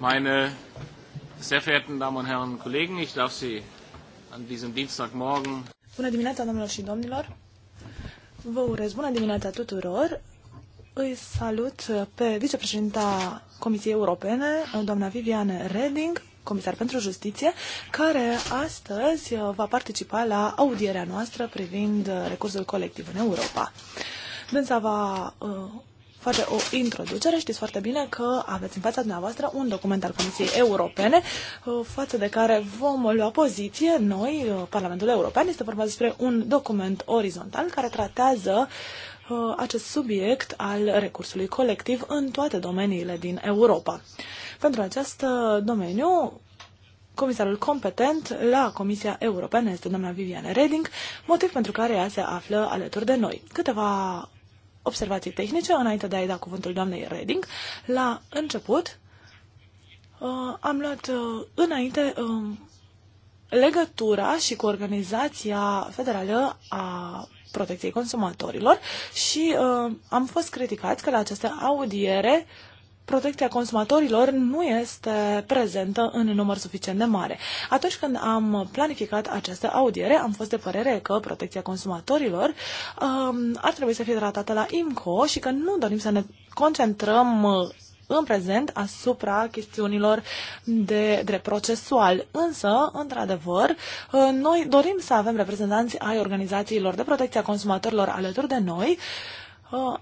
Meine sehr verehrten Damen und Herren Kollegen, ich darf Sie an diesem Dienstagmorgen. Bună dimineața, domnilor și domnilor. Vă urez bună dimineața tuturor. Îi salut pe vicepreședinta Comisiei Europene, doamna Viviane Reding, comisar pentru justiție, care astăzi va participa la audierea noastră privind recursul colectiv în Europa. Dânsa va uh, foarte o introducere. Știți foarte bine că aveți în fața dumneavoastră un document al Comisiei Europene uh, față de care vom lua poziție noi, uh, Parlamentul European. Este vorba despre un document orizontal care tratează uh, acest subiect al recursului colectiv în toate domeniile din Europa. Pentru acest domeniu, comisarul competent la Comisia Europeană este doamna Viviane Reding, motiv pentru care ea se află alături de noi. Câteva observații tehnice înainte de a-i da cuvântul doamnei Reding. La început uh, am luat uh, înainte uh, legătura și cu Organizația Federală a Protecției Consumatorilor și uh, am fost criticați că la această audiere uh, protecția consumatorilor nu este prezentă în număr suficient de mare. Atunci când am planificat această audiere, am fost de părere că protecția consumatorilor um, ar trebui să fie tratată la IMCO și că nu dorim să ne concentrăm uh, în prezent asupra chestiunilor de drept procesual. Însă, într-adevăr, uh, noi dorim să avem reprezentanți ai organizațiilor de protecție a consumatorilor alături de noi uh,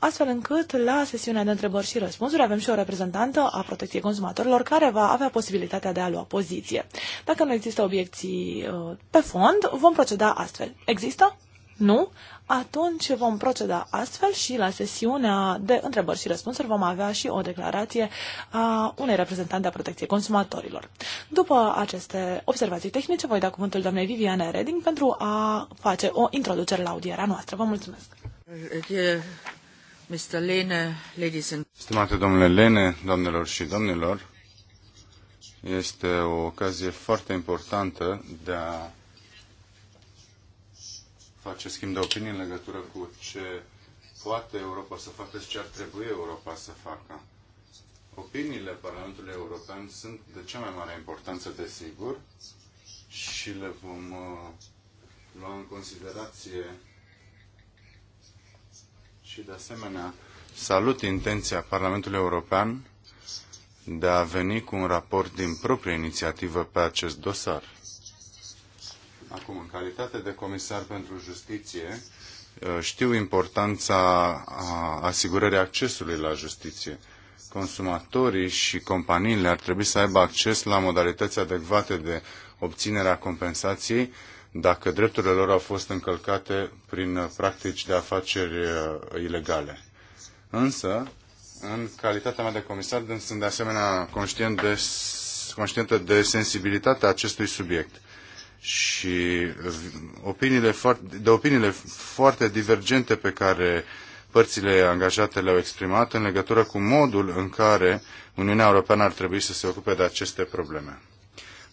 astfel încât la sesiunea de întrebări și răspunsuri avem și o reprezentantă a protecției consumatorilor care va avea posibilitatea de a lua poziție. Dacă nu există obiecții uh, pe fond, vom proceda astfel. Există? Nu? Atunci vom proceda astfel și la sesiunea de întrebări și răspunsuri vom avea și o declarație a unei reprezentante a protecției consumatorilor. După aceste observații tehnice, voi da cuvântul doamnei Viviane Reding pentru a face o introducere la audierea noastră. Vă mulțumesc! Mr. Lene, ladies and... Stimate domnule Lene, doamnelor și domnilor, este o ocazie foarte importantă de a face schimb de opinii în legătură cu ce poate Europa să facă și ce ar trebui Europa să facă. Opiniile Parlamentului European sunt de cea mai mare importanță, desigur, și le vom uh, lua în considerație și de asemenea salut intenția Parlamentului European de a veni cu un raport din proprie inițiativă pe acest dosar. Acum, în calitate de comisar pentru justiție, uh, știu importanța asigurării accesului la justiție. Consumatorii și companiile ar trebui să aibă acces la modalități adecvate de obținere a compensației dacă drepturile lor au fost încălcate prin practici de afaceri uh, ilegale. Însă, în calitatea mea de comisar, sunt de asemenea conștient de, conștientă de sensibilitatea acestui subiect și uh, opiniile foarte, de opiniile foarte divergente pe care părțile angajate le-au exprimat în legătură cu modul în care Uniunea Europeană ar trebui să se ocupe de aceste probleme.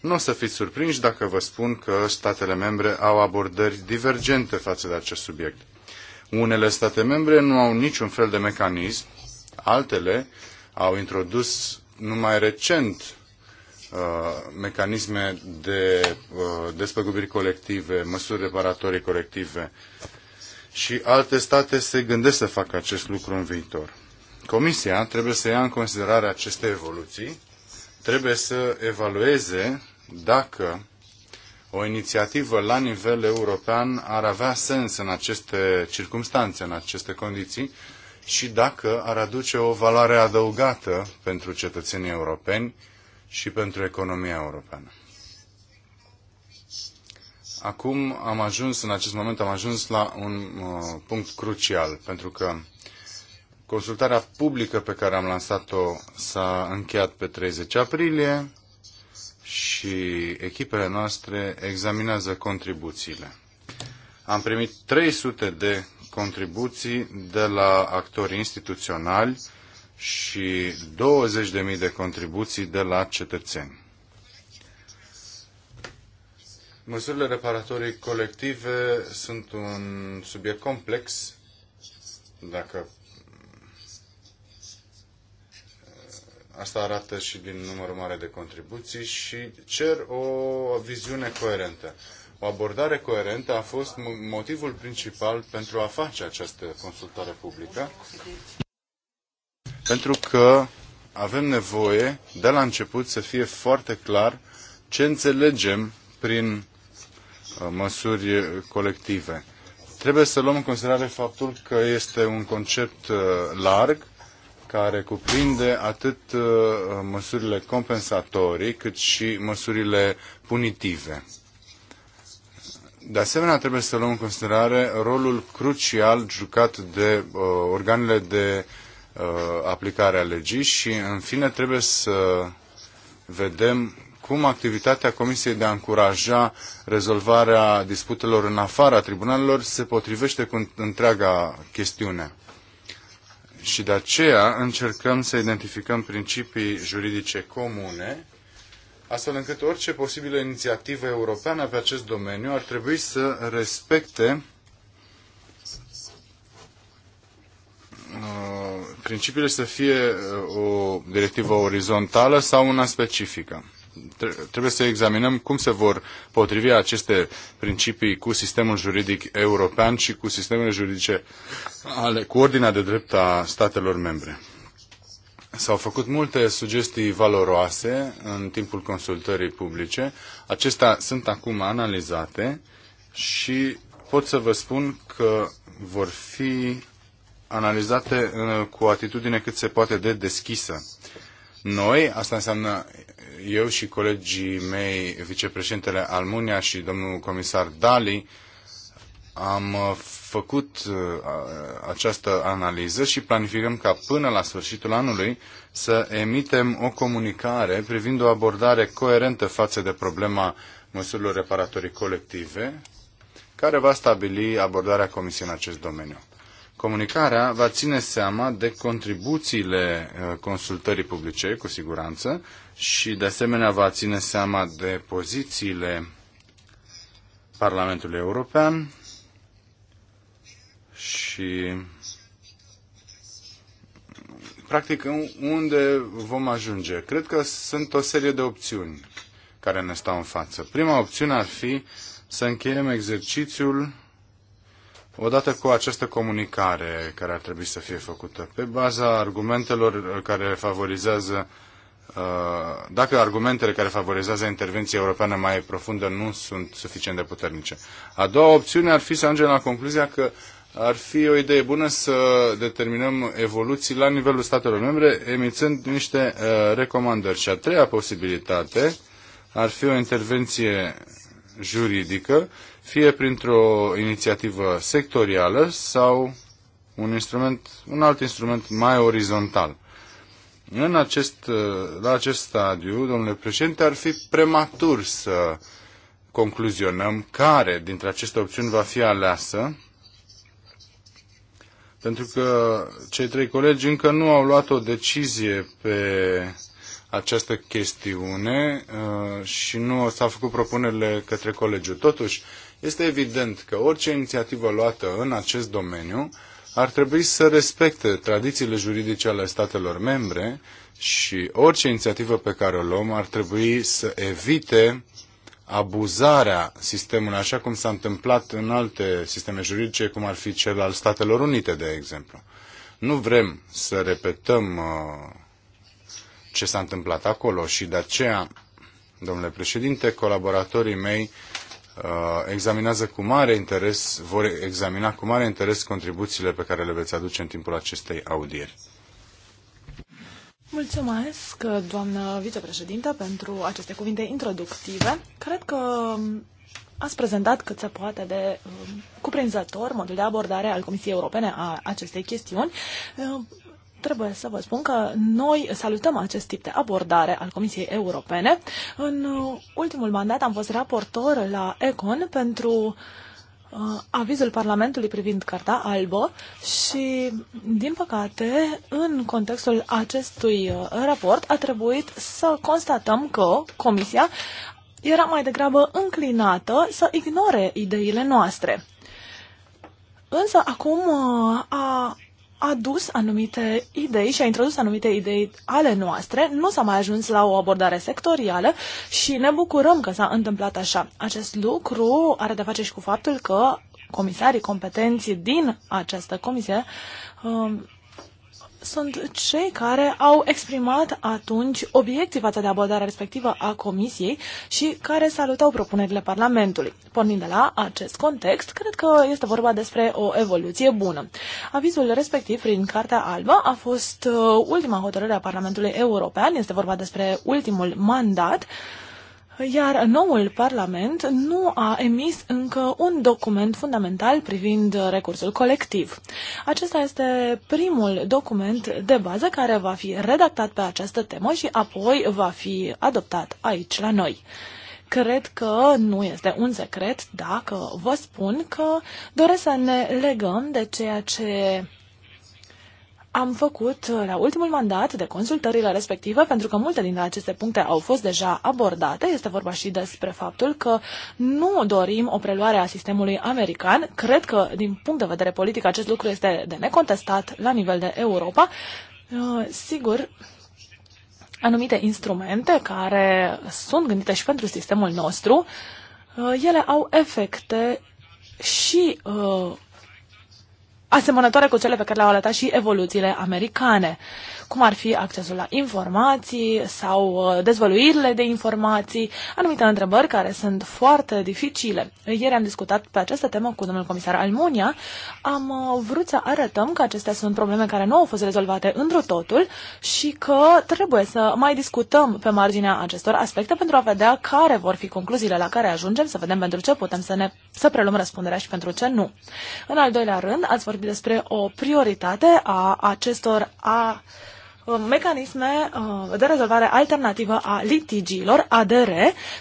Nu o să fiți surprinși dacă vă spun că statele membre au abordări divergente față de acest subiect. Unele state membre nu au niciun fel de mecanism, altele au introdus numai recent uh, mecanisme de uh, despăgubiri colective, măsuri reparatorii colective și alte state se gândesc să facă acest lucru în viitor. Comisia trebuie să ia în considerare aceste evoluții, trebuie să evalueze dacă o inițiativă la nivel european ar avea sens în aceste circunstanțe, în aceste condiții și dacă ar aduce o valoare adăugată pentru cetățenii europeni și pentru economia europeană. Acum am ajuns, în acest moment am ajuns la un uh, punct crucial, pentru că consultarea publică pe care am lansat-o s-a încheiat pe 30 aprilie, și echipele noastre examinează contribuțiile. Am primit 300 de contribuții de la actori instituționali și 20.000 de contribuții de la cetățeni. Măsurile reparatorii colective sunt un subiect complex, dacă Asta arată și din numărul mare de contribuții și cer o viziune coerentă. O abordare coerentă a fost motivul principal pentru a face această consultare publică, pentru că avem nevoie de la început să fie foarte clar ce înțelegem prin uh, măsuri colective. Trebuie să luăm în considerare faptul că este un concept uh, larg care cuprinde atât uh, măsurile compensatorii cât și măsurile punitive. De asemenea, trebuie să luăm în considerare rolul crucial jucat de uh, organele de uh, aplicare a legii și, în fine, trebuie să vedem cum activitatea Comisiei de a încuraja rezolvarea disputelor în afara tribunalelor se potrivește cu întreaga chestiune. Și de aceea încercăm să identificăm principii juridice comune, astfel încât orice posibilă inițiativă europeană pe acest domeniu ar trebui să respecte uh, principiile să fie uh, o directivă orizontală sau una specifică trebuie să examinăm cum se vor potrivi aceste principii cu sistemul juridic european și cu sistemele juridice ale, cu ordinea de drept a statelor membre. S-au făcut multe sugestii valoroase în timpul consultării publice. Acestea sunt acum analizate și pot să vă spun că vor fi analizate uh, cu o atitudine cât se poate de deschisă. Noi, asta înseamnă eu și colegii mei, vicepreședintele Almunia și domnul comisar Dali, am uh, făcut uh, această analiză și planificăm ca până la sfârșitul anului să emitem o comunicare privind o abordare coerentă față de problema măsurilor reparatorii colective, care va stabili abordarea Comisiei în acest domeniu. Comunicarea va ține seama de contribuțiile uh, consultării publice, cu siguranță, și de asemenea va ține seama de pozițiile Parlamentului European și practic unde vom ajunge. Cred că sunt o serie de opțiuni care ne stau în față. Prima opțiune ar fi să încheiem exercițiul odată cu această comunicare care ar trebui să fie făcută, pe baza argumentelor care favorizează uh, dacă argumentele care favorizează intervenția europeană mai profundă nu sunt suficient de puternice. A doua opțiune ar fi să ajungem la concluzia că ar fi o idee bună să determinăm evoluții la nivelul statelor membre, emițând niște uh, recomandări. Și a treia posibilitate ar fi o intervenție juridică fie printr-o inițiativă sectorială sau un, instrument, un alt instrument mai orizontal. În acest, la acest stadiu, domnule președinte, ar fi prematur să concluzionăm care dintre aceste opțiuni va fi aleasă, pentru că cei trei colegi încă nu au luat o decizie pe această chestiune uh, și nu s-au făcut propunerile către colegiu. Totuși, este evident că orice inițiativă luată în acest domeniu ar trebui să respecte tradițiile juridice ale statelor membre și orice inițiativă pe care o luăm ar trebui să evite abuzarea sistemului, așa cum s-a întâmplat în alte sisteme juridice, cum ar fi cel al Statelor Unite, de exemplu. Nu vrem să repetăm uh, ce s-a întâmplat acolo și de aceea, domnule președinte, colaboratorii mei Uh, examinează cu mare interes, vor examina cu mare interes contribuțiile pe care le veți aduce în timpul acestei audieri. Mulțumesc, doamnă vicepreședintă, pentru aceste cuvinte introductive. Cred că ați prezentat cât se poate de um, cuprinzător modul de abordare al Comisiei Europene a acestei chestiuni. Uh, trebuie să vă spun că noi salutăm acest tip de abordare al Comisiei Europene. În uh, ultimul mandat am fost raportor la ECON pentru uh, avizul Parlamentului privind Carta Albă și, din păcate, în contextul acestui uh, raport a trebuit să constatăm că Comisia era mai degrabă înclinată să ignore ideile noastre. Însă acum uh, a adus anumite idei și a introdus anumite idei ale noastre. Nu s-a mai ajuns la o abordare sectorială și ne bucurăm că s-a întâmplat așa. Acest lucru are de face și cu faptul că comisarii competenți din această comisie um, sunt cei care au exprimat atunci obiecții față de abordarea respectivă a Comisiei și care salutau propunerile Parlamentului. Pornind de la acest context, cred că este vorba despre o evoluție bună. Avizul respectiv prin Cartea Albă a fost uh, ultima hotărâre a Parlamentului European, este vorba despre ultimul mandat iar noul Parlament nu a emis încă un document fundamental privind recursul colectiv. Acesta este primul document de bază care va fi redactat pe această temă și apoi va fi adoptat aici la noi. Cred că nu este un secret dacă vă spun că doresc să ne legăm de ceea ce am făcut uh, la ultimul mandat de consultările respective, pentru că multe dintre aceste puncte au fost deja abordate. Este vorba și despre faptul că nu dorim o preluare a sistemului american. Cred că, din punct de vedere politic, acest lucru este de necontestat la nivel de Europa. Uh, sigur, anumite instrumente care sunt gândite și pentru sistemul nostru, uh, ele au efecte și uh, asemănătoare cu cele pe care le-au arătat și evoluțiile americane cum ar fi accesul la informații sau uh, dezvăluirile de informații, anumite întrebări care sunt foarte dificile. Ieri am discutat pe această temă cu domnul comisar Almunia. Am uh, vrut să arătăm că acestea sunt probleme care nu au fost rezolvate într-o totul și că trebuie să mai discutăm pe marginea acestor aspecte pentru a vedea care vor fi concluziile la care ajungem, să vedem pentru ce putem să ne să preluăm răspunderea și pentru ce nu. În al doilea rând, ați vorbit despre o prioritate a acestor a Uh, mecanisme uh, de rezolvare alternativă a litigiilor, ADR,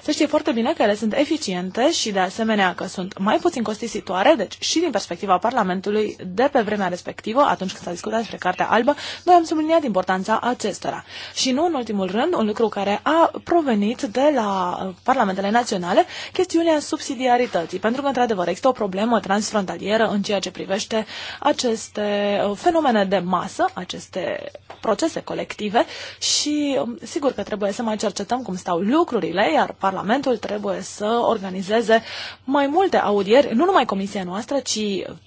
se știe foarte bine că ele sunt eficiente și de asemenea că sunt mai puțin costisitoare, deci și din perspectiva Parlamentului de pe vremea respectivă, atunci când s-a discutat despre Cartea Albă, noi am subliniat importanța acestora. Și nu în ultimul rând, un lucru care a provenit de la uh, Parlamentele Naționale, chestiunea subsidiarității, pentru că într-adevăr există o problemă transfrontalieră în ceea ce privește aceste fenomene de masă, aceste procese produse colective și um, sigur că trebuie să mai cercetăm cum stau lucrurile, iar Parlamentul trebuie să organizeze mai multe audieri, nu numai comisia noastră, ci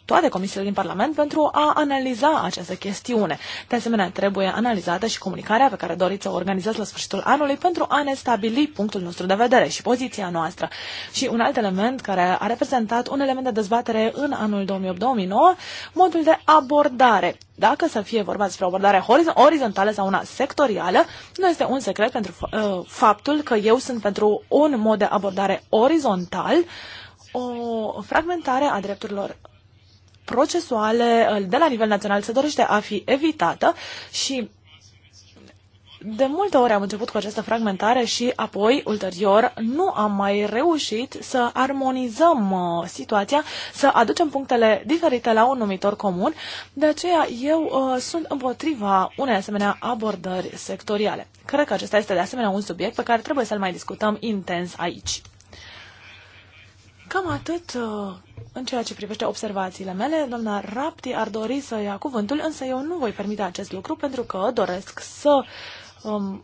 toate comisiile din Parlament pentru a analiza această chestiune. De asemenea, trebuie analizată și comunicarea pe care doriți să o organizați la sfârșitul anului pentru a ne stabili punctul nostru de vedere și poziția noastră. Și un alt element care a reprezentat un element de dezbatere în anul 2008-2009, modul de abordare. Dacă să fie vorba despre o abordare orizontală sau una sectorială, nu este un secret pentru uh, faptul că eu sunt pentru un mod de abordare orizontal, o fragmentare a drepturilor procesuale uh, de la nivel național se dorește a fi evitată și de multe ori am început cu această fragmentare și apoi, ulterior, nu am mai reușit să armonizăm uh, situația, să aducem punctele diferite la un numitor comun. De aceea eu uh, sunt împotriva unei asemenea abordări sectoriale. Cred că acesta este de asemenea un subiect pe care trebuie să-l mai discutăm intens aici. Cam atât uh, în ceea ce privește observațiile mele. Doamna Rapti ar dori să ia cuvântul, însă eu nu voi permite acest lucru pentru că doresc să uh, um,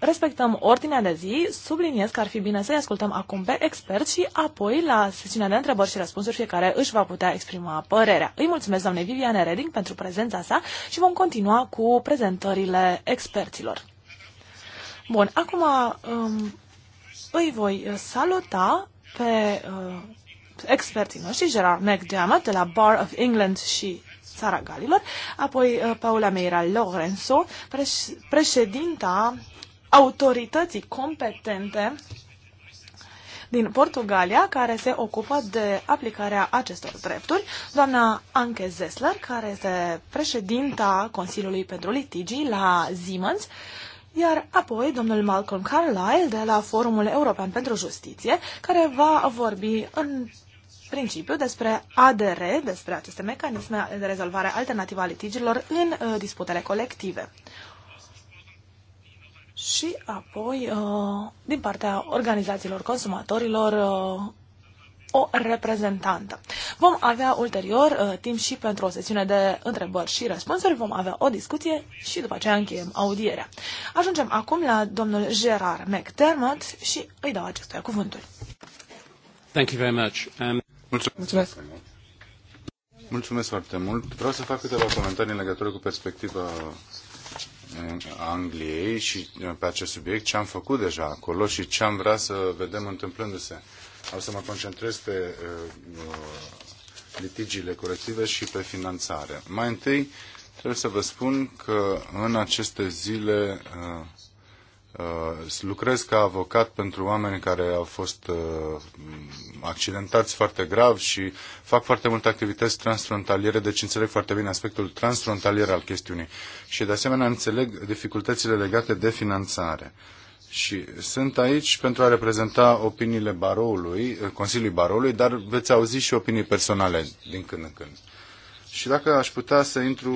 respectăm ordinea de zi, subliniez că ar fi bine să-i ascultăm acum pe experți și apoi la sesiunea de întrebări și răspunsuri fiecare își va putea exprima părerea. Îi mulțumesc doamnei Viviane Reding pentru prezența sa și vom continua cu prezentările experților. Bun, acum um, îi voi saluta pe uh, experții noștri, Gerard McDermott de la Bar of England și țara Galilor, apoi uh, Paula Meira Lorenzo, președinta autorității competente din Portugalia, care se ocupă de aplicarea acestor drepturi, doamna Anke Zessler, care este președinta Consiliului pentru Litigii la Siemens, iar apoi domnul Malcolm Carlyle de la Forumul European pentru Justiție, care va vorbi în principiu despre ADR, despre aceste mecanisme de rezolvare alternativă a litigilor în uh, disputele colective. Și apoi, uh, din partea organizațiilor consumatorilor, uh, o reprezentantă. Vom avea ulterior uh, timp și pentru o sesiune de întrebări și răspunsuri, vom avea o discuție și după aceea încheiem audierea. Ajungem acum la domnul Gerard McDermott și îi dau acestuia cuvântul. Thank you very much. Um... Mulțumesc. Mulțumesc. Mulțumesc foarte mult. Vreau să fac câteva comentarii în legătură cu perspectiva eh, Angliei și eh, pe acest subiect, ce am făcut deja acolo și ce am vrea să vedem întâmplându-se. O să mă concentrez pe eh, litigiile colective și pe finanțare. Mai întâi, trebuie să vă spun că în aceste zile Uh, lucrez ca avocat pentru oameni care au fost uh, accidentați foarte grav și fac foarte multe activități transfrontaliere, deci înțeleg foarte bine aspectul transfrontalier al chestiunii. Și de asemenea înțeleg dificultățile legate de finanțare. Și sunt aici pentru a reprezenta opiniile baroului, uh, Consiliului Baroului, dar veți auzi și opinii personale din când în când. Și dacă aș putea să intru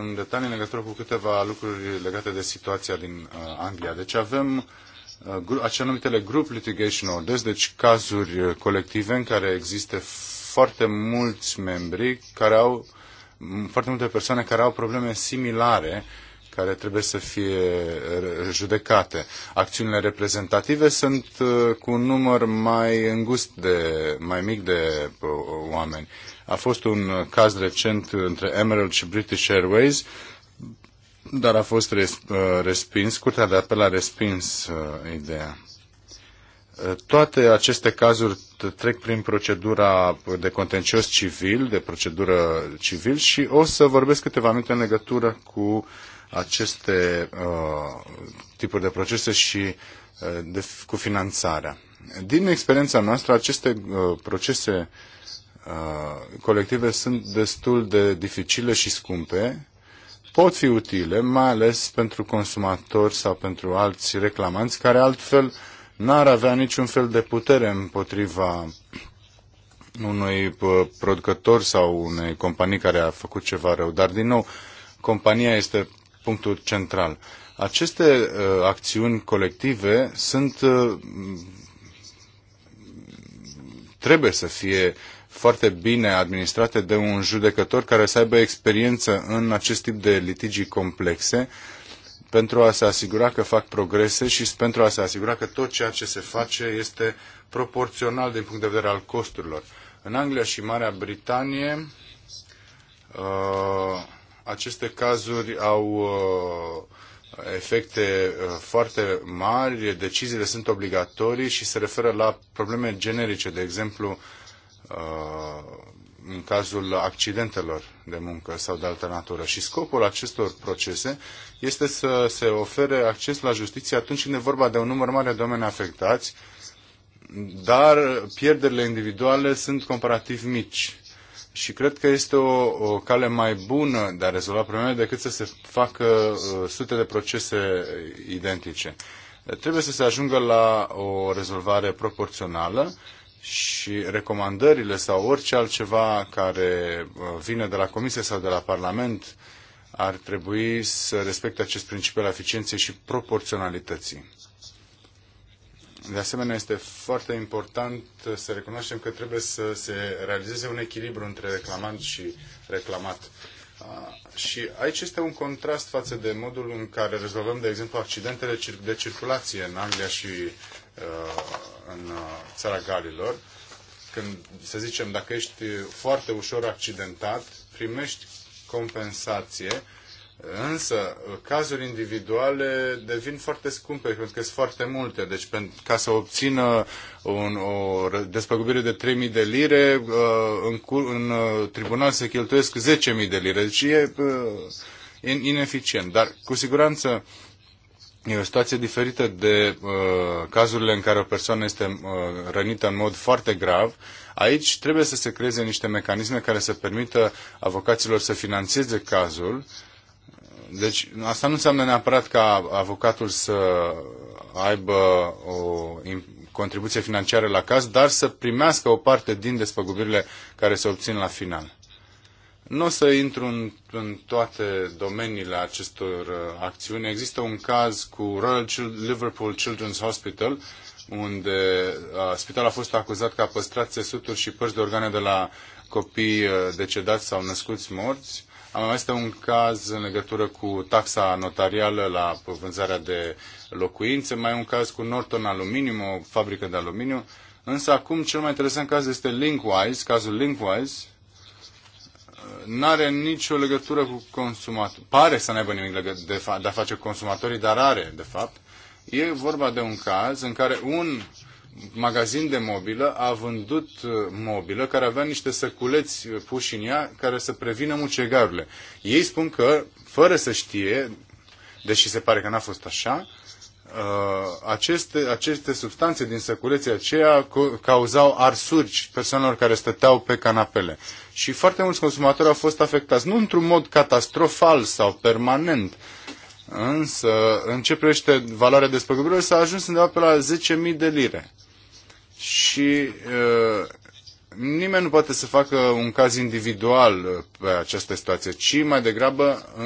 în detalii în legătură cu câteva lucruri legate de situația din uh, Anglia. Deci avem uh, acea numitele group litigation orders, deci cazuri uh, colective în care există foarte mulți membri care au foarte multe persoane care au probleme similare care trebuie să fie judecate. Acțiunile reprezentative sunt cu un număr mai îngust de, mai mic de oameni. A fost un caz recent între Emerald și British Airways, dar a fost uh, respins, Curtea de Apel a respins uh, ideea. Uh, toate aceste cazuri trec prin procedura de contencios civil, de procedură civil și o să vorbesc câteva minute în legătură cu aceste uh, tipuri de procese și uh, de, cu finanțarea. Din experiența noastră, aceste uh, procese Uh, colective sunt destul de dificile și scumpe, pot fi utile, mai ales pentru consumatori sau pentru alți reclamanți care altfel n-ar avea niciun fel de putere împotriva unui uh, producător sau unei companii care a făcut ceva rău. Dar, din nou, compania este punctul central. Aceste uh, acțiuni colective sunt uh, trebuie să fie foarte bine administrate de un judecător care să aibă experiență în acest tip de litigii complexe pentru a se asigura că fac progrese și pentru a se asigura că tot ceea ce se face este proporțional din punct de vedere al costurilor. În Anglia și Marea Britanie uh, aceste cazuri au uh, efecte uh, foarte mari, deciziile sunt obligatorii și se referă la probleme generice, de exemplu Uh, în cazul accidentelor de muncă sau de altă natură. Și scopul acestor procese este să se ofere acces la justiție atunci când e vorba de un număr mare de oameni afectați, dar pierderile individuale sunt comparativ mici. Și cred că este o, o cale mai bună de a rezolva problemele decât să se facă uh, sute de procese identice. Trebuie să se ajungă la o rezolvare proporțională și recomandările sau orice altceva care uh, vine de la Comisie sau de la Parlament ar trebui să respecte acest principiu al eficienței și proporționalității. De asemenea, este foarte important să recunoaștem că trebuie să se realizeze un echilibru între reclamant și reclamat. Uh, și aici este un contrast față de modul în care rezolvăm, de exemplu, accidentele de circulație în Anglia și Uh, în uh, țara Galilor, când, să zicem, dacă ești foarte ușor accidentat, primești compensație, însă uh, cazuri individuale devin foarte scumpe, pentru că sunt foarte multe. Deci ca să obțină un, o despăgubire de 3.000 de lire, în, în tribunal se cheltuiesc 10.000 de lire. Deci e ineficient. Dar cu siguranță E o situație diferită de uh, cazurile în care o persoană este uh, rănită în mod foarte grav. Aici trebuie să se creeze niște mecanisme care să permită avocaților să financeze cazul. Deci asta nu înseamnă neapărat ca avocatul să aibă o contribuție financiară la caz, dar să primească o parte din despăgubirile care se obțin la final. Nu o să intru în, în toate domeniile acestor uh, acțiuni. Există un caz cu Royal Liverpool Children's Hospital, unde uh, spitalul a fost acuzat că a păstrat țesuturi și părți de organe de la copii uh, decedați sau născuți morți. Am Mai este un caz în legătură cu taxa notarială la vânzarea de locuințe, mai un caz cu Norton Aluminium, o fabrică de aluminiu. Însă acum cel mai interesant caz este Linkwise, cazul Linkwise, nu are nicio legătură cu consumatul. Pare să nu aibă nimic de, fa- de a face cu consumatorii, dar are, de fapt. E vorba de un caz în care un magazin de mobilă a vândut uh, mobilă care avea niște săculeți uh, puși în ea care să prevină mucegarurile. Ei spun că, fără să știe, deși se pare că n-a fost așa, Uh, aceste, aceste substanțe din săculeții aceea cauzau arsuri persoanelor care stăteau pe canapele. Și foarte mulți consumatori au fost afectați, nu într-un mod catastrofal sau permanent, însă în ce privește valoarea despăgubirilor s-a ajuns undeva pe la 10.000 de lire. Și uh, nimeni nu poate să facă un caz individual uh, pe această situație, ci mai degrabă uh,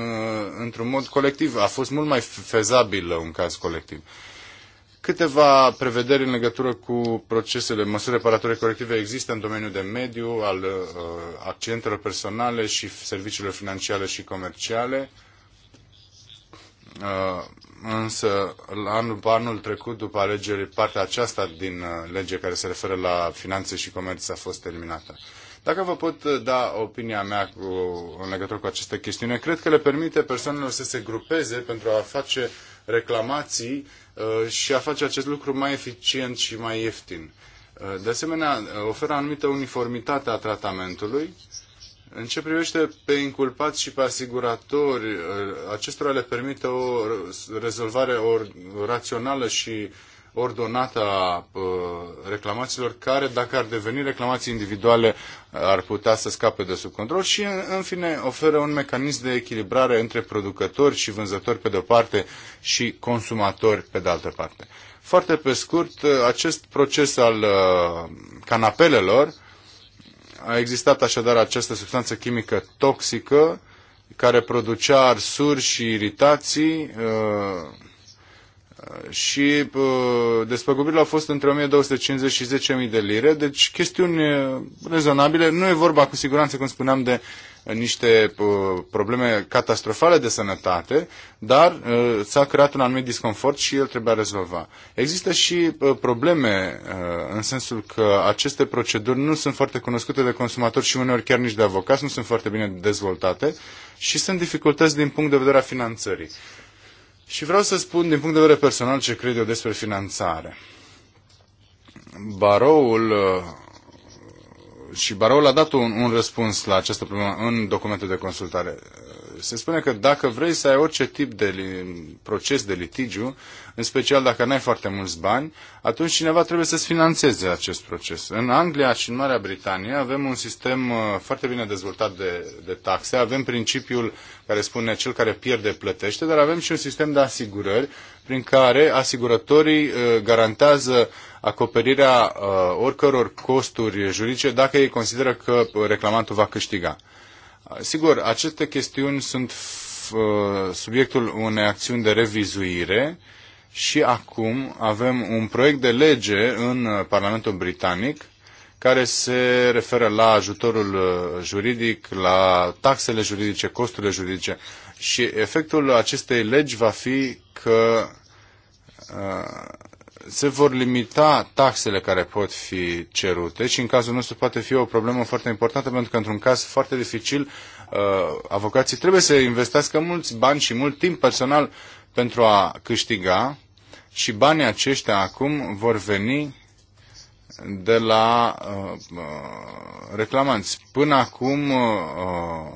într-un mod colectiv. A fost mult mai fezabil uh, un caz colectiv. Câteva prevederi în legătură cu procesele, măsuri reparatorii colective există în domeniul de mediu, al accidentelor personale și serviciilor financiare și comerciale Uh, însă anul, anul trecut, după alegeri, partea aceasta din uh, lege care se referă la finanțe și comerț a fost eliminată. Dacă vă pot uh, da opinia mea cu, în legătură cu aceste chestiune, cred că le permite persoanelor să se grupeze pentru a face reclamații și a face acest lucru mai eficient și mai ieftin. De asemenea, oferă anumită uniformitate a tratamentului în ce privește pe inculpați și pe asiguratori, acestora le permite o rezolvare or, rațională și ordonată a reclamațiilor care, dacă ar deveni reclamații individuale, ar putea să scape de sub control și, în fine, oferă un mecanism de echilibrare între producători și vânzători pe de-o parte și consumatori pe de altă parte. Foarte pe scurt, acest proces al uh, canapelelor a existat așadar această substanță chimică toxică care producea arsuri și iritații. Uh, și despăgubirile au fost între 1250 și 10.000 de lire, deci chestiuni rezonabile. Nu e vorba cu siguranță, cum spuneam, de niște probleme catastrofale de sănătate, dar s-a creat un anumit disconfort și el trebuia rezolva. Există și probleme în sensul că aceste proceduri nu sunt foarte cunoscute de consumatori și uneori chiar nici de avocați, nu sunt foarte bine dezvoltate și sunt dificultăți din punct de vedere a finanțării. Și vreau să spun din punct de vedere personal ce cred eu despre finanțare. Baroul uh, și Baroul a dat un, un răspuns la această problemă în documentul de consultare. Se spune că dacă vrei să ai orice tip de proces de litigiu, în special dacă n-ai foarte mulți bani, atunci cineva trebuie să-ți financeze acest proces. În Anglia și în Marea Britanie avem un sistem uh, foarte bine dezvoltat de, de taxe, avem principiul care spune cel care pierde plătește, dar avem și un sistem de asigurări prin care asigurătorii uh, garantează acoperirea uh, oricăror costuri juridice dacă ei consideră că reclamantul va câștiga. Sigur, aceste chestiuni sunt uh, subiectul unei acțiuni de revizuire și acum avem un proiect de lege în uh, Parlamentul Britanic care se referă la ajutorul uh, juridic, la taxele juridice, costurile juridice. Și efectul acestei legi va fi că uh, se vor limita taxele care pot fi cerute și în cazul nostru poate fi o problemă foarte importantă pentru că într-un caz foarte dificil uh, avocații trebuie să investească mulți bani și mult timp personal pentru a câștiga și banii aceștia acum vor veni de la uh, uh reclamanți. Până acum uh,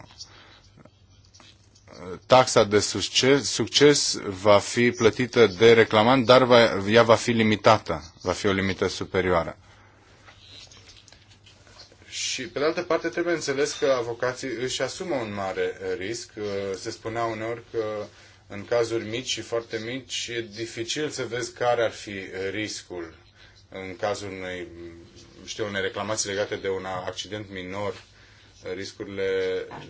taxa de succes, succes va fi plătită de reclamant, dar va, ea va fi limitată, va fi o limită superioară. Și, pe de altă parte, trebuie înțeles că avocații își asumă un mare risc. Uh, se spunea uneori că în cazuri mici și foarte mici e dificil să vezi care ar fi riscul în cazul unei, știu, unei reclamații legate de un accident minor riscurile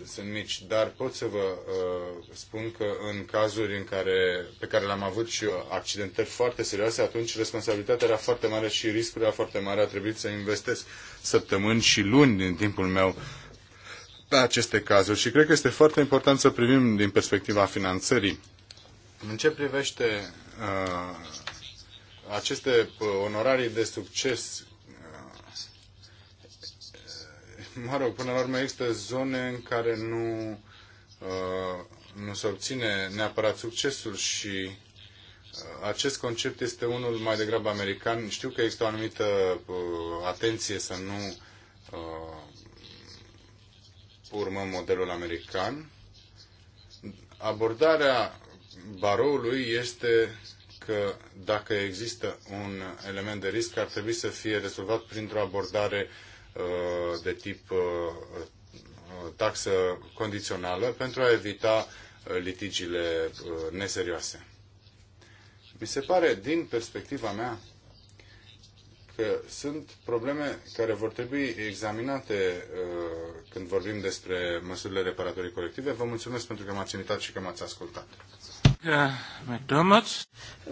sunt mici, dar pot să vă uh, spun că în cazuri în care, pe care le-am avut și accidentări foarte serioase, atunci responsabilitatea era foarte mare și riscul era foarte mare. A trebuit să investesc săptămâni și luni din timpul meu pe aceste cazuri și cred că este foarte important să privim din perspectiva finanțării. În ce privește uh, aceste uh, onorarii de succes mă rog, până la urmă există zone în care nu, uh, nu se obține neapărat succesul și uh, acest concept este unul mai degrabă american. Știu că există o anumită uh, atenție să nu uh, urmăm modelul american. Abordarea baroului este că dacă există un element de risc, ar trebui să fie rezolvat printr-o abordare uh, Uh, de tip uh, uh, taxă condițională pentru a evita litigiile neserioase. Mi se pare, din perspectiva mea, că sunt probleme care vor trebui examinate când vorbim despre măsurile reparatorii colective. Vă mulțumesc pentru că m-ați invitat și că m-ați ascultat. McDermott.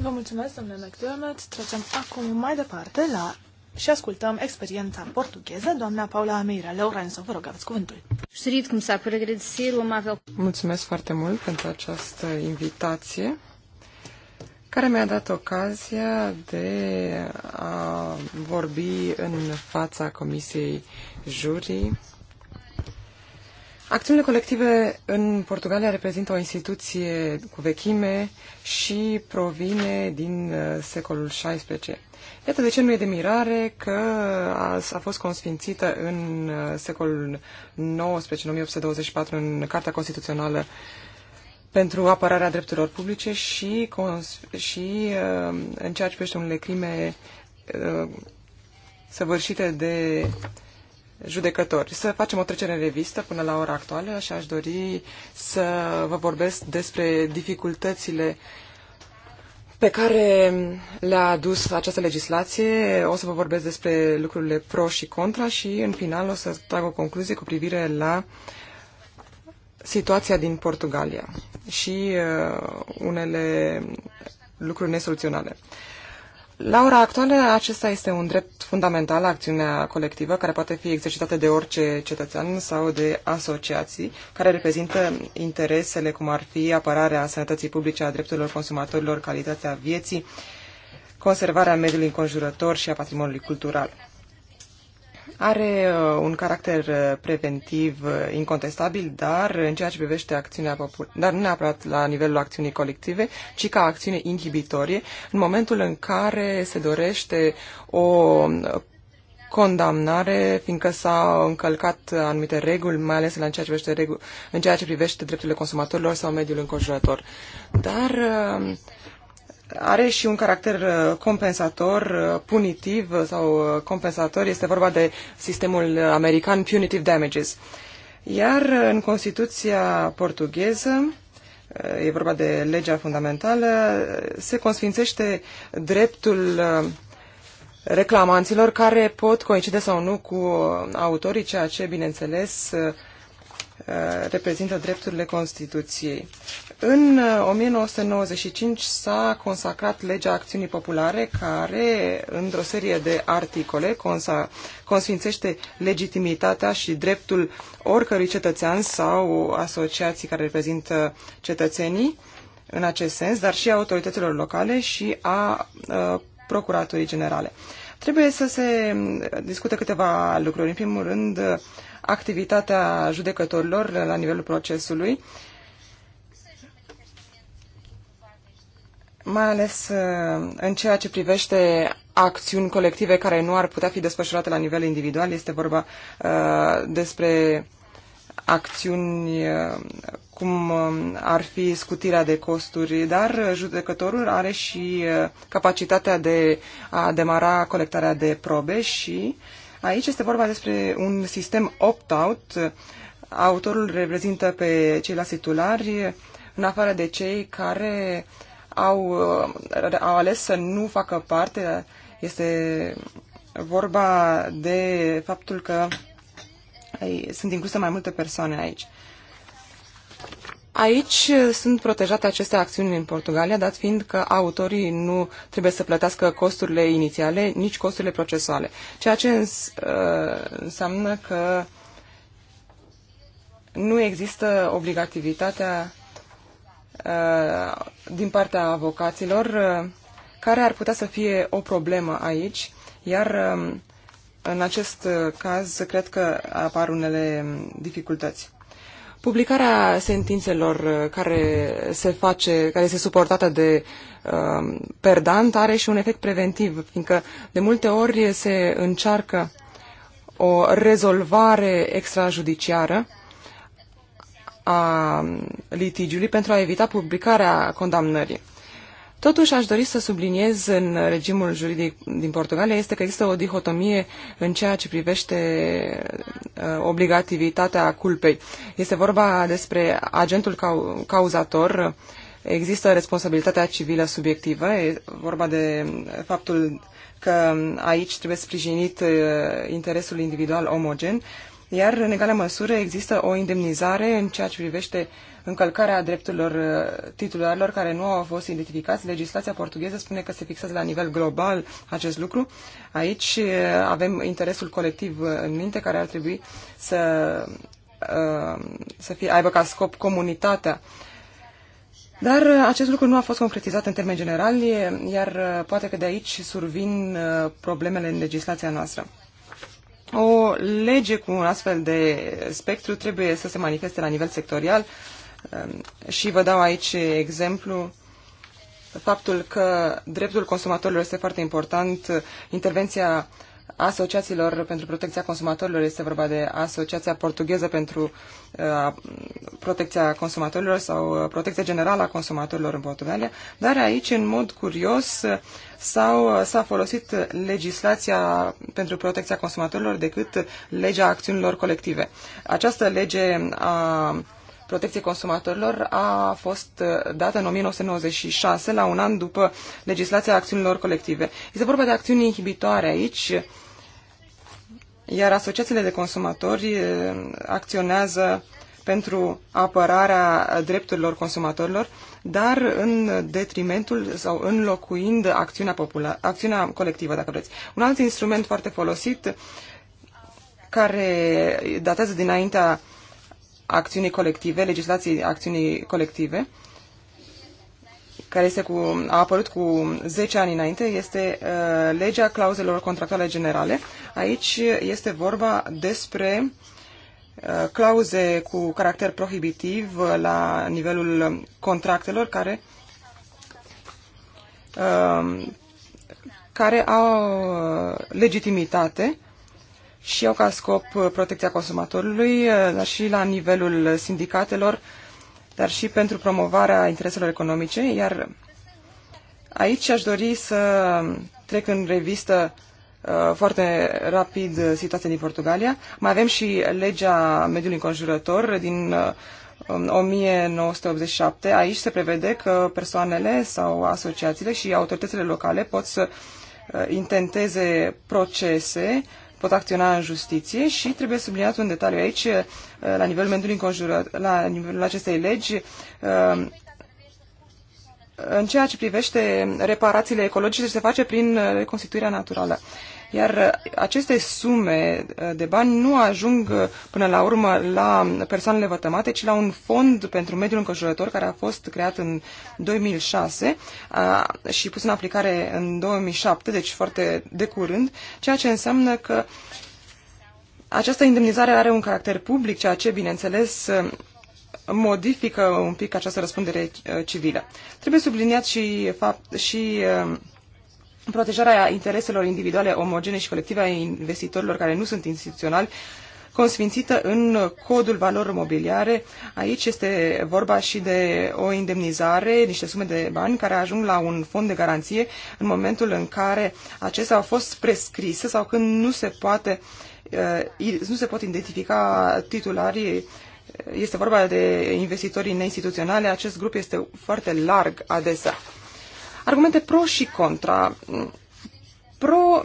Vă mulțumesc, domnule McDermott. Trecem acum mai departe la și ascultăm experiența portugheză. Doamna Paula Ameira Lorenzo, vă rog, aveți cuvântul. Mulțumesc foarte mult pentru această invitație care mi-a dat ocazia de a vorbi în fața Comisiei Jurii. Acțiunile colective în Portugalia reprezintă o instituție cu vechime și provine din uh, secolul XVI. Iată de ce nu e de mirare că a, a fost consfințită în uh, secolul XIX, în 1824, în Carta Constituțională pentru apărarea drepturilor publice și, și uh, în ceea ce privește unele crime uh, săvârșite de judecători. Să facem o trecere în revistă până la ora actuală și aș dori să vă vorbesc despre dificultățile uh, pe care le-a adus această legislație. O să vă vorbesc despre lucrurile pro și contra și în final o să trag o concluzie cu privire la situația din Portugalia și uh, unele lucruri nesoluționale. Uh, la ora actuală, acesta este un drept fundamental, acțiunea colectivă, care poate fi exercitată de orice cetățean sau de asociații, care reprezintă interesele cum ar fi apărarea sănătății publice, a drepturilor consumatorilor, calitatea vieții, conservarea mediului înconjurător și a patrimoniului cultural. Are uh, un caracter uh, preventiv uh, incontestabil, dar în ceea ce privește acțiunea populară, dar nu neapărat la nivelul acțiunii colective, ci ca acțiune inhibitorie, în momentul în care se dorește o condamnare, fiindcă s-au încălcat anumite reguli, mai ales în ceea ce privește, regul, în ceea ce privește drepturile consumatorilor sau mediul înconjurător. Dar are și un caracter uh, compensator, uh, punitiv uh, sau compensator. Este vorba de sistemul american Punitive Damages. Iar în Constituția portugheză, e vorba de legea fundamentală, se consfințește dreptul reclamanților care pot coincide sau nu cu autorii, ceea ce, bineînțeles, reprezintă drepturile Constituției. În 1995 uh, s-a consacrat legea acțiunii populare care, într-o serie de articole, consa, consfințește legitimitatea și dreptul oricărui cetățean sau asociații care reprezintă cetățenii în acest sens, dar și a autorităților locale și a, uh, a Generale. Trebuie să se discute câteva lucruri. În primul rând, activitatea judecătorilor la nivelul procesului, mai ales uh, în ceea ce privește acțiuni colective care nu ar putea fi desfășurate la nivel individual. Este vorba uh, despre acțiuni uh, cum um, ar fi scutirea de costuri, dar judecătorul are și capacitatea de a demara colectarea de probe și aici este vorba despre un sistem opt-out. Autorul reprezintă pe ceilalți titulari în afară de cei care uh, au, uh, au ales să nu facă parte. Este vorba de faptul că sunt incluse mai multe persoane aici. Aici sunt protejate aceste acțiuni în Portugalia, dat fiind că autorii nu trebuie să plătească costurile inițiale, nici costurile procesuale. Ceea ce uh, înseamnă că nu există obligativitatea Uh, din partea avocaților uh, care ar putea să fie o problemă aici, iar um, în acest uh, caz cred că apar unele um, dificultăți. Publicarea sentințelor care se face, care este suportată de um, perdant are și un efect preventiv, fiindcă de multe ori se încearcă o rezolvare extrajudiciară a litigiului pentru a evita publicarea condamnării. Totuși, aș dori să subliniez în regimul juridic din Portugalia este că există o dihotomie în ceea ce privește ă, obligativitatea culpei. Este vorba despre agentul cau- cauzator, există responsabilitatea civilă subiectivă, e vorba de faptul că aici trebuie sprijinit ă, interesul individual omogen iar în egală măsură există o indemnizare în ceea ce privește încălcarea drepturilor uh, titularilor care nu au fost identificați. Legislația portugheză spune că se fixează la nivel global acest lucru. Aici uh, avem interesul colectiv uh, în minte care ar trebui să, să fie, aibă ca scop comunitatea. Dar acest lucru nu a fost concretizat în termeni generali, iar poate că de aici survin problemele în legislația noastră. O lege cu un astfel de spectru trebuie să se manifeste la nivel sectorial um, și vă dau aici exemplu faptul că dreptul consumatorilor este foarte important, intervenția uh, asociațiilor pentru protecția consumatorilor. Este vorba de Asociația Portugheză pentru uh, Protecția Consumatorilor sau uh, Protecția Generală a Consumatorilor în Portugalia. Dar aici, în mod curios, sau uh, s-a folosit legislația pentru protecția consumatorilor decât legea acțiunilor colective. Această lege a protecției consumatorilor a fost dată în 1996, la un an după legislația acțiunilor colective. Este vorba de acțiuni inhibitoare aici, iar asociațiile de consumatori eh, acționează pentru apărarea drepturilor consumatorilor, dar în detrimentul sau înlocuind acțiunea, popula- acțiunea colectivă, dacă vreți. Un alt instrument foarte folosit care datează dinaintea acțiunii colective, legislației acțiunii colective, care este cu, a apărut cu 10 ani înainte, este uh, legea clauzelor contractuale generale. Aici este vorba despre uh, clauze cu caracter prohibitiv uh, la nivelul contractelor care, uh, care au uh, legitimitate și au ca scop protecția consumatorului, uh, dar și la nivelul sindicatelor dar și pentru promovarea intereselor economice, iar aici aș dori să trec în revistă uh, foarte rapid uh, situația din Portugalia. Mai avem și legea mediului înconjurător din 1987. Uh, um, aici se prevede că persoanele sau asociațiile și autoritățile locale pot să intenteze procese pot acționa în justiție și trebuie subliniat un detaliu aici, uh, la nivelul mediului înconjurat, la nivelul acestei legi, uh, în ceea ce privește reparațiile ecologice se face prin uh, reconstituirea naturală. Iar uh, aceste sume uh, de bani nu ajung uh, până la urmă la persoanele vătămate, ci la un fond pentru mediul înconjurător care a fost creat în 2006 și pus în aplicare în 2007, deci foarte de curând, ceea ce înseamnă că această indemnizare are un caracter public, ceea ce, bineînțeles, modifică un pic această răspundere civilă. Trebuie subliniat și, fapt, și uh, protejarea intereselor individuale omogene și colective a investitorilor care nu sunt instituționali, consfințită în codul valorilor mobiliare. Aici este vorba și de o indemnizare, niște sume de bani care ajung la un fond de garanție în momentul în care acestea au fost prescrise sau când nu se poate eh, nu se pot identifica titularii este vorba de investitorii neinstituționale, acest grup este foarte larg adesea argumente pro și contra. Pro,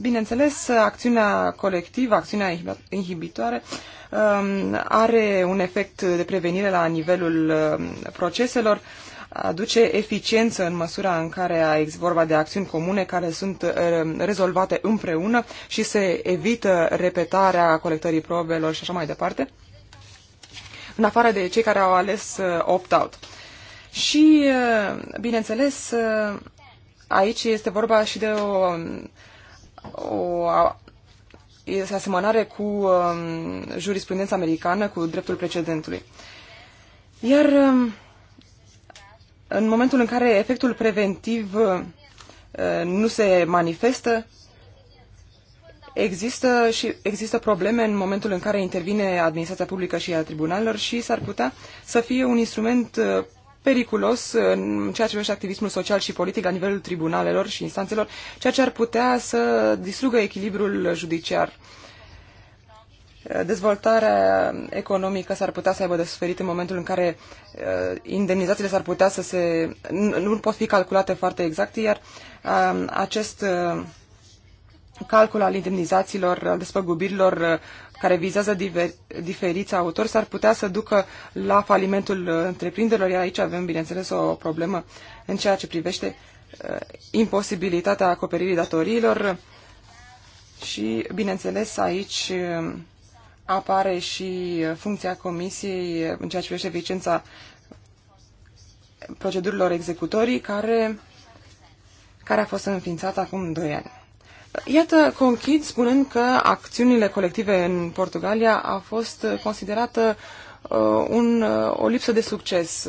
bineînțeles, acțiunea colectivă, acțiunea inhibitoare, um, are un efect de prevenire la nivelul um, proceselor, aduce eficiență în măsura în care a vorba de acțiuni comune care sunt um, rezolvate împreună și se evită repetarea colectării probelor și așa mai departe, în afară de cei care au ales uh, opt-out. Și, uh, bineînțeles, uh, aici este vorba și de o, o este asemănare cu um, jurisprudența americană, cu dreptul precedentului. Iar um, în momentul în care efectul preventiv uh, nu se manifestă, există, și, există probleme în momentul în care intervine administrația publică și a tribunalelor și s-ar putea să fie un instrument periculos în ceea ce privește activismul social și politic la nivelul tribunalelor și instanțelor, ceea ce ar putea să distrugă echilibrul judiciar. Dezvoltarea economică s-ar putea să aibă de suferit în momentul în care uh, indemnizațiile s-ar putea să se... Nu, nu pot fi calculate foarte exact, iar uh, acest uh, calcul al indemnizațiilor, al despăgubirilor uh, care vizează diver, diferiți autori s-ar putea să ducă la falimentul uh, întreprinderilor, iar aici avem, bineînțeles, o problemă în ceea ce privește uh, imposibilitatea acoperirii datoriilor și, bineînțeles, aici uh, apare și funcția comisiei în ceea ce privește eficiența procedurilor executorii, care, care a fost înființată acum 2 ani. Iată, conchid spunând că acțiunile colective în Portugalia a fost considerată uh, un, uh, o lipsă de succes.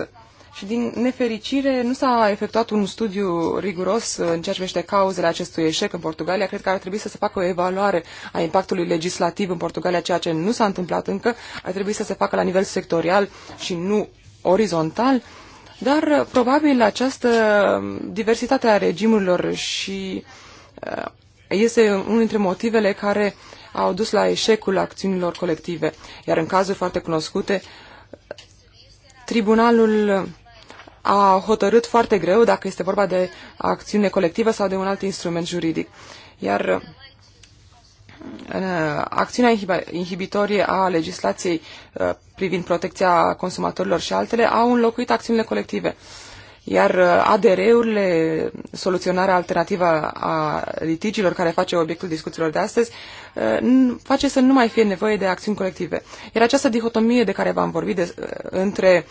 Și din nefericire nu s-a efectuat un studiu riguros uh, în ceea ce privește cauzele acestui eșec în Portugalia. Cred că ar trebui să se facă o evaluare a impactului legislativ în Portugalia, ceea ce nu s-a întâmplat încă. Ar trebui să se facă la nivel sectorial și nu orizontal. Dar uh, probabil această uh, diversitate a regimurilor și este unul dintre motivele care au dus la eșecul acțiunilor colective. Iar în cazuri foarte cunoscute, tribunalul a hotărât foarte greu dacă este vorba de acțiune colectivă sau de un alt instrument juridic. Iar uh, acțiunea inhibitorie a legislației uh, privind protecția consumatorilor și altele au înlocuit acțiunile colective iar uh, ADR-urile, soluționarea alternativă a litigilor care face obiectul discuțiilor de astăzi, uh, face să nu mai fie nevoie de acțiuni colective. Iar această dihotomie de care v-am vorbit de, uh, între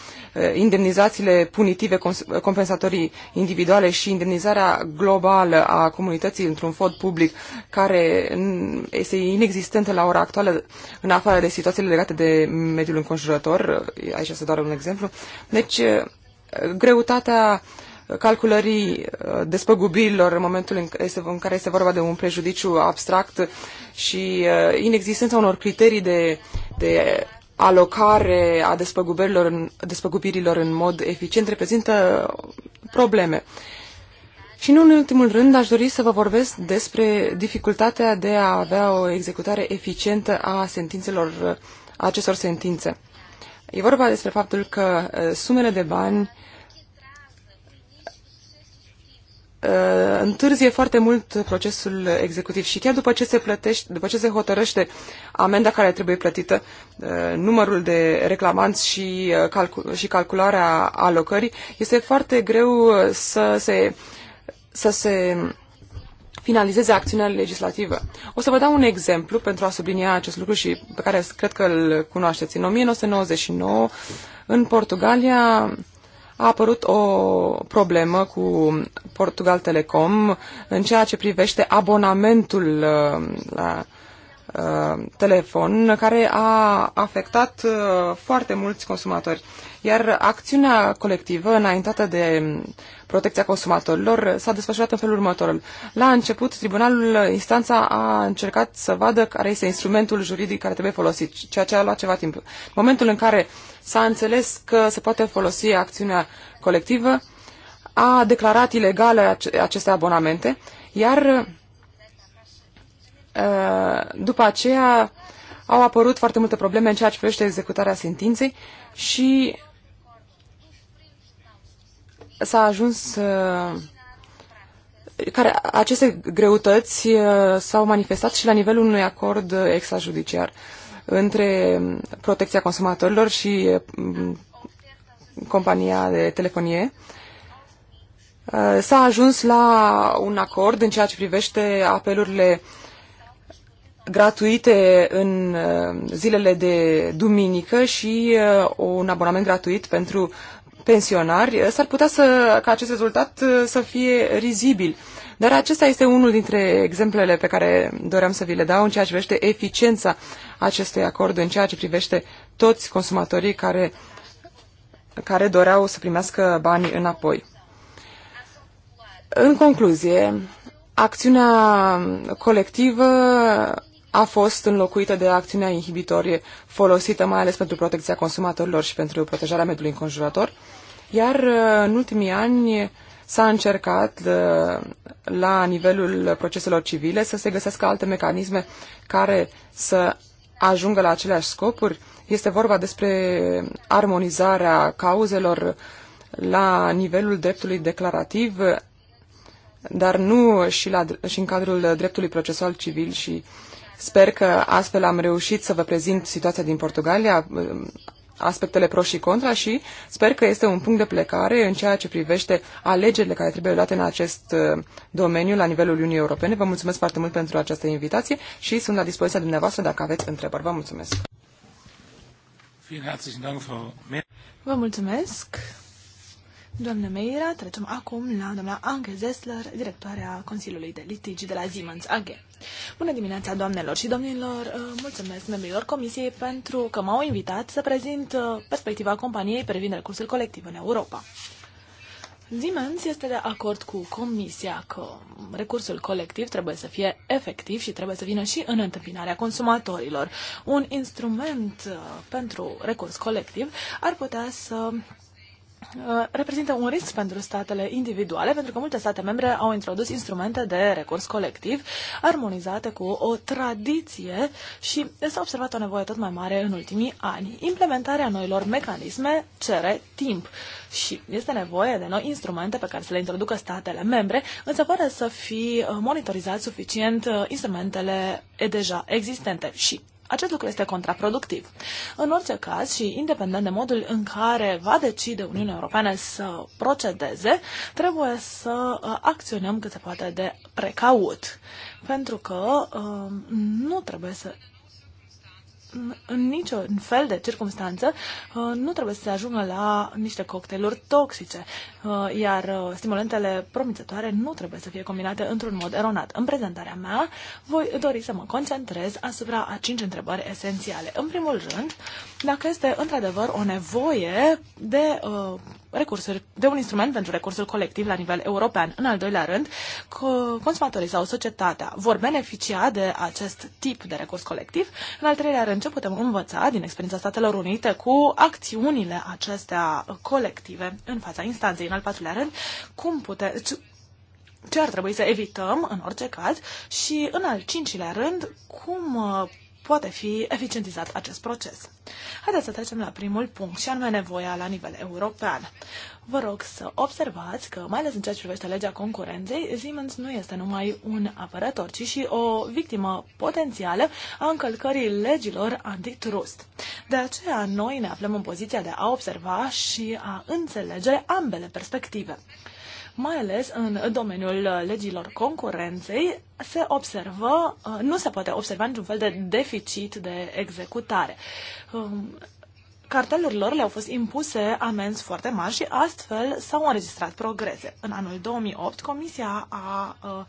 indemnizațiile punitive compensatorii individuale și indemnizarea globală a comunității într-un fond public care este inexistentă la ora actuală în afară de situațiile legate de mediul înconjurător, aici este doar un exemplu, deci greutatea calculării uh, despăgubirilor în momentul în care, este, vorba de un prejudiciu abstract și uh, inexistența unor criterii de, de alocare a despăgubirilor în, despăgubirilor în mod eficient reprezintă probleme. Și nu în ultimul rând aș dori să vă vorbesc despre dificultatea de a avea o executare eficientă a sentințelor, a acestor sentințe. E vorba despre faptul că uh, sumele de bani uh, întârzie foarte mult procesul executiv și chiar după ce se plătește, după ce se hotărăște amenda care trebuie plătită, uh, numărul de reclamanți și, calcu- și calcularea alocării, este foarte greu să se, să se finalizeze acțiunea legislativă. O să vă dau un exemplu pentru a sublinia acest lucru și pe care cred că îl cunoașteți. În 1999, în Portugalia, a apărut o problemă cu Portugal Telecom în ceea ce privește abonamentul uh, la Uh, telefon care a afectat uh, foarte mulți consumatori. Iar acțiunea colectivă înaintată de protecția consumatorilor s-a desfășurat în felul următor. La început, tribunalul, instanța a încercat să vadă care este instrumentul juridic care trebuie folosit, ceea ce a luat ceva timp. În momentul în care s-a înțeles că se poate folosi acțiunea colectivă, a declarat ilegale aceste abonamente, iar Uh, după aceea au apărut foarte multe probleme în ceea ce privește executarea sentinței și s-a ajuns uh, care aceste greutăți uh, s-au manifestat și la nivelul unui acord extrajudiciar între protecția consumatorilor și mm, compania de telefonie. S-a ajuns la un acord în ceea ce privește apelurile uh, gratuite în uh, zilele de duminică și uh, un abonament gratuit pentru pensionari, uh, s-ar putea să, ca acest rezultat să fie rizibil. Dar acesta este unul dintre exemplele pe care doream să vi le dau în ceea ce privește eficiența acestui acord, în ceea ce privește toți consumatorii care, care doreau să primească banii înapoi. În concluzie, acțiunea colectivă a fost înlocuită de acțiunea inhibitorie folosită mai ales pentru protecția consumatorilor și pentru protejarea mediului înconjurător, iar uh, în ultimii ani s-a încercat uh, la nivelul proceselor civile să se găsească alte mecanisme care să ajungă la aceleași scopuri. Este vorba despre armonizarea cauzelor la nivelul dreptului declarativ, dar nu și, la, și în cadrul dreptului procesual civil și uh, Sper că astfel am reușit să vă prezint situația din Portugalia, um, aspectele pro și contra și sper că este un punct de plecare în ceea ce privește alegerile care trebuie luate în acest uh, domeniu la nivelul Uniunii Europene. Vă mulțumesc foarte mult pentru această invitație și sunt la dispoziția dumneavoastră dacă aveți întrebări. Vă mulțumesc! Vă mulțumesc! Doamna Meira, trecem acum la doamna Anke Zessler, directoarea Consiliului de Litigi de la Siemens AG. Bună dimineața, doamnelor și domnilor! Uh, mulțumesc membrilor comisiei pentru că m-au invitat să prezint uh, perspectiva companiei privind recursul colectiv în Europa. Siemens este de acord cu Comisia că recursul colectiv trebuie să fie efectiv și trebuie să vină și în întâmpinarea consumatorilor. Un instrument uh, pentru recurs colectiv ar putea să Uh, reprezintă un risc pentru statele individuale, pentru că multe state membre au introdus instrumente de recurs colectiv, armonizate cu o tradiție și s-a observat o nevoie tot mai mare în ultimii ani. Implementarea noilor mecanisme cere timp și este nevoie de noi instrumente pe care să le introducă statele membre, însă fără să fi monitorizat suficient uh, instrumentele deja existente. Și acest lucru este contraproductiv. În orice caz și independent de modul în care va decide Uniunea Europeană să procedeze, trebuie să uh, acționăm cât se poate de precaut. Pentru că uh, nu trebuie să în niciun fel de circunstanță uh, nu trebuie să se ajungă la niște cocktailuri toxice, uh, iar uh, stimulentele promițătoare nu trebuie să fie combinate într-un mod eronat. În prezentarea mea voi dori să mă concentrez asupra a cinci întrebări esențiale. În primul rând, dacă este într-adevăr o nevoie de uh, recursuri, de un instrument pentru recursul colectiv la nivel european. În al doilea rând, consumatorii sau societatea vor beneficia de acest tip de recurs colectiv. În al treilea rând, ce putem învăța din experiența Statelor Unite cu acțiunile acestea colective în fața instanței. În al patrulea rând, cum putem, ce ar trebui să evităm în orice caz și în al cincilea rând, cum uh, poate fi eficientizat acest proces. Haideți să trecem la primul punct, și anume nevoia la nivel european. Vă rog să observați că, mai ales în ceea ce privește legea concurenței, Siemens nu este numai un apărător, ci și o victimă potențială a încălcării legilor antitrust. De aceea, noi ne aflăm în poziția de a observa și a înțelege ambele perspective mai ales în domeniul uh, legilor concurenței, se observă, uh, nu se poate observa niciun fel de deficit de executare. Um, Cartelurilor le-au fost impuse amenzi foarte mari și astfel s-au înregistrat progrese. În anul 2008, Comisia a uh,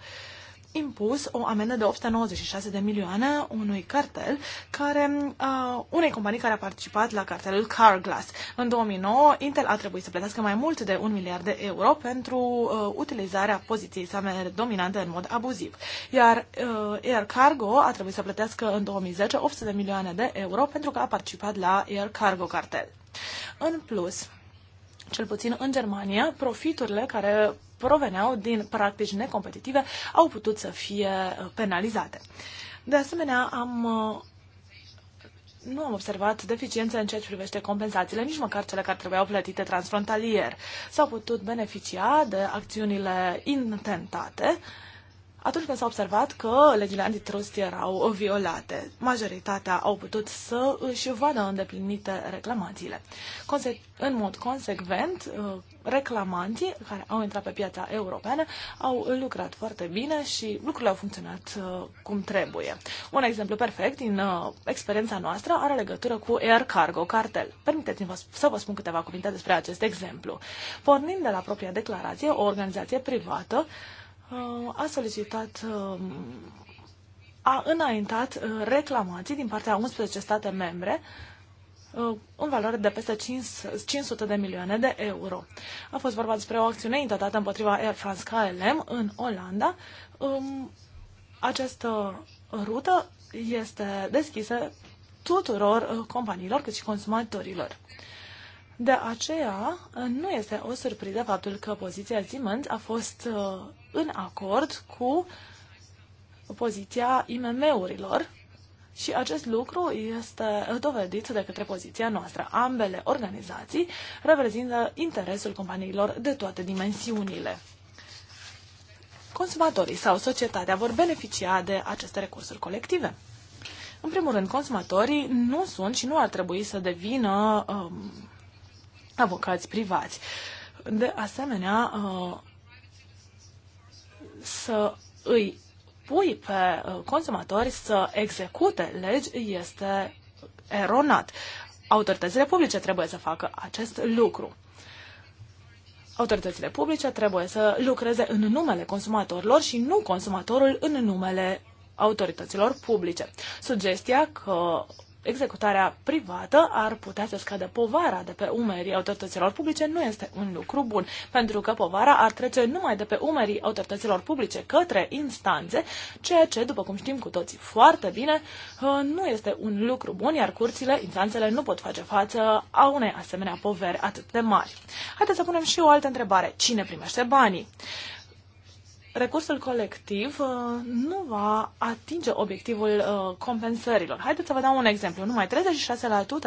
impus o amendă de 896 de milioane unui cartel care, uh, unei companii care a participat la cartelul Carglass. În 2009, Intel a trebuit să plătească mai mult de un miliard de euro pentru uh, utilizarea poziției sale dominante în mod abuziv. Iar uh, Air Cargo a trebuit să plătească în 2010 800 de milioane de euro pentru că a participat la Air Cargo cartel. În plus, cel puțin în Germania, profiturile care proveneau din practici necompetitive au putut să fie uh, penalizate. De asemenea, am uh, nu am observat deficiențe în ceea ce privește compensațiile, nici măcar cele care trebuiau plătite transfrontalier. S-au putut beneficia de acțiunile intentate atunci când s-a observat că legile antitrust erau violate. Majoritatea au putut să își vadă îndeplinite reclamațiile. Conse- în mod consecvent, uh, reclamanții care au intrat pe piața europeană au lucrat foarte bine și lucrurile au funcționat uh, cum trebuie. Un exemplu perfect din uh, experiența noastră are legătură cu Air Cargo Cartel. Permiteți-mi să vă spun câteva cuvinte despre acest exemplu. Pornind de la propria declarație, o organizație privată Uh, a solicitat, uh, a înaintat uh, reclamații din partea 11 state membre în valoare de peste 500 de milioane de euro. A fost vorba despre o acțiune intentată împotriva Air France KLM în Olanda. Um, această rută este deschisă tuturor companiilor, cât și consumatorilor. De aceea, nu este o surpriză faptul că poziția Siemens a fost în acord cu poziția IMM-urilor și acest lucru este dovedit de către poziția noastră. Ambele organizații reprezintă interesul companiilor de toate dimensiunile. Consumatorii sau societatea vor beneficia de aceste recursuri colective. În primul rând, consumatorii nu sunt și nu ar trebui să devină um, avocați privați. De asemenea, uh, să îi pui pe uh, consumatori să execute legi este eronat. Autoritățile publice trebuie să facă acest lucru. Autoritățile publice trebuie să lucreze în numele consumatorilor și nu consumatorul în numele autorităților publice. Sugestia că executarea privată ar putea să scadă povara de pe umerii autorităților publice, nu este un lucru bun, pentru că povara ar trece numai de pe umerii autorităților publice către instanțe, ceea ce, după cum știm cu toții foarte bine, uh, nu este un lucru bun, iar curțile, instanțele nu pot face față a unei asemenea poveri atât de mari. Haideți să punem și o altă întrebare. Cine primește banii? recursul colectiv uh, nu va atinge obiectivul uh, compensărilor. Haideți să vă dau un exemplu. Numai 36%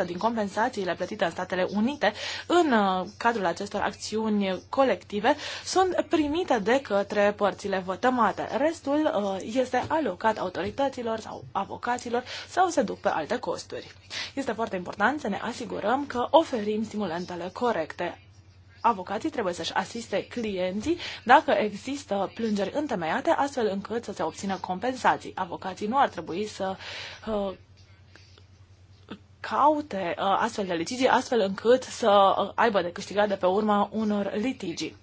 din compensațiile plătite în Statele Unite în uh, cadrul acestor acțiuni colective sunt primite de către părțile vătămate. Restul este alocat autorităților sau avocaților sau se duc pe alte costuri. Este foarte important să ne asigurăm că oferim stimulentele corecte avocații trebuie să-și asiste clienții dacă există plângeri întemeiate, astfel încât să se obțină compensații. Avocații nu ar trebui să uh, caute uh, astfel de litigii, astfel încât să uh, aibă de câștigat de pe urma unor litigii.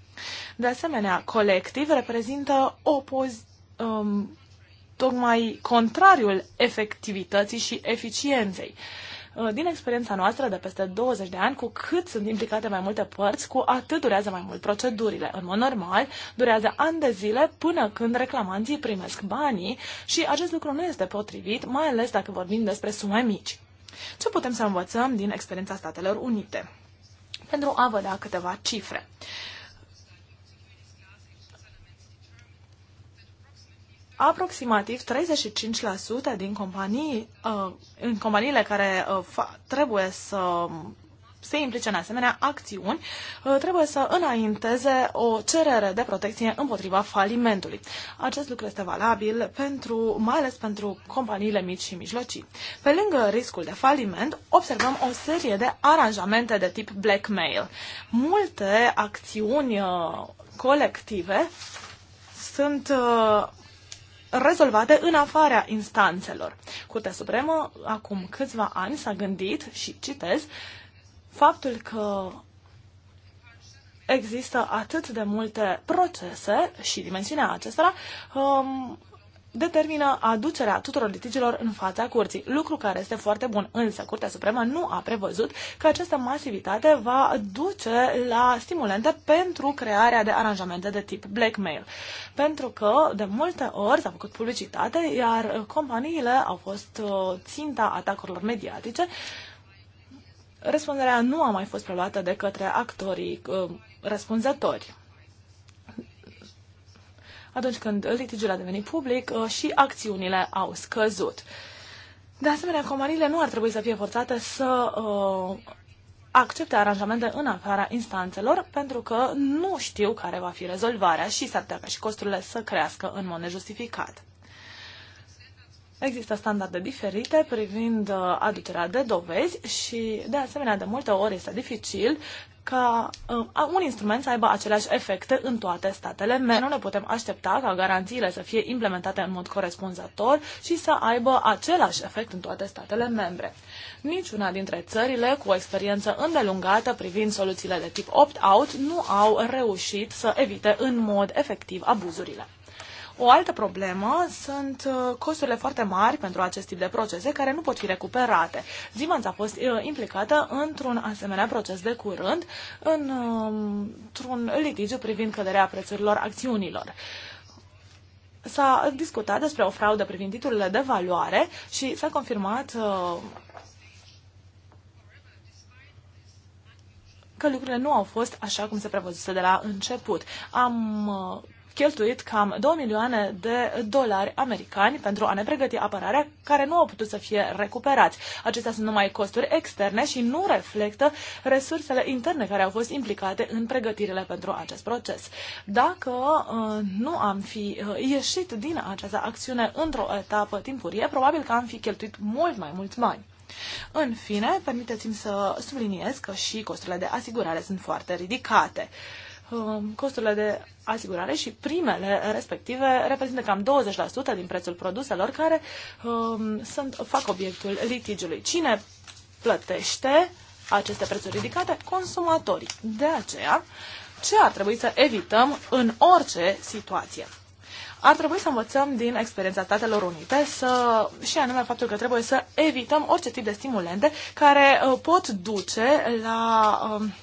De asemenea, colectiv reprezintă opoz- um, tocmai contrariul efectivității și eficienței. Uh, Uh, din experiența noastră de peste 20 de ani, cu cât sunt implicate mai multe părți, cu atât durează mai mult procedurile. În mod normal, durează ani de zile până când reclamanții primesc banii și acest lucru nu este potrivit, mai ales dacă vorbim despre sume mici. Ce putem să învățăm din experiența Statelor Unite? Pentru a vă da câteva cifre. aproximativ 35% din companii, uh, în companiile care uh, trebuie să se implice în asemenea acțiuni, uh, trebuie să înainteze o cerere de protecție împotriva falimentului. Acest lucru este valabil pentru, mai ales pentru companiile mici și mijlocii. Pe lângă riscul de faliment, observăm o serie de aranjamente de tip blackmail. Multe acțiuni colective sunt rezolvate în afara instanțelor. Curtea Supremă, acum câțiva ani, s-a gândit și citez faptul că există atât de multe procese și dimensiunea acestora um, determină aducerea tuturor litigilor în fața curții, lucru care este foarte bun. Însă Curtea Supremă nu a prevăzut că această masivitate va duce la stimulente pentru crearea de aranjamente de tip blackmail. Pentru că de multe ori s-a făcut publicitate, iar companiile au fost uh, ținta atacurilor mediatice. Răspunderea nu a mai fost preluată de către actorii uh, răspunzători atunci când litigiul a devenit public uh, și acțiunile au scăzut. De asemenea, companiile nu ar trebui să fie forțate să uh, accepte aranjamente în afara instanțelor, pentru că nu știu care va fi rezolvarea și s-ar putea ca și costurile să crească în mod nejustificat. Există standarde diferite privind uh, aducerea de dovezi și, de asemenea, de multe ori este dificil ca um, un instrument să aibă aceleași efecte în toate statele membre. Nu ne putem aștepta ca garanțiile să fie implementate în mod corespunzător și să aibă același efect în toate statele membre. Niciuna dintre țările cu o experiență îndelungată privind soluțiile de tip opt-out nu au reușit să evite în mod efectiv abuzurile. O altă problemă sunt uh, costurile foarte mari pentru acest tip de procese care nu pot fi recuperate. Siemens a fost uh, implicată într-un asemenea proces de curând, um, într-un litigiu privind căderea prețurilor acțiunilor s-a discutat despre o fraudă privind titlurile de valoare și s-a confirmat uh, că lucrurile nu au fost așa cum se prevăzuse de la început. Am cheltuit cam 2 milioane de dolari americani pentru a ne pregăti apărarea, care nu au putut să fie recuperați. Acestea sunt numai costuri externe și nu reflectă resursele interne care au fost implicate în pregătirile pentru acest proces. Dacă uh, nu am fi uh, ieșit din această acțiune într-o etapă timpurie, probabil că am fi cheltuit mult mai mulți bani. În fine, permiteți-mi să subliniez că și costurile de asigurare sunt foarte ridicate. Uh, Um, costurile de asigurare și primele respective reprezintă cam 20% din prețul produselor care um, sunt, fac obiectul litigiului. Cine plătește aceste prețuri ridicate? Consumatorii. De aceea, ce ar trebui să evităm în orice situație? Ar trebui să învățăm din experiența Statelor Unite să, și anume faptul că trebuie să evităm orice tip de stimulente care uh, pot duce la um,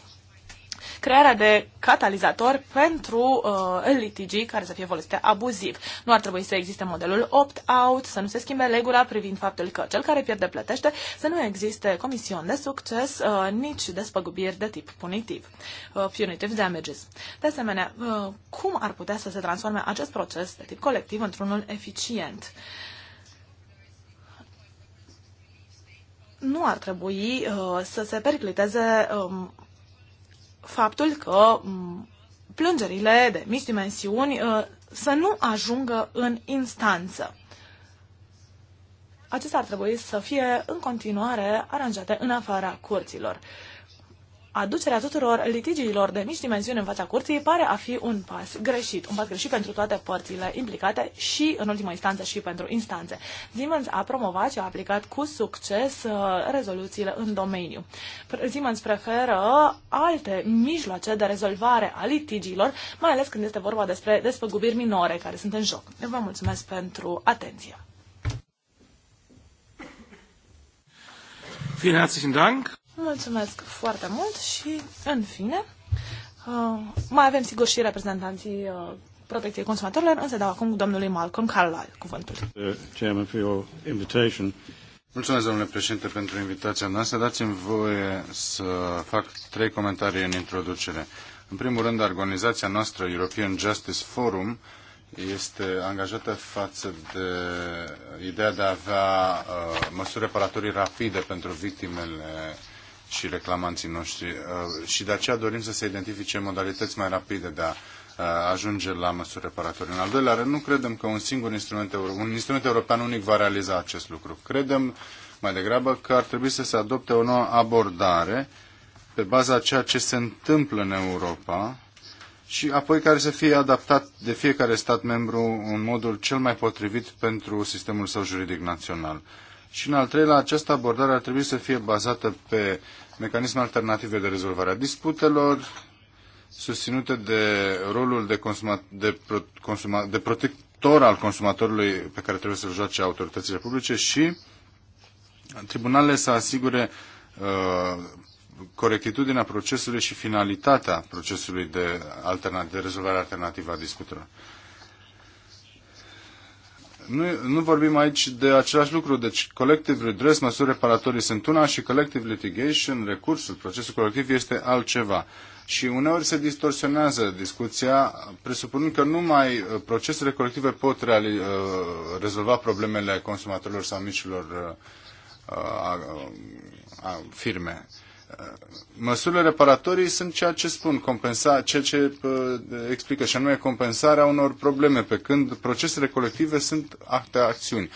crearea de catalizator pentru uh, litigii care să fie folosite abuziv. Nu ar trebui să existe modelul opt-out, să nu se schimbe legura privind faptul că cel care pierde plătește, să nu existe comisiuni de succes, uh, nici despăgubiri de tip punitiv, uh, punitive damages. De asemenea, uh, cum ar putea să se transforme acest proces de tip colectiv într-unul eficient? nu ar trebui uh, să se pericliteze um, faptul că plângerile de mici dimensiuni uh, să nu ajungă în instanță. Acestea ar trebui să fie în continuare aranjate în afara curților aducerea tuturor litigiilor de mici dimensiuni în fața curții pare a fi un pas greșit. Un pas greșit pentru toate părțile implicate și, în ultima instanță, și pentru instanțe. Siemens a promovat și a aplicat cu succes uh, rezoluțiile în domeniu. Siemens preferă alte mijloace de rezolvare a litigiilor, mai ales când este vorba despre despăgubiri minore care sunt în joc. vă mulțumesc pentru atenție. Vielen herzlichen Dank. Mulțumesc foarte mult și, în fine, uh, mai avem sigur și reprezentanții uh, protecției consumatorilor, însă dau acum domnului Malcolm Carlyle cuvântul. Uh, chairman, for your invitation. Mulțumesc, domnule președinte, pentru invitația noastră. Dați-mi voie să fac trei comentarii în introducere. În primul rând, organizația noastră, European Justice Forum, este angajată față de ideea de a avea uh, măsuri reparatorii rapide pentru victimele și reclamanții noștri uh, și de aceea dorim să se identifice modalități mai rapide de a uh, ajunge la măsuri reparatorii. În al doilea rând, nu credem că un singur instrument, un instrument european unic va realiza acest lucru. Credem mai degrabă că ar trebui să se adopte o nouă abordare pe baza ceea ce se întâmplă în Europa și apoi care să fie adaptat de fiecare stat membru în modul cel mai potrivit pentru sistemul său juridic național. Și în al treilea, această abordare ar trebui să fie bazată pe mecanisme alternative de rezolvare a disputelor, susținute de rolul de, consuma, de, pro, consuma, de protector al consumatorului pe care trebuie să-l joace autoritățile publice și tribunalele să asigure uh, corectitudinea procesului și finalitatea procesului de, alternat, de rezolvare alternativă a disputelor. Nu, nu vorbim aici de același lucru. Deci, collective redress, măsuri reparatorii sunt una și collective litigation, recursul, procesul colectiv este altceva. Și uneori se distorsionează discuția, presupunând că numai uh, procesele colective pot reali, uh, rezolva problemele consumatorilor sau micilor uh, a, a, a, firme. Măsurile reparatorii sunt ceea ce spun, compensa, ceea ce uh, explică și anume compensarea unor probleme, pe când procesele colective sunt acte acțiuni.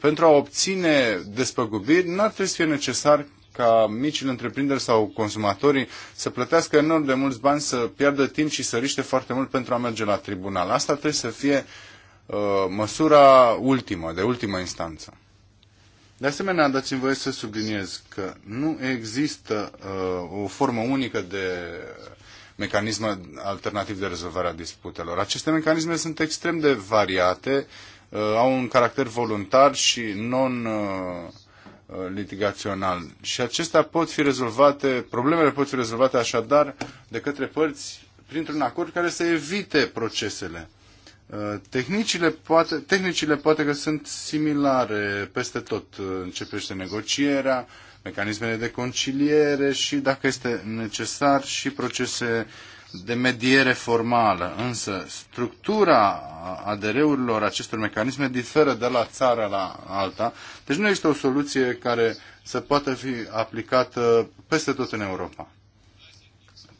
Pentru a obține despăgubiri, n-ar trebui să fie necesar ca micile întreprinderi sau consumatorii să plătească enorm de mulți bani, să piardă timp și să riște foarte mult pentru a merge la tribunal. Asta trebuie să fie uh, măsura ultimă, de ultimă instanță. De asemenea, dați-mi voie să subliniez că nu există uh, o formă unică de mecanism alternativ de rezolvare a disputelor. Aceste mecanisme sunt extrem de variate, uh, au un caracter voluntar și non uh, uh litigațional. Și acestea pot fi rezolvate, problemele pot fi rezolvate așadar de către părți printr-un acord care să evite procesele. Tehnicile poate, tehnicile poate că sunt similare peste tot. Începește negocierea, mecanismele de conciliere și, dacă este necesar, și procese de mediere formală. Însă, structura ADR-urilor acestor mecanisme diferă de la țară la alta. Deci nu este o soluție care să poată fi aplicată peste tot în Europa.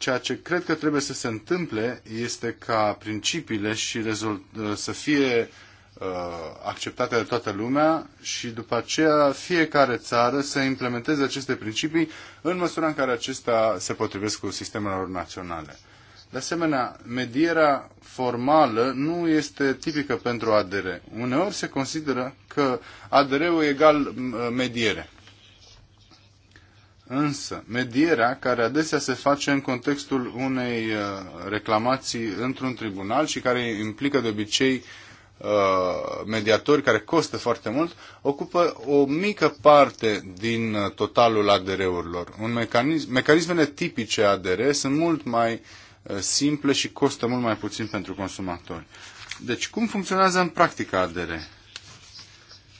Ceea ce cred că trebuie să se întâmple este ca principiile și să fie uh, acceptate de toată lumea și după aceea fiecare țară să implementeze aceste principii în măsura în care acestea se potrivesc cu sistemelor naționale. De asemenea, medierea formală nu este tipică pentru ADR. Uneori se consideră că ADR-ul egal uh, mediere. Însă, medierea, care adesea se face în contextul unei uh, reclamații într-un tribunal și care implică de obicei uh, mediatori care costă foarte mult, ocupă o mică parte din uh, totalul ADR-urilor. Un mecanism, mecanismele tipice ADR sunt mult mai simple și costă mult mai puțin pentru consumatori. Deci, cum funcționează în practică ADR?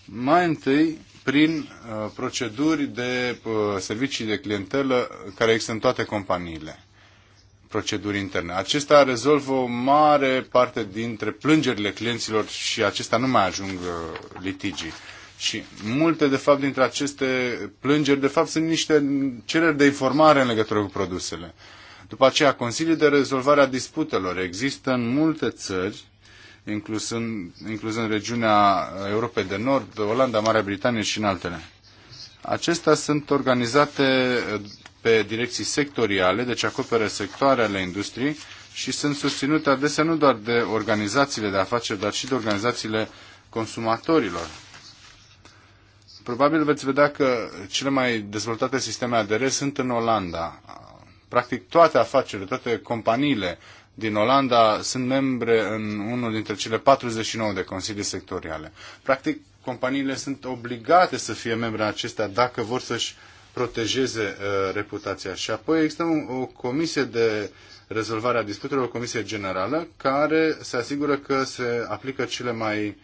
Mai întâi, prin uh, proceduri de uh, servicii de clientelă care există în toate companiile proceduri interne. Acesta rezolvă o mare parte dintre plângerile clienților și acestea nu mai ajung uh, litigii. Și multe, de fapt, dintre aceste plângeri, de fapt, sunt niște cereri de informare în legătură cu produsele. După aceea, consiliul de Rezolvare a Disputelor există în multe țări incluzând, incluzând regiunea Europei de Nord, Olanda, Marea Britanie și în altele. Acestea sunt organizate uh, pe direcții sectoriale, deci acoperă sectoare ale industriei și sunt susținute adesea nu doar de organizațiile de afaceri, dar și de organizațiile consumatorilor. Probabil veți vedea că cele mai dezvoltate sisteme ADR sunt în Olanda. Practic toate afacerile, toate companiile din Olanda sunt membre în unul dintre cele 49 de consilii sectoriale. Practic, companiile sunt obligate să fie membre în acestea dacă vor să-și protejeze uh, reputația. Și apoi există un, o comisie de rezolvare a disputelor, o comisie generală, care se asigură că se aplică cele mai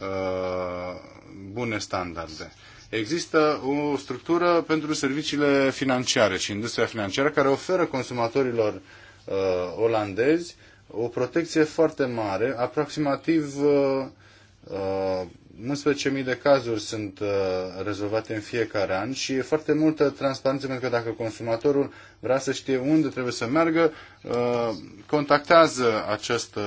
uh, bune standarde. Există o structură pentru serviciile financiare și industria financiară care oferă consumatorilor Uh, olandezi o protecție foarte mare, aproximativ 11.000 uh, uh, de cazuri sunt rezolvate în fiecare an și e foarte multă transparență pentru că dacă consumatorul vrea să știe unde trebuie să meargă, contactează această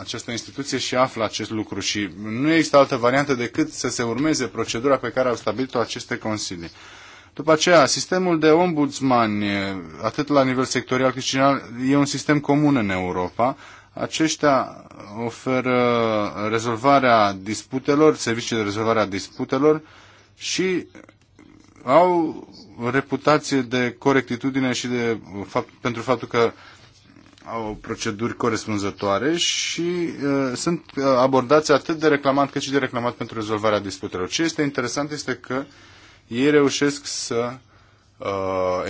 această instituție și află acest lucru și nu există altă variantă decât să se urmeze procedura pe care au stabilit-o aceste consilii. După aceea, sistemul de ombudsmani, atât la nivel sectorial cât și general, e un sistem comun în Europa. Aceștia oferă rezolvarea disputelor, servicii de rezolvare a disputelor și au reputație de corectitudine și de fapt, pentru faptul că au proceduri corespunzătoare și uh, sunt abordați atât de reclamant cât și de reclamat pentru rezolvarea disputelor. Ce este interesant este că uh, ei reușesc să uh,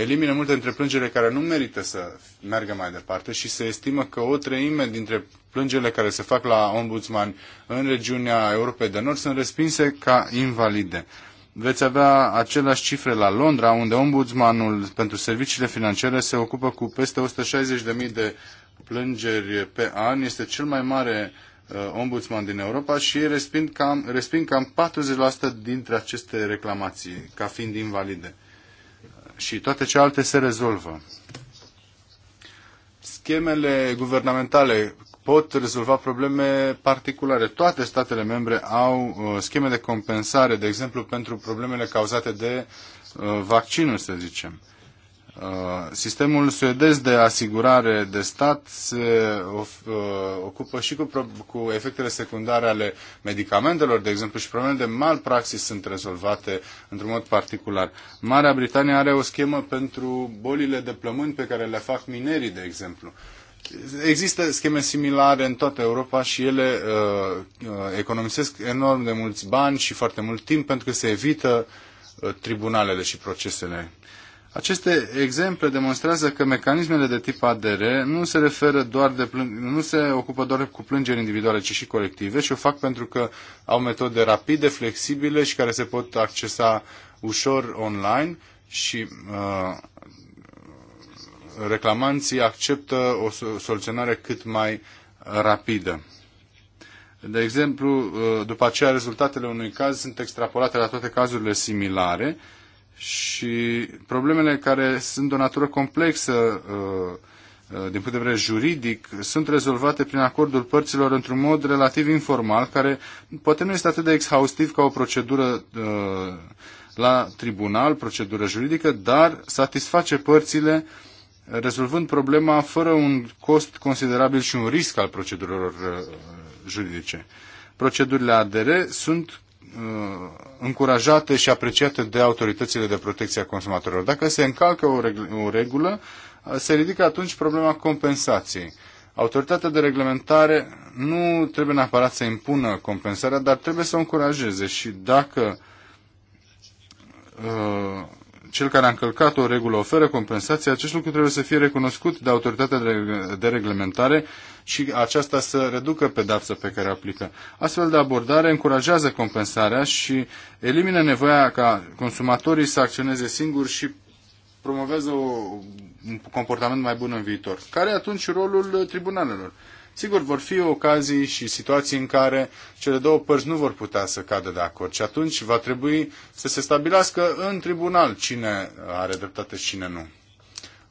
elimine multe dintre plângerile care nu merită să meargă mai departe și se estimă că o treime dintre plângerile care se fac la ombudsman în regiunea Europei de Nord sunt respinse ca invalide. Veți avea aceleași cifre la Londra, unde ombudsmanul pentru serviciile financiare se ocupă cu peste 160.000 de plângeri pe an. Este cel mai mare uh, Uh, ombudsman din Europa și resping cam, resping cam 40% dintre aceste reclamații ca fiind invalide. Și toate celelalte se rezolvă. Schemele guvernamentale pot rezolva probleme particulare. Toate statele membre au uh, scheme de compensare, de exemplu, pentru problemele cauzate de uh, vaccinuri, să zicem. Uh, sistemul suedez de asigurare de stat se uh, ocupă și cu, cu efectele secundare ale medicamentelor, de exemplu, și problemele de malpraxis sunt rezolvate într-un mod particular. Marea Britanie are o schemă pentru bolile de plămâni pe care le fac minerii, de exemplu. Există scheme similare în toată Europa și ele uh, uh economisesc enorm de mulți bani și foarte mult timp pentru că se evită uh, tribunalele și procesele. Aceste exemple demonstrează că mecanismele de tip ADR nu se referă doar de nu se ocupă doar cu plângeri individuale, ci și colective și o fac pentru că au metode rapide, flexibile și care se pot accesa ușor online și uh, reclamanții acceptă o soluționare cât mai rapidă. De exemplu, uh, după aceea rezultatele unui caz sunt extrapolate la toate cazurile similare și problemele care sunt de o natură complexă uh, uh, din punct de vedere juridic sunt rezolvate prin acordul părților într-un mod relativ informal, care poate nu este atât de exhaustiv ca o procedură uh, la tribunal, procedură juridică, dar satisface părțile rezolvând problema fără un cost considerabil și un risc al procedurilor juridice. Procedurile ADR sunt Uh, încurajate și apreciate de autoritățile de protecție a consumatorilor. Dacă se încalcă o, reg- o regulă, uh, se ridică atunci problema compensației. Autoritatea de reglementare nu trebuie neapărat să impună compensarea, dar trebuie să o încurajeze și dacă uh, cel care a încălcat o regulă oferă compensație, acest lucru trebuie să fie recunoscut de autoritatea de reglementare și aceasta să reducă pedapsa pe care o aplică. Astfel de abordare încurajează compensarea și elimină nevoia ca consumatorii să acționeze singuri și promovează o, un comportament mai bun în viitor. Care e atunci rolul tribunalelor? Sigur, vor fi ocazii și situații în care cele două părți nu vor putea să cadă de acord și atunci va trebui să se stabilească în tribunal cine are dreptate și cine nu.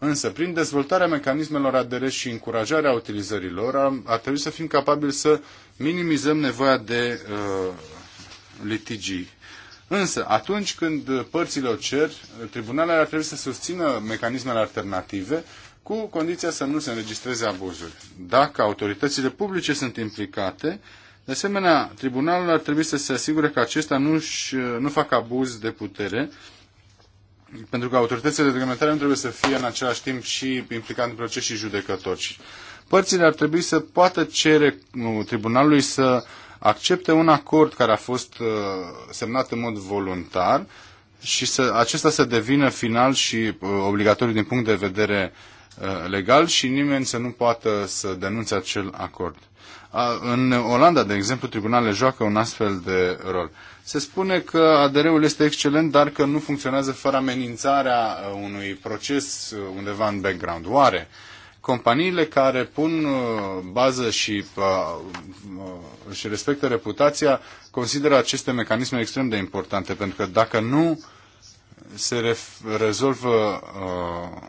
Însă, prin dezvoltarea mecanismelor adere și încurajarea utilizării lor, ar trebui să fim capabili să minimizăm nevoia de uh, litigii. Însă, atunci când părțile o cer, tribunalele ar trebui să susțină mecanismele alternative cu condiția să nu se înregistreze abuzuri. Dacă autoritățile publice sunt implicate, de asemenea, tribunalul ar trebui să se asigure că acestea nu, nu fac abuz de putere, pentru că autoritățile de reglementare nu trebuie să fie în același timp și implicate în proces și judecători. Părțile ar trebui să poată cere uh, tribunalului să accepte un acord care a fost uh, semnat în mod voluntar și să, acesta să devină final și uh, obligatoriu din punct de vedere uh, Uh, legal și nimeni să nu poată să denunțe acel acord. În Olanda, de exemplu, tribunalele joacă un astfel de rol. Se spune că ADR-ul este excelent, dar că nu funcționează fără amenințarea uh, unui proces uh, undeva în background. Oare companiile care pun bază și își respectă reputația consideră aceste mecanisme extrem de importante, pentru că dacă nu se rezolvă uh,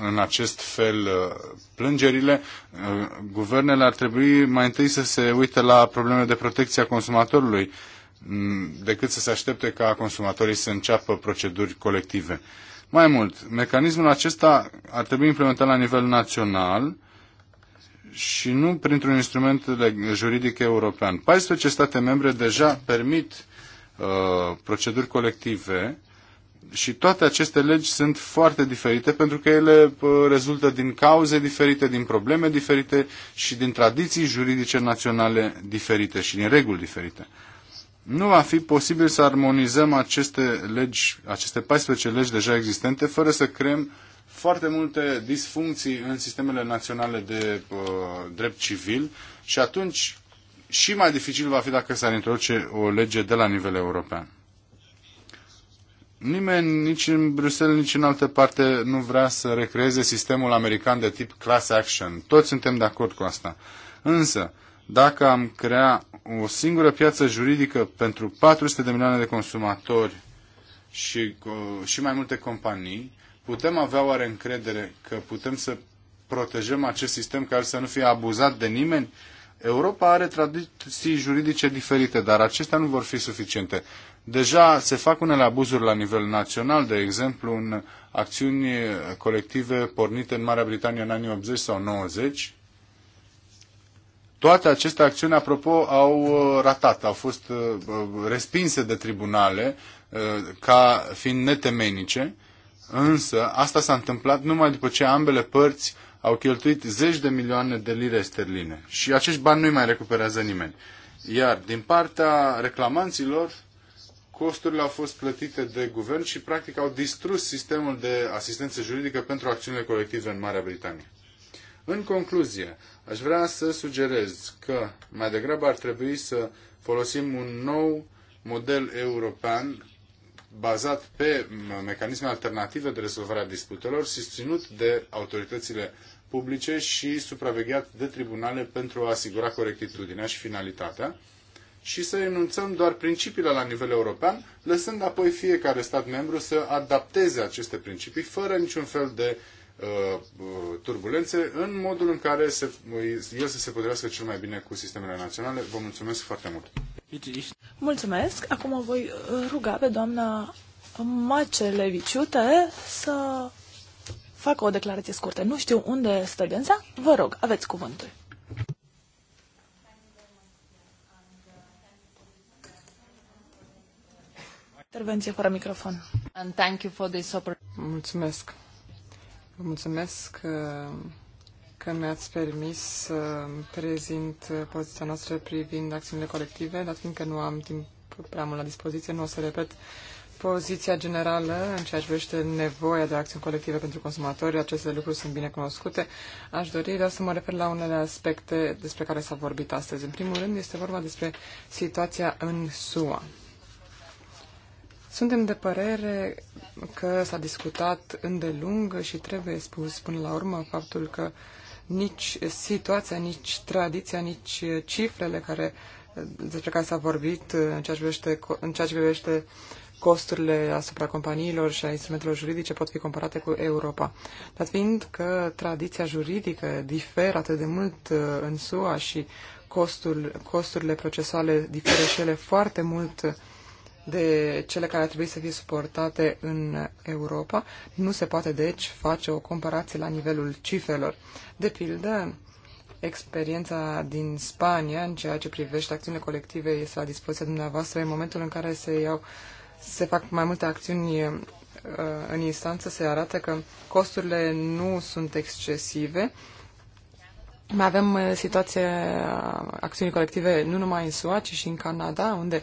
în acest fel uh, plângerile, uh, guvernele ar trebui mai întâi să se uite la problemele de protecție a consumatorului mm, decât să se aștepte ca consumatorii să înceapă proceduri colective. Mai mult, mecanismul acesta ar trebui implementat la nivel național și nu printr-un instrument juridic european. 14 state membre deja permit uh, proceduri colective uh, și toate aceste legi sunt foarte diferite pentru că ele uh, rezultă din cauze diferite, din probleme diferite și din tradiții juridice naționale diferite și din reguli diferite. Nu va fi posibil să armonizăm aceste legi, aceste 14 legi deja existente, fără să creăm foarte multe disfuncții în sistemele naționale de uh, drept civil și atunci și mai dificil va fi dacă s-ar introduce o lege de la nivel european. Nimeni nici în Bruxelles, nici în altă parte nu vrea să recreeze sistemul american de tip class action. Toți suntem de acord cu asta. Însă, dacă am crea o singură piață juridică pentru 400 de milioane de consumatori și, și mai multe companii, putem avea oare încredere că putem să protejăm acest sistem care să nu fie abuzat de nimeni? Europa are tradiții juridice diferite, dar acestea nu vor fi suficiente. Deja se fac unele abuzuri la nivel național, de exemplu în acțiuni colective pornite în Marea Britanie în anii 80 sau 90. Toate aceste acțiuni, apropo, au uh, ratat, au fost uh, uh, respinse de tribunale ca fiind netemenice, însă asta s-a întâmplat numai după ce ambele părți au cheltuit zeci de milioane de lire sterline și acești bani nu-i mai recuperează nimeni. Iar din partea reclamanților, costurile au fost plătite de guvern și practic au distrus sistemul de asistență juridică pentru acțiunile colective în Marea Britanie. În concluzie, aș vrea să sugerez că mai degrabă ar trebui să folosim un nou model european bazat pe mecanisme alternative de rezolvare a disputelor, susținut de autoritățile publice și supravegheat de tribunale pentru a asigura corectitudinea și finalitatea și să enunțăm doar principiile la nivel european, lăsând apoi fiecare stat membru să adapteze aceste principii fără niciun fel de uh, uh turbulențe în modul în care se, uh, el să se potrivească cel mai bine cu sistemele naționale. Vă mulțumesc foarte mult! Mulțumesc! Acum o voi uh, ruga pe doamna Maceleviciute să facă o declarație scurtă. Nu știu unde stă gânsa. Vă rog, aveți cuvântul. Intervenție fără microfon. And thank you for this Mulțumesc. Vă mulțumesc uh, că mi-ați permis să prezint uh, poziția noastră privind acțiunile colective, dar fiindcă nu am timp prea mult la dispoziție, nu o să repet poziția generală în ceea ce privește nevoia de acțiuni colective pentru consumatori. Aceste lucruri sunt bine cunoscute. Aș dori doar să mă refer la unele aspecte despre care s-a vorbit astăzi. În primul rând, este vorba despre situația în SUA. Suntem de părere că s-a discutat îndelung și trebuie spus până la urmă faptul că nici situația, nici tradiția, nici cifrele care, despre care s-a vorbit în ceea ce privește, în ceea ce privește costurile asupra companiilor și a instrumentelor juridice pot fi comparate cu Europa. Dar fiind că tradiția juridică diferă atât de mult uh, în SUA și costul, costurile procesuale diferă și ele foarte mult de cele care ar trebui să fie suportate în Europa. Nu se poate, deci, face o comparație la nivelul cifrelor. De pildă, experiența din Spania în ceea ce privește acțiunile colective este la dispoziția dumneavoastră în momentul în care se iau se fac mai multe acțiuni uh, în instanță se arată că costurile nu sunt excesive. Mai avem uh, situație acțiuni colective nu numai în SUA, ci și în Canada, unde uh,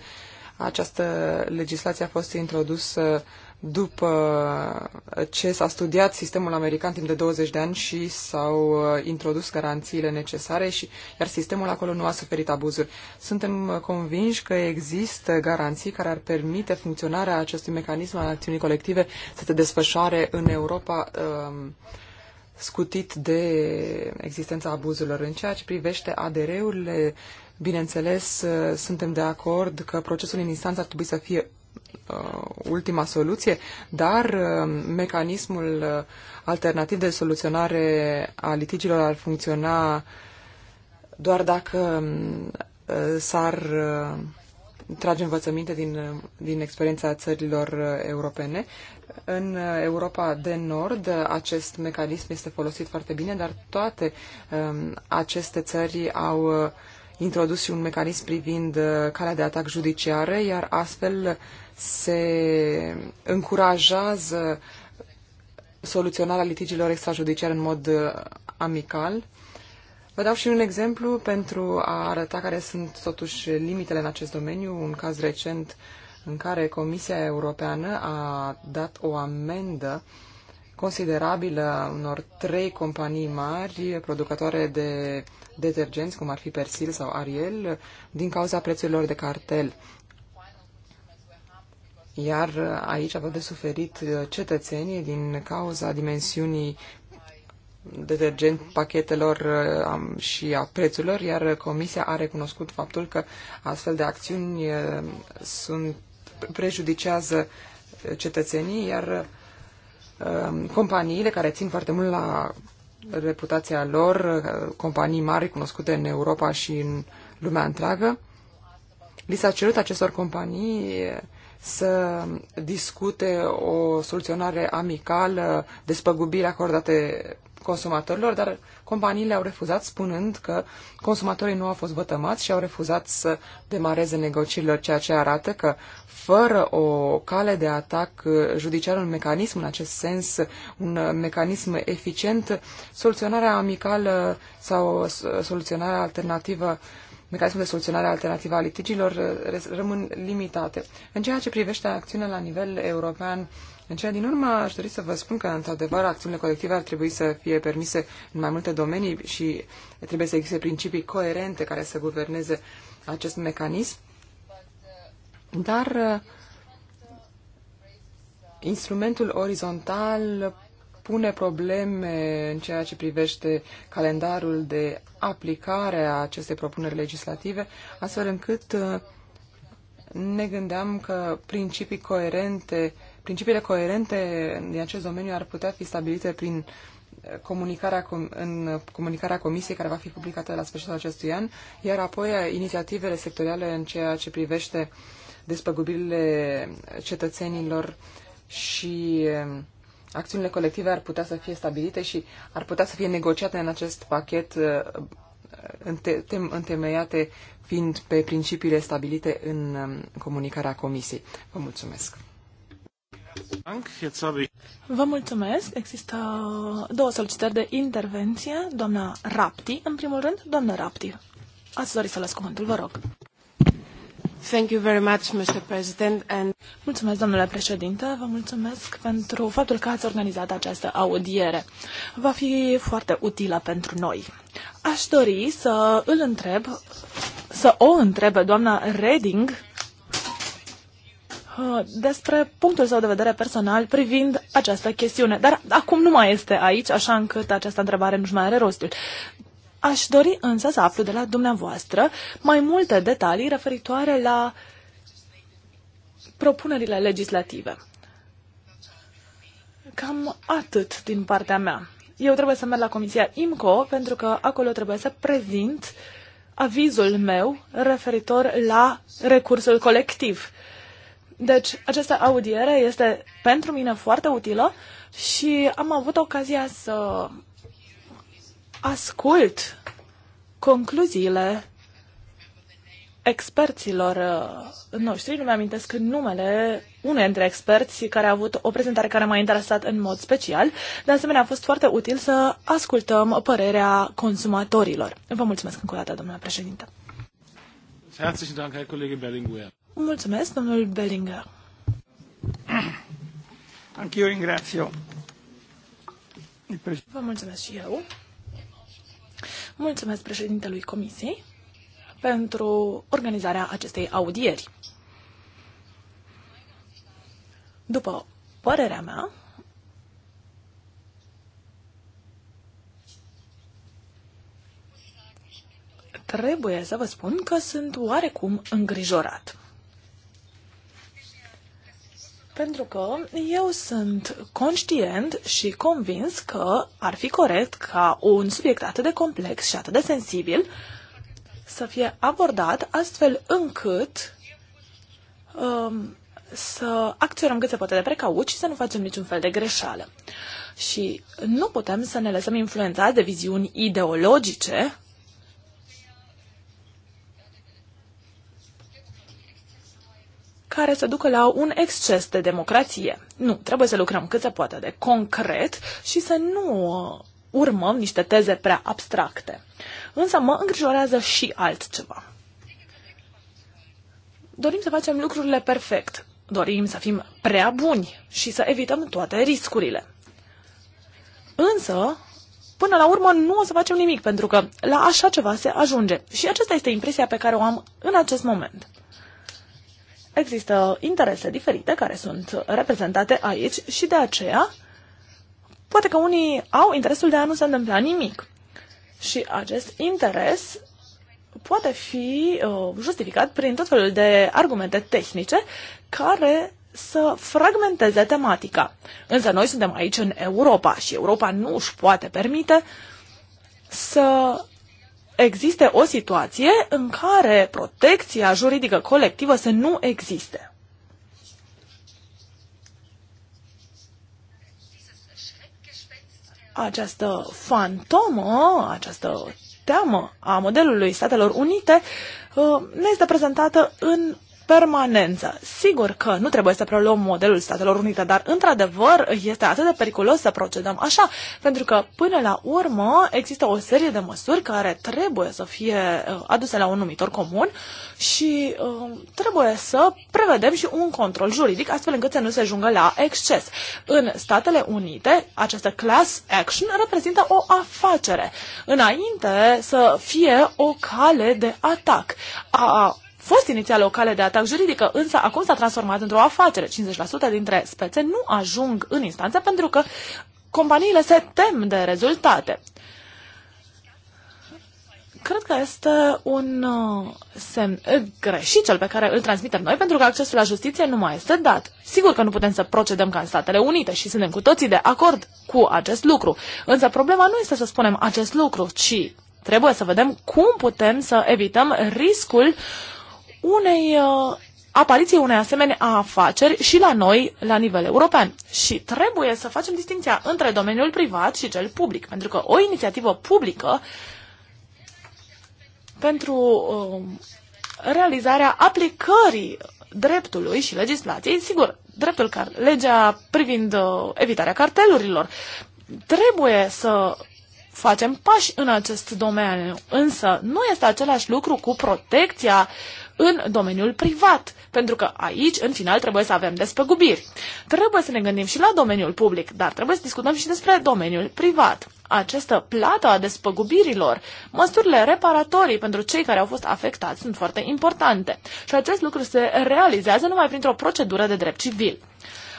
această legislație a fost introdusă după ce s-a studiat sistemul american timp de 20 de ani și s-au uh, introdus garanțiile necesare, și, iar sistemul acolo nu a suferit abuzuri. Suntem uh, convinși că există garanții care ar permite funcționarea acestui mecanism al acțiunii colective să se desfășoare în Europa um, scutit de existența abuzurilor. În ceea ce privește ADR-urile, Bineînțeles, uh, suntem de acord că procesul în instanță ar trebui să fie uh, ultima soluție, dar uh, mecanismul alternativ de soluționare a litigilor ar funcționa doar dacă um, s-ar trage învățăminte din, din experiența țărilor europene. În Europa de Nord acest mecanism este folosit foarte bine, dar toate um, aceste țări au introdus și un mecanism privind uh, calea de atac judiciară, iar astfel se încurajează soluționarea litigilor extrajudiciare în mod uh, amical. Vă dau și un exemplu pentru a arăta care sunt totuși limitele în acest domeniu. Un caz recent în care Comisia Europeană a dat o amendă uh, considerabilă unor trei companii mari producătoare de detergenți, cum ar fi Persil sau Ariel, din cauza prețurilor de cartel. Iar aici aveau de suferit cetățenii din cauza dimensiunii detergent pachetelor uh, și a prețurilor, iar Comisia a recunoscut faptul că astfel de acțiuni uh, sunt, prejudicează cetățenii, iar Um, companiile care țin foarte mult la reputația lor, uh, companii mari cunoscute în Europa și în lumea întreagă, li s-a cerut acestor companii uh, să discute o soluționare amicală, despăgubiri acordate consumatorilor, dar companiile au refuzat spunând că consumatorii nu au fost vătămați și au refuzat să demareze negocierile, ceea ce arată că fără o cale de atac judiciar, un mecanism în acest sens, un mecanism eficient, soluționarea amicală sau soluționarea alternativă mecanismul de soluționare alternativă a litigilor rămân limitate. În ceea ce privește acțiunea la nivel european în cele din urmă, aș dori să vă spun că, într-adevăr, acțiunile colective ar trebui să fie permise în mai multe domenii și trebuie să existe principii coerente care să guverneze acest mecanism. Dar uh, instrumentul orizontal pune probleme în ceea ce privește calendarul de aplicare a acestei propuneri legislative, astfel încât uh, ne gândeam că principii coerente uh, Principiile coerente din acest domeniu ar putea fi stabilite prin eh, comunicarea com- în comunicarea comisiei care va fi publicată la sfârșitul acestui an, iar apoi eh, inițiativele sectoriale în ceea ce privește despăgubirile cetățenilor și eh, acțiunile colective ar putea să fie stabilite și ar putea să fie negociate în acest pachet întemeiate fiind pe principiile stabilite în comunicarea comisiei. Vă mulțumesc! Vă mulțumesc. Există două solicitări de intervenție. Doamna Rapti, în primul rând. Doamna Rapti, ați dori să las cuvântul, vă rog. Thank you very much, Mr. President, and... Mulțumesc, domnule președinte, vă mulțumesc pentru faptul că ați organizat această audiere. Va fi foarte utilă pentru noi. Aș dori să îl întreb, să o întrebe doamna Reding Uh, despre punctul său de vedere personal privind această chestiune. Dar acum nu mai este aici, așa încât această întrebare nu-și mai are rostul. Aș dori însă să aflu de la dumneavoastră mai multe detalii referitoare la propunerile legislative. Cam atât din partea mea. Eu trebuie să merg la Comisia IMCO pentru că acolo trebuie să prezint avizul meu referitor la recursul colectiv. Deci, această audiere este pentru mine foarte utilă și am avut ocazia să ascult concluziile experților uh, noștri. Nu mi-amintesc numele unei dintre experți care a avut o prezentare care m-a interesat în mod special. De asemenea, a fost foarte util să ascultăm părerea consumatorilor. Vă mulțumesc încă o dată, domnule președinte. Herzlichen Dank, Herr Kollege Bellinger. Mulțumesc, domnul Bellinger. Anch'io ringrazio. Vă mulțumesc și eu. Mulțumesc președintelui Comisiei pentru organizarea acestei audieri. După părerea mea, trebuie să vă spun că sunt oarecum îngrijorat. Pentru că eu sunt conștient și convins că ar fi corect ca un subiect atât de complex și atât de sensibil să fie abordat astfel încât um, să acționăm cât se poate de precaut și să nu facem niciun fel de greșeală. Și nu putem să ne lăsăm influențați de viziuni ideologice care să ducă la un exces de democrație. Nu, trebuie să lucrăm cât se poate de concret și să nu uh, urmăm niște teze prea abstracte. Însă mă îngrijorează și altceva. Dorim să facem lucrurile perfect, dorim să fim prea buni și să evităm toate riscurile. Însă, până la urmă nu o să facem nimic, pentru că la așa ceva se ajunge. Și aceasta este impresia pe care o am în acest moment există interese diferite care sunt reprezentate aici și de aceea poate că unii au interesul de a nu se întâmpla nimic. Și acest interes poate fi uh, justificat prin tot felul de argumente tehnice care să fragmenteze tematica. Însă noi suntem aici în Europa și Europa nu își poate permite să existe o situație în care protecția juridică colectivă să nu existe. Această fantomă, această teamă a modelului Statelor Unite uh, ne este prezentată în permanență. Sigur că nu trebuie să preluăm modelul Statelor Unite, dar într-adevăr este atât de periculos să procedăm așa, pentru că până la urmă există o serie de măsuri care trebuie să fie uh, aduse la un numitor comun și uh, trebuie să prevedem și un control juridic astfel încât să nu se ajungă la exces. În Statele Unite, această class action reprezintă o afacere. Înainte să fie o cale de atac a fost inițial o cale de atac juridică, însă acum s-a transformat într-o afacere. 50% dintre spețe nu ajung în instanță pentru că companiile se tem de rezultate. Cred că este un uh, semn greșit cel pe care îl transmitem noi, pentru că accesul la justiție nu mai este dat. Sigur că nu putem să procedăm ca în Statele Unite și suntem cu toții de acord cu acest lucru. Însă problema nu este să spunem acest lucru, ci trebuie să vedem cum putem să evităm riscul uh, unei uh, apariției unei asemenea afaceri și la noi, la nivel european. Și trebuie să facem distinția între domeniul privat și cel public, pentru că o inițiativă publică pentru uh, realizarea aplicării dreptului și legislației, sigur, dreptul care, legea privind uh, evitarea cartelurilor, trebuie să facem pași în acest domeniu, însă nu este același lucru cu protecția uh, în domeniul privat, pentru că aici, în final, trebuie să avem despăgubiri. Trebuie să ne gândim și la domeniul public, dar trebuie să discutăm și despre domeniul privat. Această plată a despăgubirilor, măsurile reparatorii pentru cei care au fost afectați sunt foarte importante și acest lucru se realizează numai printr-o procedură de drept civil.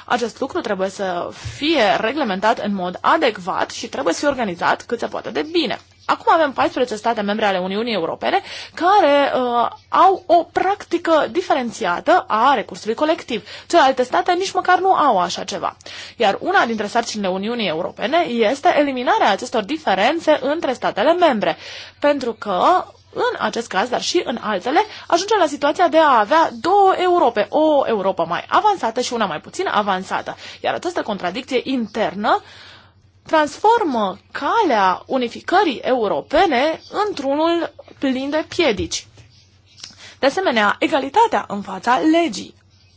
Acest lucru trebuie să fie reglementat în mod adecvat și trebuie să fie organizat cât se poate de bine. Acum avem 14 state membre ale Uniunii Europene care uh, au o practică diferențiată a recursului colectiv. Celelalte state nici măcar nu au așa ceva. Iar una dintre sarcinile Uniunii Europene este eliminarea acestor diferențe între statele membre, pentru că în acest caz, dar și în altele, ajungem la situația de a avea două Europe, o Europa mai avansată și una mai puțin avansată. Iar această contradicție internă uh, transformă calea unificării europene într-unul plin de piedici. De asemenea, egalitatea în fața legii,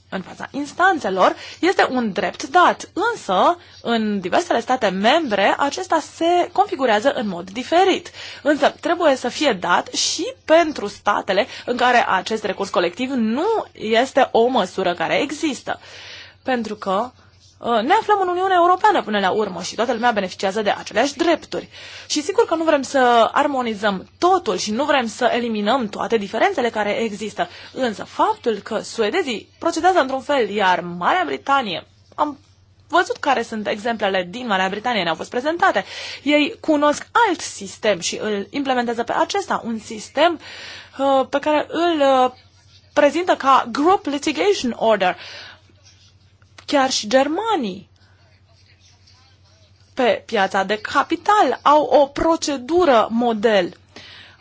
în fața instanțelor, este un drept dat, însă în diversele state membre acesta se configurează în mod diferit. Însă trebuie să fie dat și pentru statele în care acest recurs colectiv nu este o măsură care există. Pentru că Uh, ne aflăm în Uniunea Europeană până la urmă și toată lumea beneficiază de aceleași drepturi. Și sigur că nu vrem să armonizăm totul și nu vrem să eliminăm toate diferențele care există. Însă faptul că suedezii procedează într-un fel, iar Marea Britanie, am văzut care sunt exemplele din Marea Britanie, ne-au fost prezentate. Ei cunosc alt sistem și îl implementează pe acesta, un sistem uh, pe care îl uh, prezintă ca Group Litigation Order. Uh, Chiar și germanii pe piața de capital au o procedură model.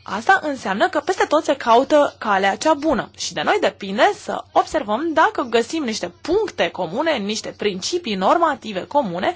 Asta înseamnă că peste tot se caută calea cea bună și de noi depinde să observăm dacă găsim niște puncte comune, niște principii normative comune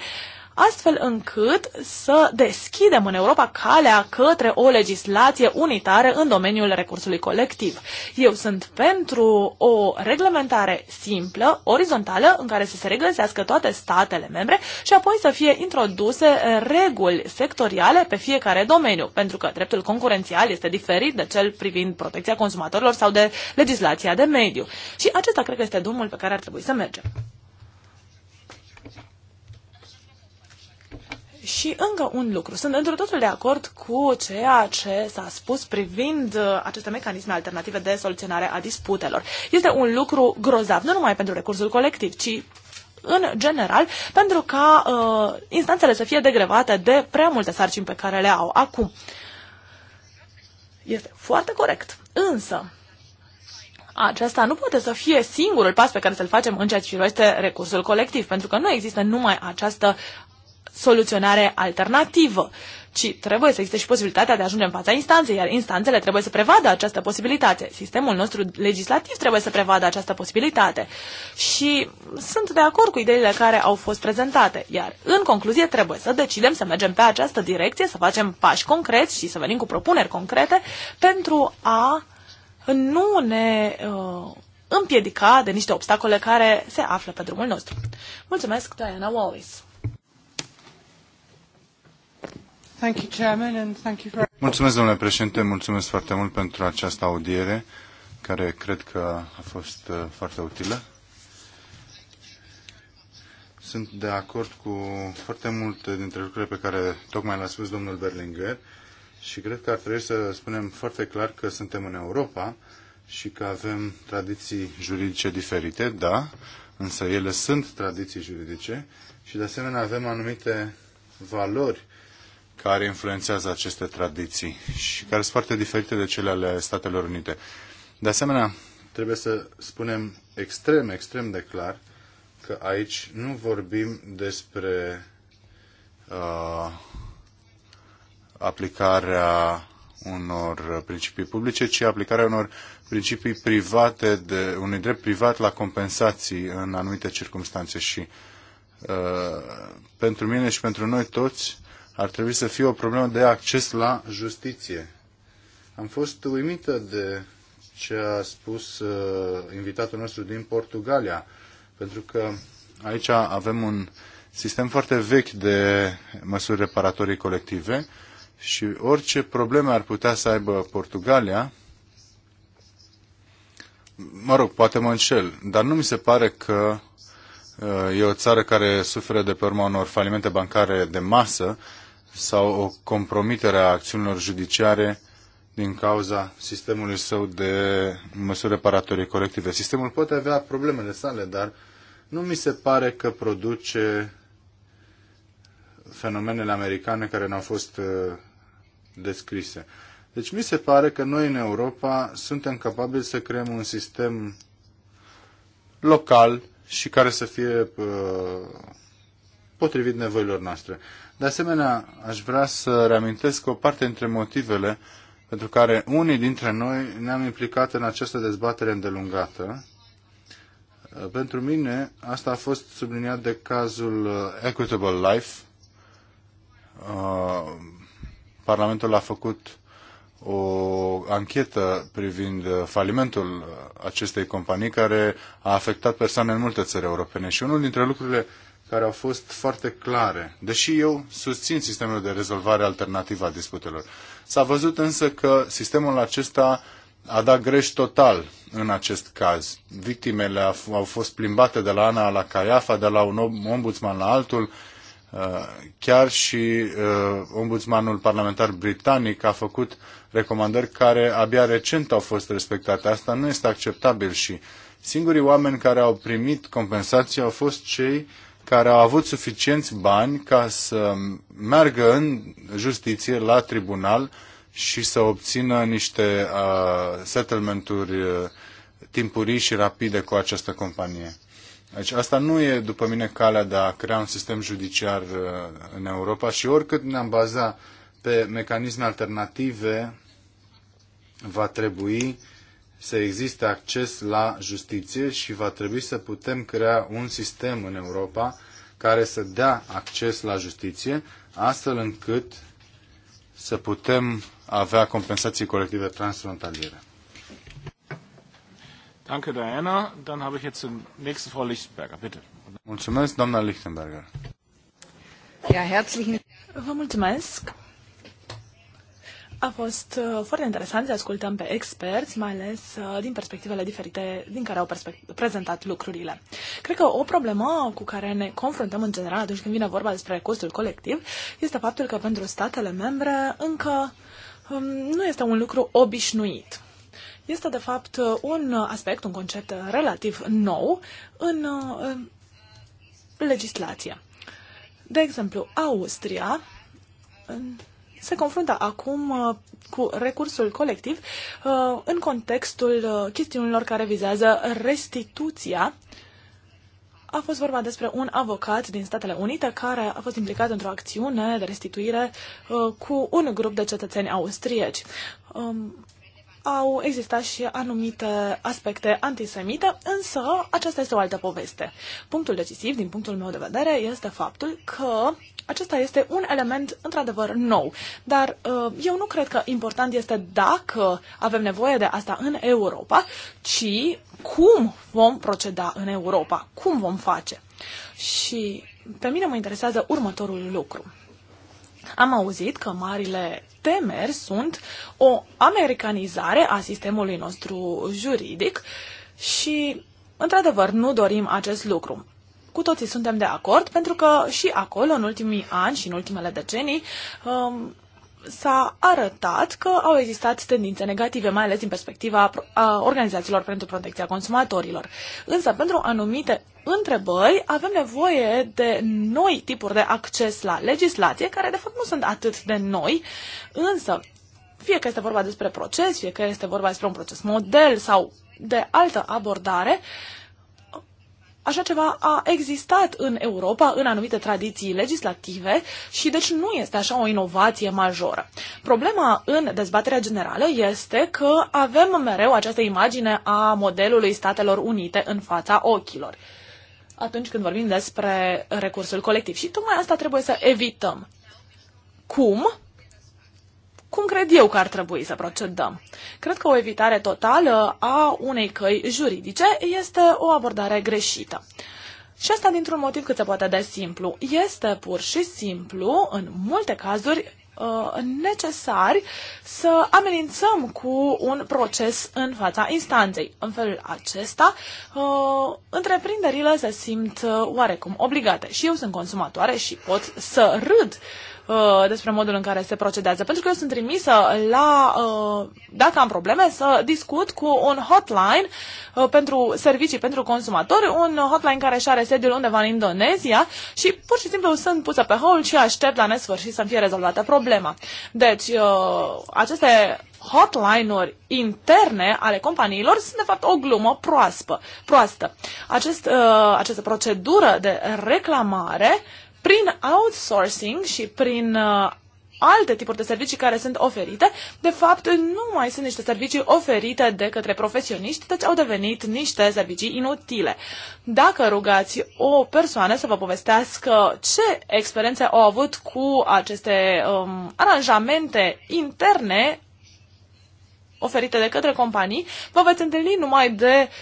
astfel încât să deschidem în Europa calea către o legislație unitară în domeniul recursului colectiv. Eu sunt pentru o reglementare simplă, orizontală, în care să se regăsească toate statele membre și apoi să fie introduse reguli sectoriale pe fiecare domeniu, pentru că dreptul concurențial este diferit de cel privind protecția consumatorilor sau de legislația de mediu. Și acesta cred că este drumul pe care ar trebui să mergem. Și încă un lucru. Sunt într totul de acord cu ceea ce s-a spus privind uh, aceste mecanisme alternative de soluționare a disputelor. Este un lucru grozav, nu numai pentru recursul colectiv, ci în general, pentru ca uh, instanțele să fie degrevate de prea multe sarcini pe care le au acum. Este foarte corect. Însă, acesta nu poate să fie singurul pas pe care să-l facem în ceea ce privește recursul colectiv, pentru că nu există numai această soluționare alternativă, ci trebuie să existe și posibilitatea de a ajunge în fața instanței, iar instanțele trebuie să prevadă această posibilitate. Sistemul nostru legislativ trebuie să prevadă această posibilitate. Și sunt de acord cu ideile care au fost prezentate, iar în concluzie trebuie să decidem să mergem pe această direcție, să facem pași concreți și să venim cu propuneri concrete pentru a nu ne uh, împiedica de niște obstacole care se află pe drumul nostru. Mulțumesc, Diana Wallace! Mulțumesc, domnule președinte, mulțumesc foarte mult pentru această audiere, care cred că a fost uh, foarte utilă. Sunt de acord cu foarte multe dintre lucrurile pe care tocmai le-a spus domnul Berlinger și cred că ar trebui să spunem foarte clar că suntem în Europa și că avem tradiții juridice diferite, da, însă ele sunt tradiții juridice și de asemenea avem anumite valori care influențează aceste tradiții și care sunt foarte diferite de cele ale Statelor Unite. De asemenea, trebuie să spunem extrem, extrem de clar că aici nu vorbim despre uh, aplicarea unor principii publice, ci aplicarea unor principii private, de unui drept privat la compensații în anumite circunstanțe. Și uh, pentru mine și pentru noi toți, ar trebui să fie o problemă de acces la justiție. Am fost uimită de ce a spus uh, invitatul nostru din Portugalia, pentru că aici avem un sistem foarte vechi de măsuri reparatorii colective și orice probleme ar putea să aibă Portugalia, mă rog, poate mă înșel, dar nu mi se pare că uh, e o țară care suferă de pe urma unor falimente bancare de masă, sau o compromitere a acțiunilor judiciare din cauza sistemului său de măsuri reparatorii colective. Sistemul poate avea problemele sale, dar nu mi se pare că produce fenomenele americane care n au fost uh, descrise. Deci mi se pare că noi în Europa suntem capabili să creăm un sistem local și care să fie uh, potrivit nevoilor noastre. De asemenea, aș vrea să reamintesc o parte dintre motivele pentru care unii dintre noi ne-am implicat în această dezbatere îndelungată. Pentru mine, asta a fost subliniat de cazul uh, Equitable Life. Uh, Parlamentul a făcut o anchetă privind uh, falimentul acestei companii care a afectat persoane în multe țări europene și unul dintre lucrurile uh, care au fost foarte clare, deși eu susțin sistemul de rezolvare alternativă a disputelor. S-a văzut însă că sistemul acesta a dat greș total în acest caz. Victimele au fost plimbate de la Ana la Caiafa, de la un ombudsman la altul, uh, chiar și uh, ombudsmanul parlamentar britanic a făcut recomandări care abia recent au fost respectate. Asta nu este acceptabil și singurii oameni care au primit compensații au fost cei care au avut suficienți bani ca să meargă în justiție, la tribunal și să obțină niște uh, settlementuri uh, timpurii și rapide cu această companie. Deci asta nu e, după mine, calea de a crea un sistem judiciar uh, în Europa și oricât ne-am baza pe mecanisme alternative, va trebui să existe acces la justiție și va trebui să putem crea un sistem în Europa care să dea acces la justiție, astfel încât să putem avea compensații colective transfrontaliere. Danke, Diana. Dann habe ich jetzt die nächste Frau Lichtenberger, bitte. Mulțumesc, doamna Lichtenberger. Ja, herzlichen Vă mulțumesc. A fost uh, foarte interesant să ascultăm pe experți, mai ales uh, din perspectivele diferite din care au prezentat lucrurile. Cred că o problemă cu care ne confruntăm în general atunci când vine vorba despre costul colectiv este faptul că pentru statele membre încă um, nu este un lucru obișnuit. Este, de fapt, uh, un aspect, un concept relativ nou în legislație. De exemplu, Austria se confruntă acum uh, cu recursul colectiv uh, în contextul uh, chestiunilor care vizează restituția. A fost vorba despre un avocat din Statele Unite care a fost implicat într-o acțiune de restituire cu un grup de cetățeni austrieci. Um, au existat și anumite aspecte antisemite, însă aceasta este o altă poveste. Punctul decisiv, din punctul meu de vedere, este faptul că acesta este un element într-adevăr nou. Dar uh, eu nu cred că important este dacă avem nevoie de asta în Europa, ci cum vom proceda în Europa, cum vom face. Și pe mine mă interesează următorul lucru. Am auzit că marile temeri sunt o americanizare a sistemului nostru juridic și, într-adevăr, nu dorim acest lucru. Cu toții suntem de acord pentru că și acolo, în ultimii ani și în ultimele decenii, um, s-a arătat că au existat tendințe negative, mai ales din perspectiva a organizațiilor pentru protecția consumatorilor. Însă, pentru anumite întrebări, avem nevoie de noi tipuri de acces la legislație, care de fapt nu sunt atât de noi, însă fie că este vorba despre proces, fie că este vorba despre un proces model sau de altă abordare, uh, Așa ceva a existat în Europa în anumite tradiții legislative și deci nu este așa o inovație majoră. Problema în dezbaterea generală este că avem mereu această imagine a modelului Statelor Unite în fața ochilor atunci când vorbim despre recursul colectiv. Și tocmai asta trebuie să evităm. Cum? cum cred eu că ar trebui să procedăm. Cred că o evitare totală a unei căi juridice este o abordare greșită. Și asta dintr-un motiv cât se poate de simplu. Este pur și simplu, în multe cazuri, uh, necesari să amenințăm cu un proces în fața instanței. În felul acesta, uh, întreprinderile se simt uh, oarecum obligate. Și eu sunt consumatoare și pot să râd Uh, despre modul în care se procedează. Pentru că eu sunt trimisă la, uh, dacă am probleme, să discut cu un hotline uh, pentru servicii pentru consumatori, un hotline care și are sediul undeva în Indonezia și pur și simplu sunt pusă pe hol și aștept la nesfârșit să-mi fie rezolvată problema. Deci, aceste hotline-uri interne ale companiilor sunt de fapt o glumă proaspă, proastă. Acest, uh, această procedură de reclamare prin outsourcing și prin uh, alte tipuri de servicii care sunt oferite, de fapt nu mai sunt niște servicii oferite de către profesioniști, deci au devenit niște servicii inutile. Dacă rugați o persoană să vă povestească ce experiențe au avut cu aceste um, aranjamente interne oferite de către companii, vă veți întâlni numai de uh,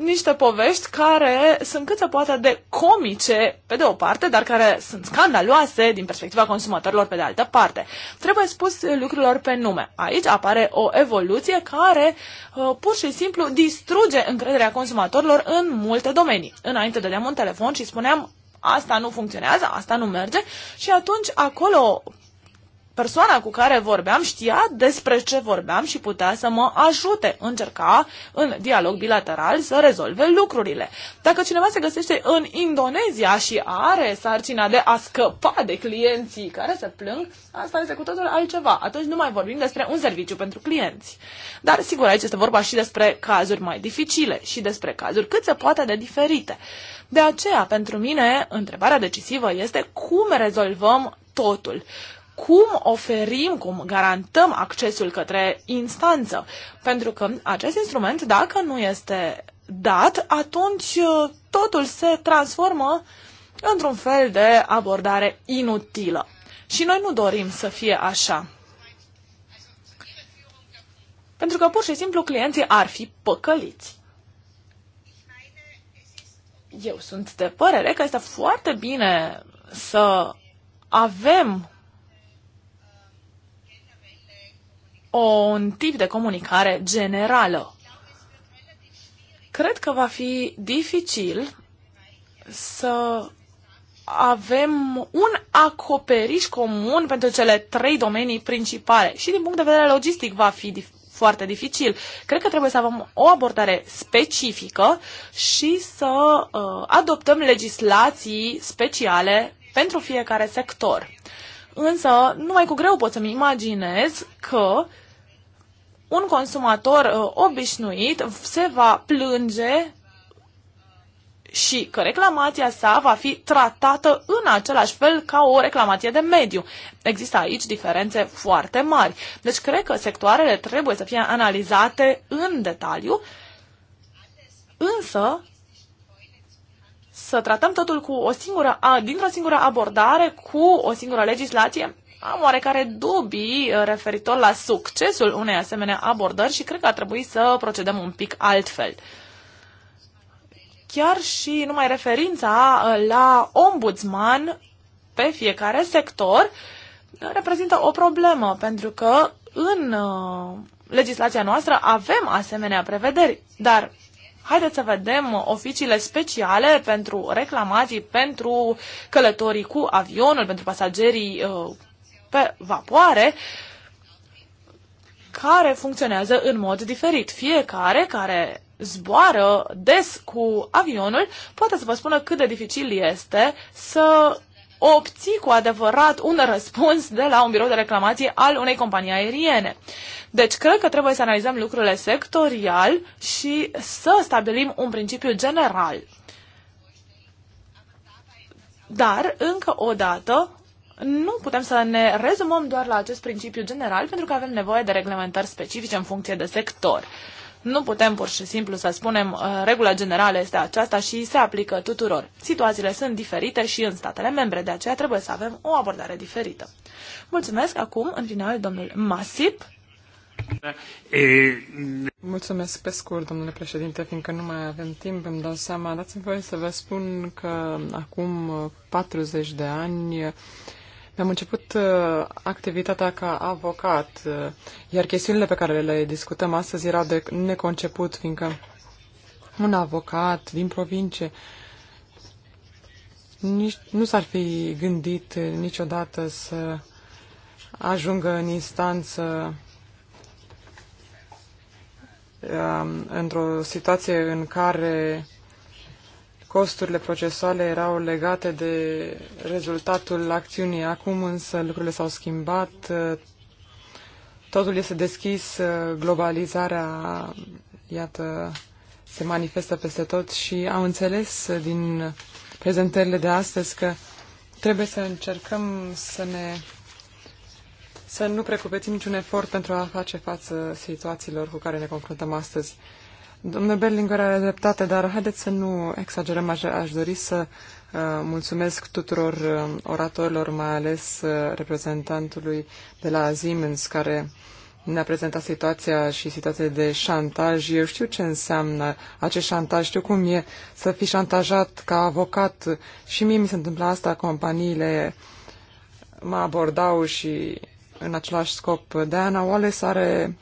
niște povești care sunt cât se poate de comice, pe de o parte, dar care sunt scandaloase din perspectiva consumatorilor, pe de altă parte. Trebuie spus lucrurilor pe nume. Aici apare o evoluție care uh, pur și simplu distruge încrederea consumatorilor în multe domenii. Înainte dădeam un telefon și spuneam asta nu funcționează, asta nu merge și atunci acolo persoana cu care vorbeam știa despre ce vorbeam și putea să mă ajute. Încerca în dialog bilateral să rezolve lucrurile. Dacă cineva se găsește în Indonezia și are sarcina de a scăpa de clienții care se plâng, asta este cu totul altceva. Atunci nu mai vorbim despre un serviciu pentru clienți. Dar sigur, aici este vorba și despre cazuri mai dificile și despre cazuri cât se poate de diferite. De aceea, pentru mine, întrebarea decisivă este cum rezolvăm totul cum oferim, cum garantăm accesul către instanță. Pentru că acest instrument, dacă nu este dat, atunci uh, totul se transformă într-un fel de abordare inutilă. Și noi nu dorim să fie așa. Pentru că pur și simplu clienții ar fi păcăliți. Eu sunt de părere că este foarte bine să avem un tip de comunicare generală. Cred că va fi dificil să avem un acoperiș comun pentru cele trei domenii principale și din punct de vedere logistic va fi dif- foarte dificil. Cred că trebuie să avem o abordare specifică și să uh, adoptăm legislații speciale pentru fiecare sector. Însă, numai cu greu pot să-mi imaginez că uh, un consumator uh, obișnuit se va plânge și că reclamația sa va fi tratată în același fel ca o reclamație de mediu. Există aici diferențe foarte mari. Deci cred că sectoarele trebuie să fie analizate în detaliu, însă să tratăm totul cu o singură, dintr-o singură abordare, cu o singură legislație, am oarecare dubii uh, referitor la succesul unei asemenea abordări și cred că ar trebui să procedăm un pic altfel. Chiar și numai referința uh, la ombudsman pe fiecare sector uh, reprezintă o problemă, pentru că în legislația noastră avem asemenea prevederi, dar haideți să vedem oficiile speciale pentru reclamații, pentru călătorii cu avionul, pentru pasagerii uh, pe vapoare care funcționează în mod diferit. Fiecare care zboară des cu avionul poate să vă spună cât de dificil este să obții cu adevărat un răspuns de la un birou de reclamație al unei companii aeriene. Deci, cred că trebuie să analizăm lucrurile sectorial și să stabilim un principiu general. Dar, încă o dată, nu putem să ne rezumăm doar la acest principiu general, pentru că avem nevoie de reglementări specifice în funcție de sector. Nu putem pur și simplu să spunem uh, regula generală este aceasta și se aplică tuturor. Situațiile sunt diferite și în statele membre, de aceea trebuie să avem o abordare diferită. Mulțumesc acum, în final, domnul Masip. Mulțumesc pe scurt, domnule președinte, fiindcă nu mai avem timp, îmi dau seama. Dați-mi voie să vă spun că acum 40 de ani am început uh, activitatea ca avocat, uh, iar chestiunile pe care le discutăm astăzi erau de neconceput, fiindcă un avocat din provincie nici, nu s-ar fi gândit niciodată să ajungă în instanță uh, într-o situație în care costurile procesuale erau legate de rezultatul acțiunii. Acum însă lucrurile s-au schimbat, totul este deschis, globalizarea, iată, se manifestă peste tot și am înțeles din prezentările de astăzi că trebuie să încercăm să ne să nu precupețim niciun efort pentru a face față situațiilor cu care ne confruntăm astăzi. Domnul Berlinger are dreptate, dar haideți să nu exagerăm. Aș, aș dori să uh, mulțumesc tuturor uh, oratorilor, mai ales uh, reprezentantului de la Siemens, care ne-a prezentat situația și situația de șantaj. Eu știu ce înseamnă acest șantaj, știu cum e să fii șantajat ca avocat. Și mie mi se întâmplă asta, companiile mă abordau și în același scop. Diana Wallace are,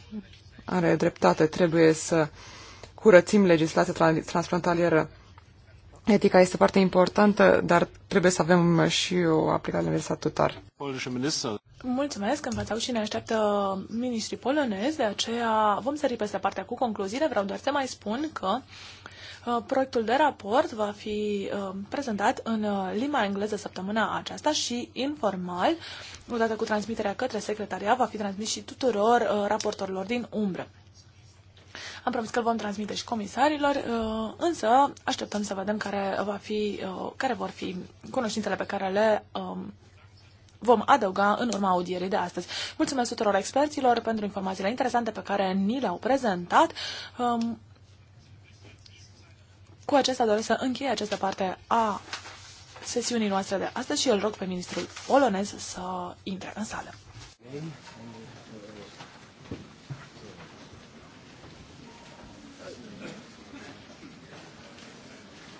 are dreptate, trebuie să uh, curățim legislația transfrontalieră. Etica este foarte importantă, dar trebuie să avem și o aplicare la nivel statutar. Mulțumesc, în fața și ne așteaptă ministrii polonezi, de aceea vom sări peste partea cu concluziile. Vreau doar să mai spun că uh, Proiectul de raport va fi uh, prezentat în uh, limba engleză săptămâna aceasta și informal, odată cu transmiterea către secretariat, va fi transmis și tuturor raportorilor din umbră. Am promis că îl vom transmite și comisarilor, uh, însă așteptăm să vedem care, va fi, uh, care vor fi cunoștințele pe care le um, vom adăuga în urma audierii de astăzi. Mulțumesc tuturor experților pentru informațiile interesante pe care ni le-au prezentat. Um, cu acesta doresc să încheie această parte a sesiunii noastre de astăzi și îl rog pe ministrul polonez să intre în sală.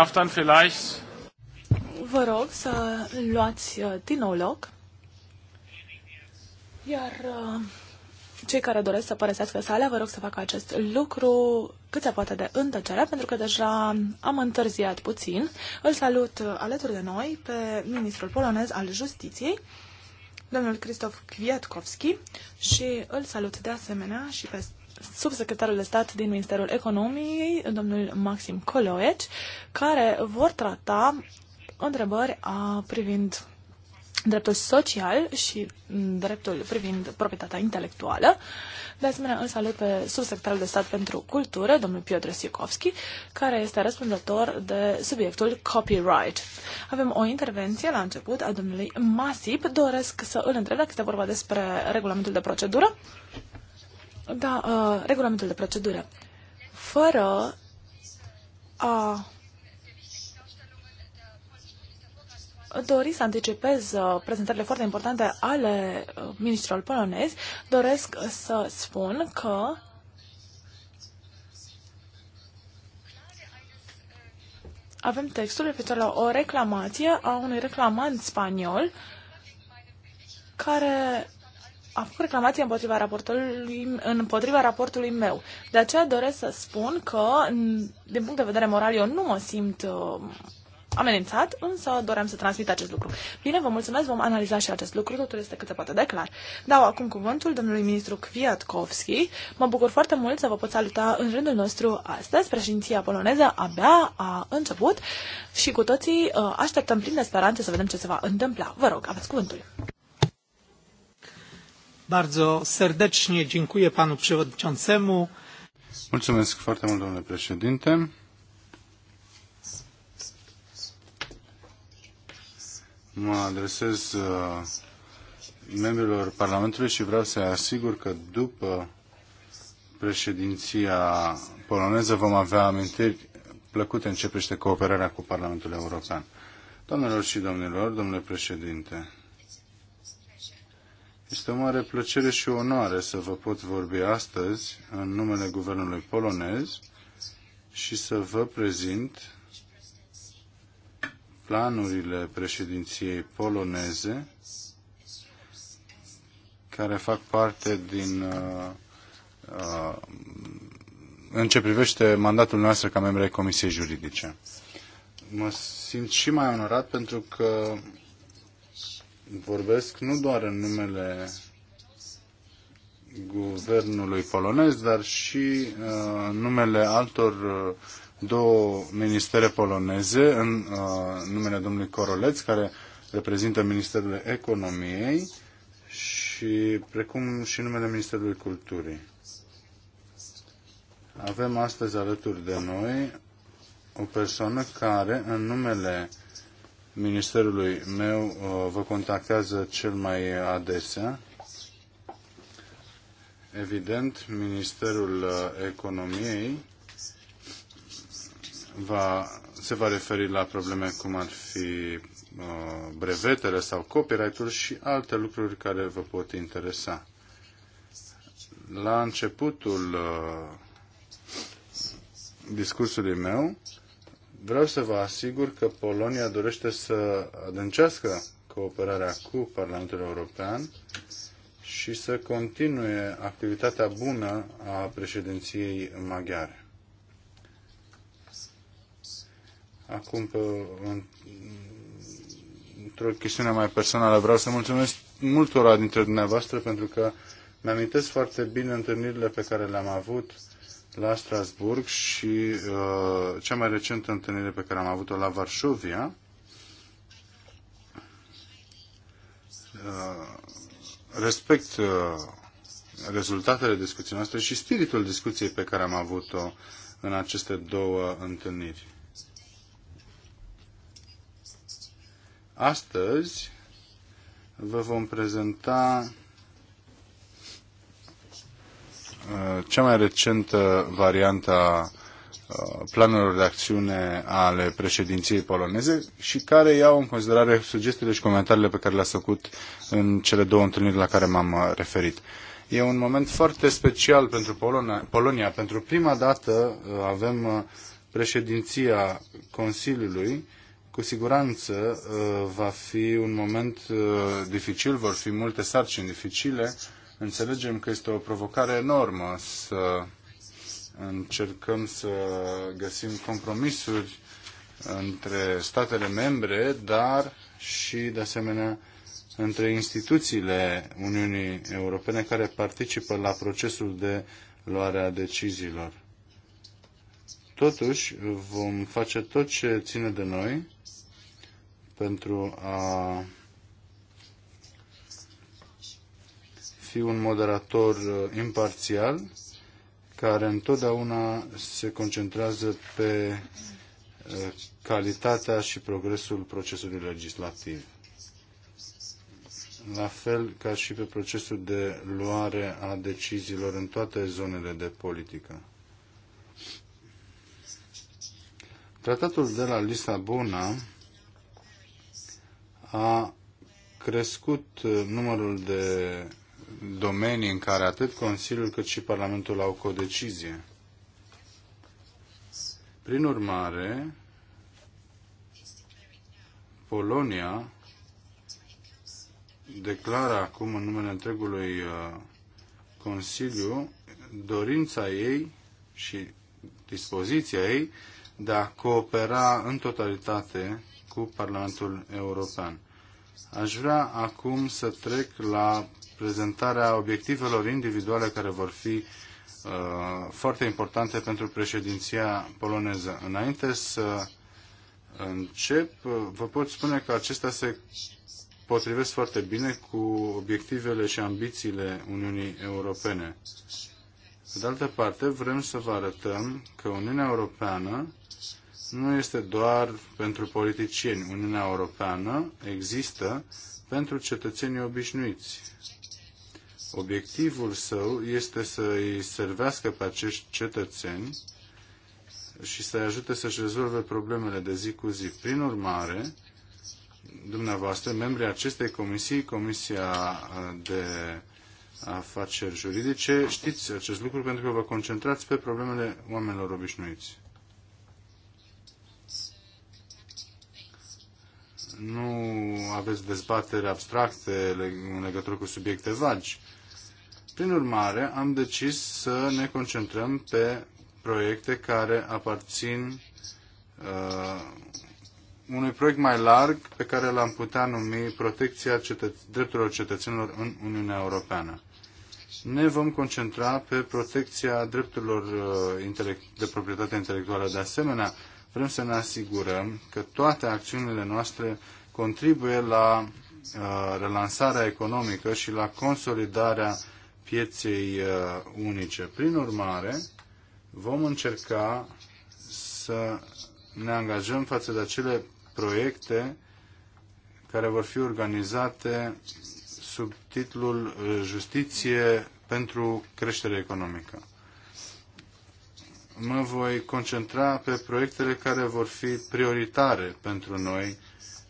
darf dann vielleicht... Vă rog să luați uh, din nou loc. Iar uh, cei care doresc să părăsească sala, vă rog să facă acest lucru cât se poate de întăcere, pentru că deja am întârziat puțin. Îl salut uh, alături de noi pe ministrul polonez al justiției, domnul Cristof Kwiatkowski, și îl salut de asemenea și pe subsecretarul de stat din Ministerul Economiei, domnul Maxim Coloeci, care vor trata întrebări a, privind dreptul social și dreptul privind proprietatea intelectuală. De asemenea, îl salut pe subsecretarul de stat pentru cultură, domnul Piotr Siukovski, care este răspunzător de subiectul copyright. Avem o intervenție la început a domnului Masip. Doresc să îl întreb dacă este vorba despre regulamentul de procedură. Da, uh, regulamentul de procedură. Fără a dori să anticipez uh, prezentările foarte importante ale uh, ministrului polonez. doresc să spun că avem textul referitor la o reclamație a unui reclamant spaniol care a făcut reclamație împotriva raportului, împotriva raportului meu. De aceea doresc să spun că, din punct de vedere moral, eu nu mă simt uh, amenințat, însă doream să transmit acest lucru. Bine, vă mulțumesc, vom analiza și acest lucru, totul este cât se poate de clar. Dau acum cuvântul domnului ministru Kwiatkowski. Mă bucur foarte mult să vă pot saluta în rândul nostru astăzi. Președinția poloneză abia a început și cu toții uh, așteptăm plin de speranțe să vedem ce se va întâmpla. Vă rog, aveți cuvântul. Bardzo serdecznie dziękuję panu przewodniczącemu. Mulțumesc foarte mult, domnule președinte. Mă adresez uh, membrilor Parlamentului și vreau să asigur că după președinția poloneză vom avea amintiri plăcute în ce privește cooperarea cu Parlamentul European. Doamnelor și domnilor, domnule președinte, este o mare plăcere și onoare să vă pot vorbi astăzi în numele Guvernului polonez și să vă prezint planurile președinției poloneze care fac parte din uh, uh, în ce privește mandatul noastră ca membre ai Comisiei Juridice. Mă simt și mai onorat pentru că vorbesc nu doar în numele guvernului polonez, dar și uh, numele altor uh, două ministere poloneze, în uh, numele domnului Coroleț, care reprezintă Ministerul Economiei și precum și numele Ministerului Culturii. Avem astăzi alături de noi o persoană care, în numele ministerului meu uh, vă contactează cel mai adesea. Evident, Ministerul uh, Economiei va, se va referi la probleme cum ar fi uh, brevetele sau copyright-ul și alte lucruri care vă pot interesa. La începutul discursului meu Vreau să vă asigur că Polonia dorește să adâncească cooperarea cu Parlamentul European și să continue activitatea bună a președinției maghiare. Acum, pe, într-o chestiune mai personală, vreau să mulțumesc multora dintre dumneavoastră pentru că mi-amintesc foarte bine întâlnirile pe care le-am avut la Strasburg și uh, cea mai recentă întâlnire pe care am avut-o la Varșovia. Uh, respect uh, rezultatele discuției noastre și spiritul discuției pe care am avut-o în aceste două întâlniri. Astăzi vă vom prezenta Uh, cea mai recentă variantă a uh, planurilor de acțiune ale președinției poloneze și care iau în considerare sugestiile și comentariile pe care le-a făcut în cele două întâlniri la care m-am uh, referit. E un moment foarte special pentru Polonia. Polonia. Pentru prima dată avem președinția Consiliului. Cu siguranță va fi un moment dificil, vor fi multe sarcini dificile Înțelegem că este o provocare enormă să încercăm să găsim compromisuri între statele membre, dar și, de asemenea, între instituțiile Uniunii Europene care participă la procesul de luare a deciziilor. Totuși, vom face tot ce ține de noi pentru a fi un moderator uh, imparțial care întotdeauna se concentrează pe uh, calitatea și progresul procesului legislativ. La fel ca și pe procesul de luare a deciziilor în toate zonele de politică. Tratatul de la Lisabona a crescut uh, numărul de domenii în care atât Consiliul cât și Parlamentul au codecizie. Prin urmare, Polonia declară acum în numele întregului uh, Consiliu dorința ei și dispoziția ei de a coopera în totalitate cu Parlamentul European. Aș vrea acum să trec la prezentarea obiectivelor individuale care vor fi uh, foarte importante pentru președinția poloneză. Înainte să încep, vă pot spune că acestea se potrivesc foarte bine cu obiectivele și ambițiile Uniunii Europene. Pe de altă parte, vrem să vă arătăm că Uniunea Europeană nu este doar pentru politicieni. Uniunea Europeană există pentru cetățenii obișnuiți. Obiectivul său este să îi servească pe acești cetățeni și să-i ajute să-și rezolve problemele de zi cu zi. Prin urmare, dumneavoastră, membrii acestei comisii, Comisia de Afaceri Juridice, știți acest lucru pentru că vă concentrați pe problemele oamenilor obișnuiți. Nu aveți dezbatere abstracte în legătură cu subiecte vagi. Prin urmare, am decis să ne concentrăm pe proiecte care aparțin uh, unui proiect mai larg pe care l-am putea numi Protecția cetăț- Drepturilor Cetățenilor în Uniunea Europeană. Ne vom concentra pe protecția drepturilor uh, de proprietate intelectuală. De asemenea, vrem să ne asigurăm că toate acțiunile noastre contribuie la uh, relansarea economică și la consolidarea pieței uh, unice. Prin urmare, vom încerca să ne angajăm față de acele proiecte care vor fi organizate sub titlul uh, Justiție pentru creștere economică. Mă voi concentra pe proiectele care vor fi prioritare pentru noi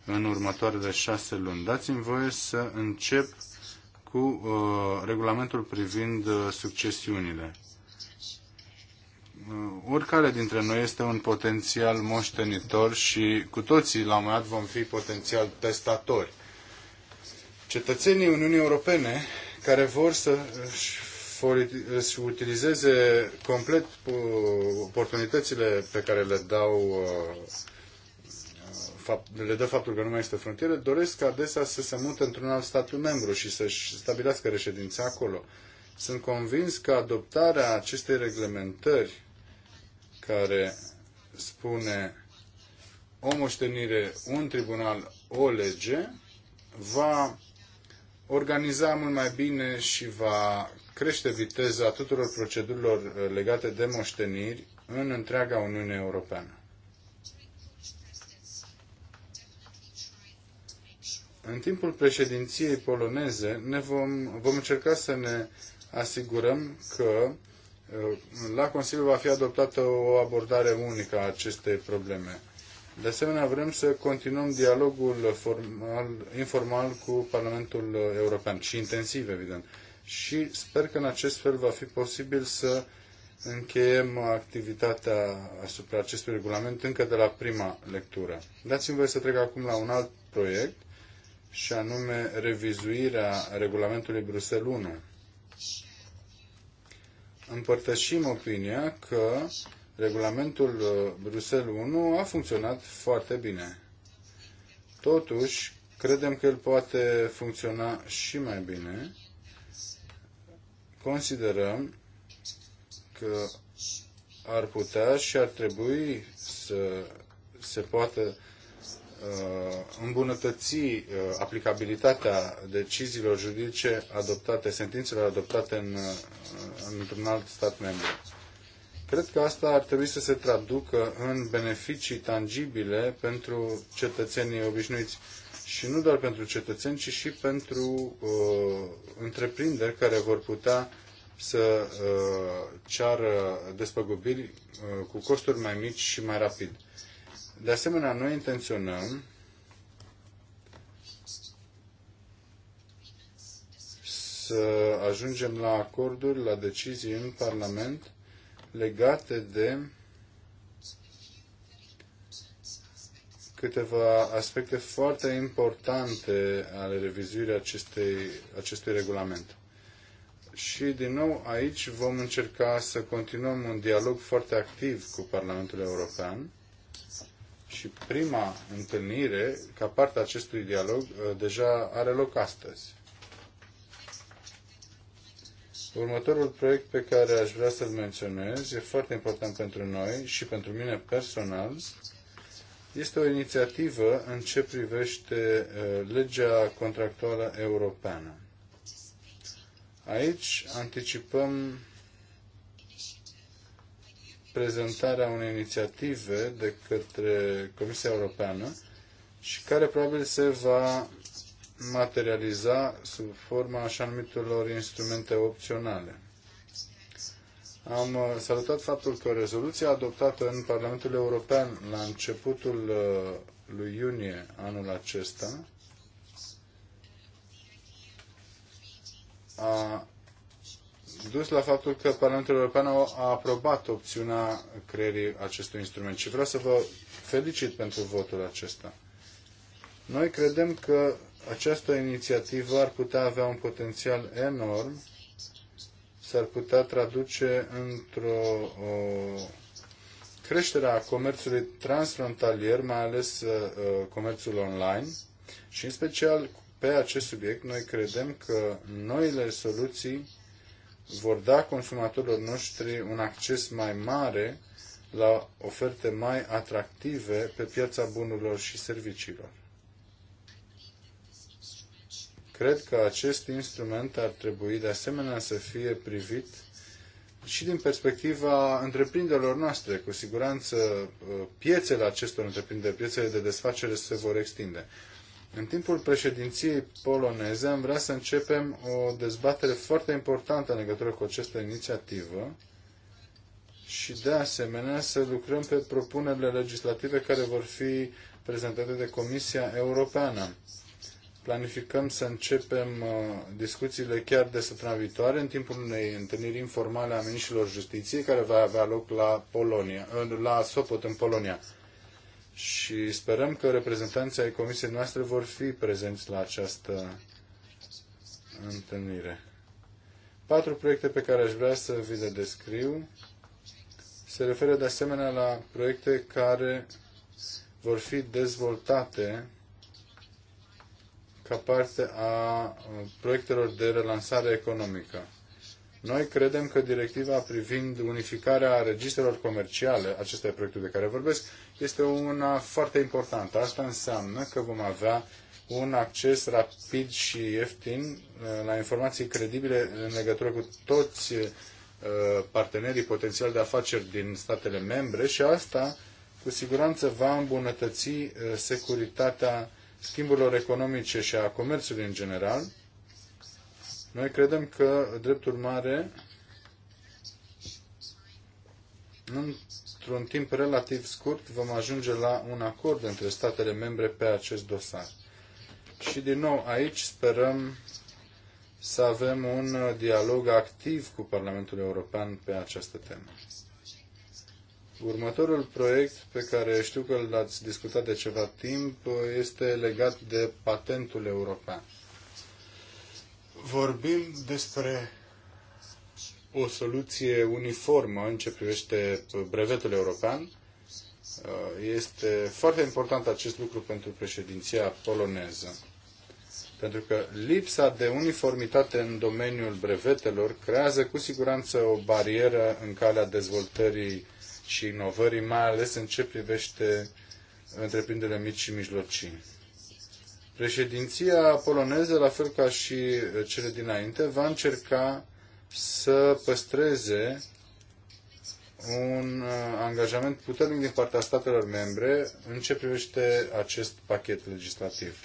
în următoarele șase luni. Dați-mi voie să încep cu uh, regulamentul privind uh, succesiunile. Uh, oricare dintre noi este un potențial moștenitor și cu toții la un moment dat vom fi potențial testatori. Cetățenii Uniunii Europene care vor să își utilizeze complet uh, oportunitățile pe care le dau uh, le dă faptul că nu mai este frontieră, doresc adesea să se mute într-un alt stat membru și să-și stabilească reședința acolo. Sunt convins că adoptarea acestei reglementări care spune o moștenire, un tribunal, o lege, va organiza mult mai bine și va crește viteza tuturor procedurilor legate de moșteniri în întreaga Uniune Europeană. În timpul președinției poloneze ne vom, vom încerca să ne asigurăm că uh, la Consiliu va fi adoptată o abordare unică a acestei probleme. De asemenea, vrem să continuăm dialogul formal, informal cu Parlamentul European și intensiv, evident. Și sper că în acest fel va fi posibil să încheiem activitatea asupra acestui regulament încă de la prima lectură. Dați-mi voie să trec acum la un alt proiect și anume revizuirea regulamentului Brusel 1. Împărtășim opinia că regulamentul uh, Brusel 1 a funcționat foarte bine. Totuși, credem că el poate funcționa și mai bine. Considerăm că ar putea și ar trebui să se poată Uh, îmbunătăți uh, aplicabilitatea deciziilor juridice adoptate, sentințelor adoptate în, uh, într-un alt stat membru. Cred că asta ar trebui să se traducă în beneficii tangibile pentru cetățenii obișnuiți și nu doar pentru cetățeni, ci și pentru uh, întreprinderi care vor putea să uh, ceară despăgubiri uh, cu costuri mai mici și mai rapid. De asemenea, noi intenționăm să ajungem la acorduri, la decizii în Parlament legate de câteva aspecte foarte importante ale revizuirii acestei, acestui regulament. Și, din nou, aici vom încerca să continuăm un dialog foarte activ cu Parlamentul European și prima întâlnire, ca parte a acestui dialog, uh, deja are loc astăzi. Următorul proiect pe care aș vrea să-l menționez e foarte important pentru noi și pentru mine personal. Este o inițiativă în ce privește uh, legea contractuală europeană. Aici anticipăm prezentarea unei inițiative de către Comisia Europeană și care probabil se va materializa sub forma așa numitelor instrumente opționale. Am uh, salutat faptul că rezoluția adoptată în Parlamentul European la începutul uh, lui iunie anul acesta a dus la faptul că Parlamentul European a aprobat opțiunea creierii acestui instrument și vreau să vă felicit pentru votul acesta. Noi credem că această inițiativă ar putea avea un potențial enorm, s-ar putea traduce într-o creștere a comerțului transfrontalier, mai ales uh, comerțul online și în special pe acest subiect noi credem că noile soluții vor da consumatorilor noștri un acces mai mare la oferte mai atractive pe piața bunurilor și serviciilor. Cred că acest instrument ar trebui de asemenea să fie privit și din perspectiva întreprinderilor noastre. Cu siguranță uh, piețele acestor întreprinderi, piețele de desfacere se vor extinde. În timpul președinției poloneze am vrea să începem o dezbatere foarte importantă în legătură cu această inițiativă și de asemenea să lucrăm pe propunerile legislative care vor fi prezentate de Comisia Europeană. Planificăm să începem uh, discuțiile chiar de săptămâna viitoare în timpul unei întâlniri informale a ministrilor justiției care va avea loc la, Polonia, uh, la Sopot în Polonia și sperăm că reprezentanții ai comisiei noastre vor fi prezenți la această întâlnire. Patru proiecte pe care aș vrea să vi le descriu se referă de asemenea la proiecte care vor fi dezvoltate ca parte a proiectelor de relansare economică. Noi credem că directiva privind unificarea registrelor comerciale, acesta e proiectul de care vorbesc, este una foarte importantă. Asta înseamnă că vom avea un acces rapid și ieftin uh, la informații credibile în legătură cu toți uh, partenerii potențiali de afaceri din statele membre și asta cu siguranță va îmbunătăți uh, securitatea schimburilor economice și a comerțului în general. Noi credem că, drept urmare, într-un timp relativ scurt vom ajunge la un acord între statele membre pe acest dosar. Și din nou aici sperăm să avem un dialog activ cu Parlamentul European pe această temă. Următorul proiect pe care știu că l-ați discutat de ceva timp este legat de patentul european. Vorbim despre o soluție uniformă în ce privește brevetul european. Uh, este foarte important acest lucru pentru președinția poloneză. Pentru că lipsa de uniformitate în domeniul brevetelor creează cu siguranță o barieră în calea dezvoltării și inovării, mai ales în ce privește întreprinderile mici și mijlocii. Președinția poloneză, la fel ca și cele dinainte, va încerca să păstreze un uh, angajament puternic din partea statelor membre în ce privește acest pachet legislativ.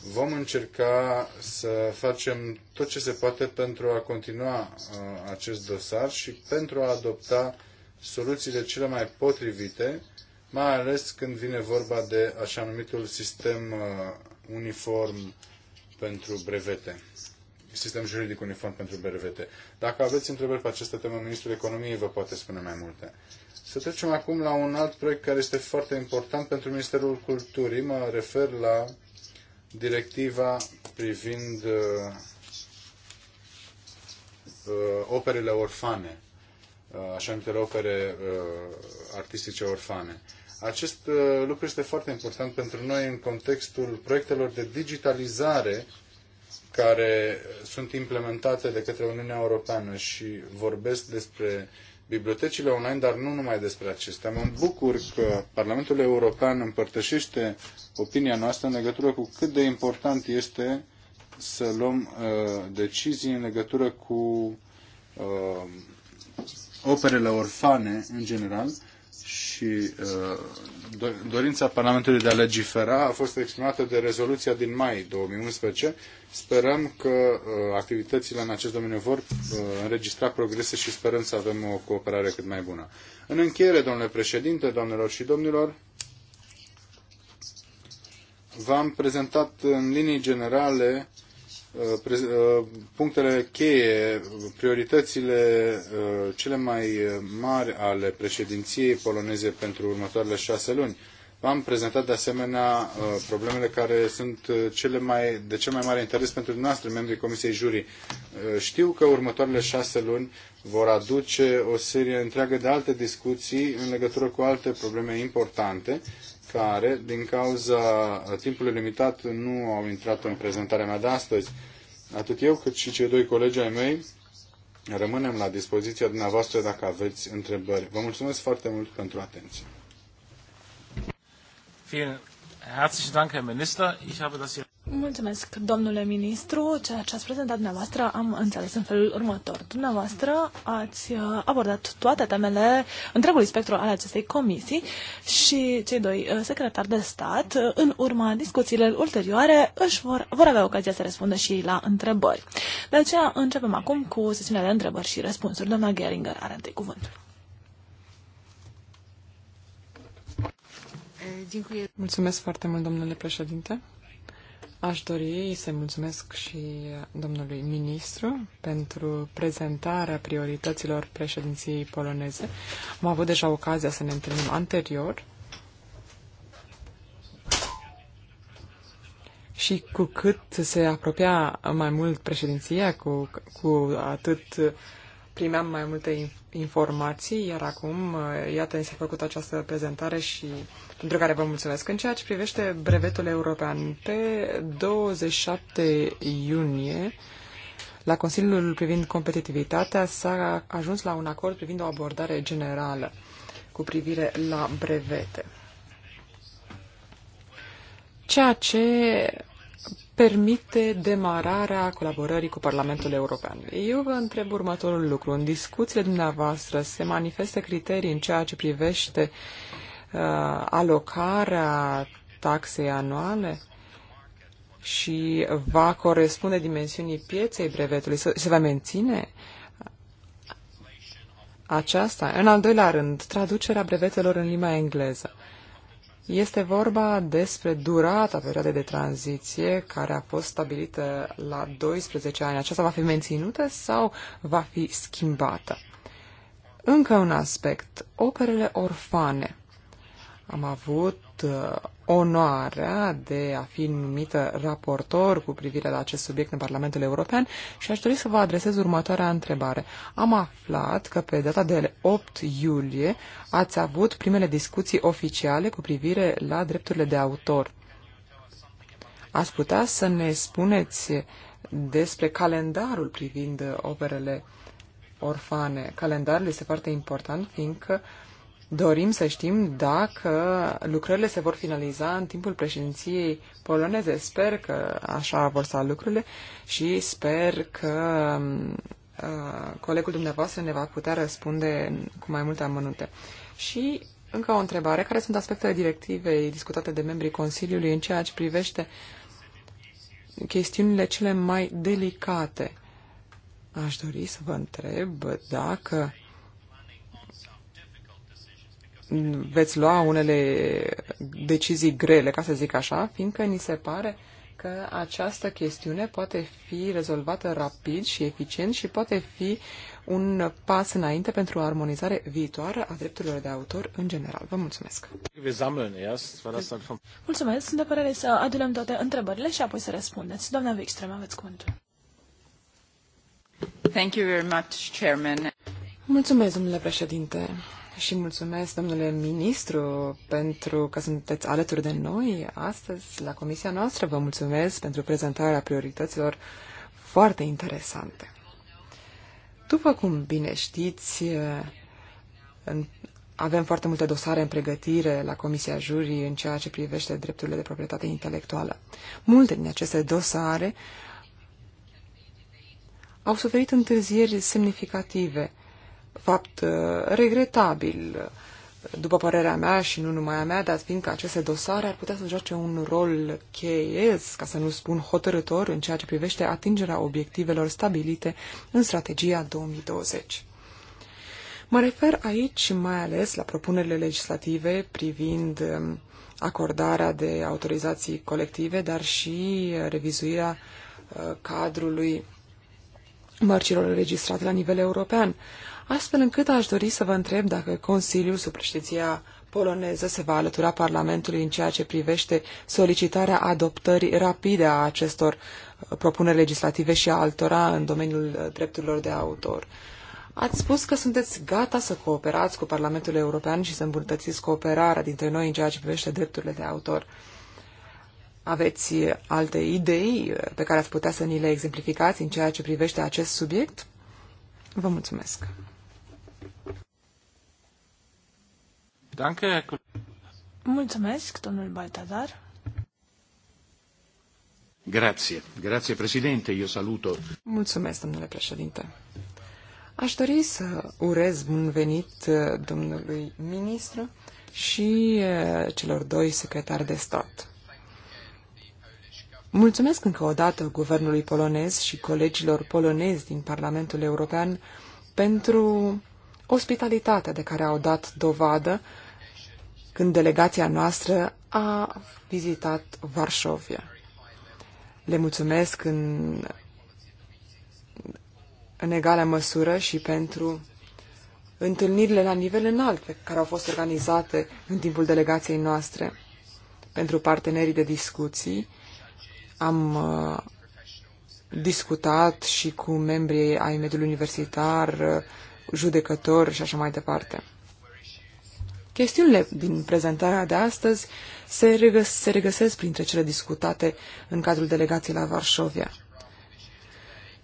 Vom încerca să facem tot ce se poate pentru a continua uh, acest dosar și pentru a adopta soluțiile cele mai potrivite, mai ales când vine vorba de așa numitul sistem uh, uniform pentru brevete sistem juridic uniform pentru brevete. Dacă aveți întrebări pe această temă, Ministrul Economiei vă poate spune mai multe. Să trecem acum la un alt proiect care este foarte important pentru Ministerul Culturii. Mă refer la directiva privind uh, uh operele orfane, uh, așa numitele opere uh, artistice orfane. Acest uh, lucru este foarte important pentru noi în contextul proiectelor de digitalizare care sunt implementate de către Uniunea Europeană și vorbesc despre bibliotecile online, dar nu numai despre acestea. Mă bucur că Parlamentul European împărtășește opinia noastră în legătură cu cât de important este să luăm uh, decizii în legătură cu uh, operele orfane în general și uh, dorința Parlamentului de a legifera a fost exprimată de rezoluția din mai 2011 Sperăm că uh, activitățile în acest domeniu vor uh, înregistra progrese și sperăm să avem o cooperare cât mai bună. În încheiere, domnule președinte, doamnelor și domnilor, v-am prezentat în linii generale uh, punctele cheie, prioritățile cele mai mari ale președinției poloneze pentru următoarele șase luni. V-am prezentat de asemenea uh, problemele care sunt uh, cele mai, de cel mai mare interes pentru dumneavoastră, membrii Comisiei juri. Uh, știu că următoarele șase luni vor aduce o serie întreagă de alte discuții în legătură cu alte probleme importante care, din cauza timpului limitat, nu au intrat în prezentarea mea de astăzi. Atât eu cât și cei doi colegi ai mei rămânem la dispoziția dumneavoastră dacă aveți întrebări. Vă mulțumesc foarte mult pentru atenție. Vielen herzlichen Dank, Herr Minister. Ich habe das hier... Mulțumesc, domnule ministru. Ceea ce ați prezentat dumneavoastră am înțeles în felul următor. Dumneavoastră ați uh, abordat toate temele întregului spectru al acestei comisii și cei doi uh, secretari de stat, uh, în urma discuțiilor ulterioare, își vor, vor avea ocazia să răspundă și la întrebări. De aceea începem acum cu sesiunea de întrebări și răspunsuri. Doamna Geringer are întâi cuvântul. Mulțumesc foarte mult, domnule președinte. Aș dori să mulțumesc și domnului ministru pentru prezentarea priorităților președinției poloneze. Am avut deja ocazia să ne întâlnim anterior și cu cât se apropia mai mult președinția, cu, cu atât primeam mai multe informații informații, iar acum, uh, iată, s-a făcut această prezentare și pentru care vă mulțumesc. În ceea ce privește brevetul european, pe 27 iunie, la Consiliul privind competitivitatea s-a ajuns la un acord privind o abordare generală cu privire la brevete. Ceea ce permite demararea colaborării cu Parlamentul European. Eu vă întreb următorul lucru. În discuțiile dumneavoastră se manifestă criterii în ceea ce privește uh, alocarea taxei anuale? și va corespunde dimensiunii pieței brevetului? Se va menține aceasta? În al doilea rând, traducerea brevetelor în limba engleză. Este vorba despre durata perioadei de tranziție care a fost stabilită la 12 ani. Aceasta va fi menținută sau va fi schimbată? Încă un aspect, operele orfane. Am avut avut uh, onoarea de a fi numită raportor cu privire la acest subiect în Parlamentul European și aș dori să vă adresez următoarea întrebare. Am aflat că pe data de 8 iulie ați avut primele discuții oficiale cu privire la drepturile de autor. Ați putea să ne spuneți despre calendarul privind operele orfane. Calendarul este foarte important, fiindcă uh, Dorim să știm dacă lucrările se vor finaliza în timpul președinției poloneze. Sper că așa vor sta lucrurile și sper că uh, colegul dumneavoastră ne va putea răspunde cu mai multe amănunte. Și încă o întrebare. Care sunt aspectele directivei discutate de membrii Consiliului în ceea ce privește chestiunile cele mai delicate? Aș dori să vă întreb dacă veți lua unele decizii grele, ca să zic așa, fiindcă ni se pare că această chestiune poate fi rezolvată rapid și eficient și poate fi un pas înainte pentru o armonizare viitoare a drepturilor de autor în general. Vă mulțumesc! Mulțumesc! Sunt de părere să adunăm toate întrebările și apoi să răspundeți. Doamna Wikström, aveți cuvântul. Thank you very much, Chairman. Mulțumesc, domnule președinte și mulțumesc, domnule ministru, pentru că sunteți alături de noi astăzi la comisia noastră. Vă mulțumesc pentru prezentarea priorităților foarte interesante. După cum bine știți, avem foarte multe dosare în pregătire la Comisia Jurii în ceea ce privește drepturile de proprietate intelectuală. Multe din aceste dosare au suferit întârzieri semnificative fapt uh, regretabil, după părerea mea și nu numai a mea, dar fiindcă aceste dosare ar putea să joace un rol cheie, ca să nu spun hotărător, în ceea ce privește atingerea obiectivelor stabilite în strategia 2020. Mă refer aici mai ales la propunerile legislative privind um, acordarea de autorizații colective, dar și uh, revizuirea uh, cadrului mărcilor înregistrate la nivel european astfel încât aș dori să vă întreb dacă Consiliul sub președinția poloneză se va alătura Parlamentului în ceea ce privește solicitarea adoptării rapide a acestor uh, propuneri legislative și a altora în domeniul uh, drepturilor de autor. Ați spus că sunteți gata să cooperați cu Parlamentul European și să îmbunătățiți cooperarea dintre noi în ceea ce privește drepturile de autor. Aveți alte idei uh, pe care ați putea să ni le exemplificați în ceea ce privește acest subiect? Vă mulțumesc! Danke. Mulțumesc, domnul Baltazar. Grazie, grazie președinte, eu saluto. Mulțumesc, domnule președinte. Aș dori să urez bun venit uh, domnului ministru și uh, celor doi secretari de stat. Mulțumesc încă o dată guvernului polonez și colegilor polonezi din Parlamentul European pentru ospitalitatea de care au dat dovadă când delegația noastră a vizitat Varșovia. Le mulțumesc în, în egală măsură și pentru întâlnirile la nivel înalt pe care au fost organizate în timpul delegației noastre pentru partenerii de discuții. Am uh, discutat și cu membrii ai mediului universitar, uh, judecători și așa mai departe. Chestiunile din prezentarea de astăzi se, regăs- se regăsesc printre cele discutate în cadrul delegației la Varșovia.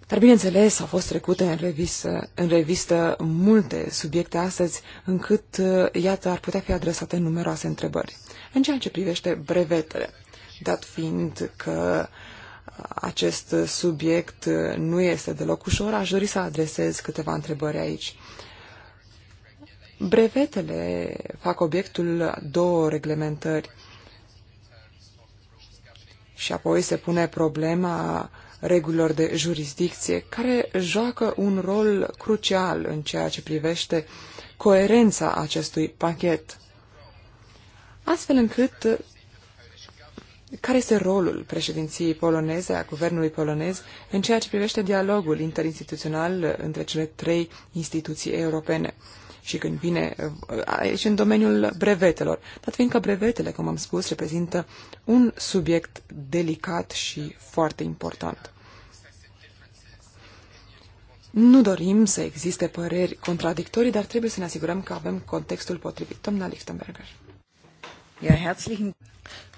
Dar, bineînțeles, au fost trecute în revistă, în revistă multe subiecte astăzi, încât, uh, iată, ar putea fi adresate numeroase întrebări. În ceea ce privește brevetele, dat fiind că uh, acest subiect uh, nu este deloc ușor, aș dori să adresez câteva întrebări aici. Brevetele fac obiectul două reglementări și apoi se pune problema regulilor de jurisdicție, care joacă un rol crucial în ceea ce privește coerența acestui pachet. Astfel încât, care este rolul președinției poloneze, a guvernului polonez, în ceea ce privește dialogul interinstituțional între cele trei instituții europene? și când vine eh, aici în domeniul brevetelor. Dar fiindcă brevetele, cum am spus, reprezintă un subiect delicat și foarte important. Nu dorim să existe păreri contradictorii, dar trebuie să ne asigurăm că avem contextul potrivit. Domnul Lichtenberger.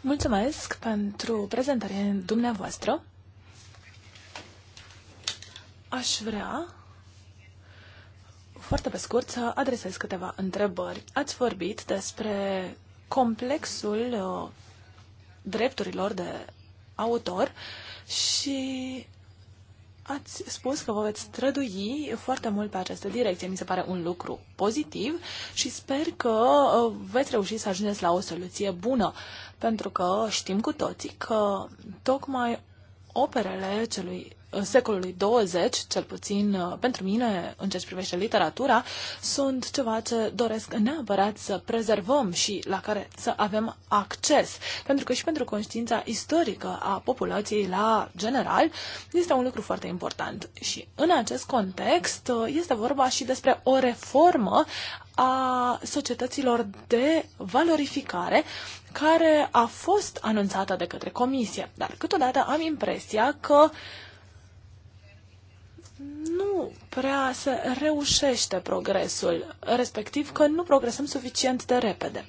Mulțumesc pentru prezentarea dumneavoastră. Aș vrea foarte pe scurt să adresez câteva întrebări. Ați vorbit despre complexul uh, drepturilor de autor și ați spus că vă veți strădui foarte mult pe această direcție. Mi se pare un lucru pozitiv și sper că uh, veți reuși să ajungeți la o soluție bună, pentru că știm cu toții că tocmai operele celui secolului 20, cel puțin uh, pentru mine, în ceea ce privește literatura, sunt ceva ce doresc neapărat să prezervăm și la care să avem acces. Pentru că și pentru conștiința istorică a populației la general este un lucru foarte important. Și în acest context uh, este vorba și despre o reformă a societăților de valorificare care a fost anunțată de către comisie. Dar câteodată am impresia că nu prea se reușește progresul, respectiv că nu progresăm suficient de repede.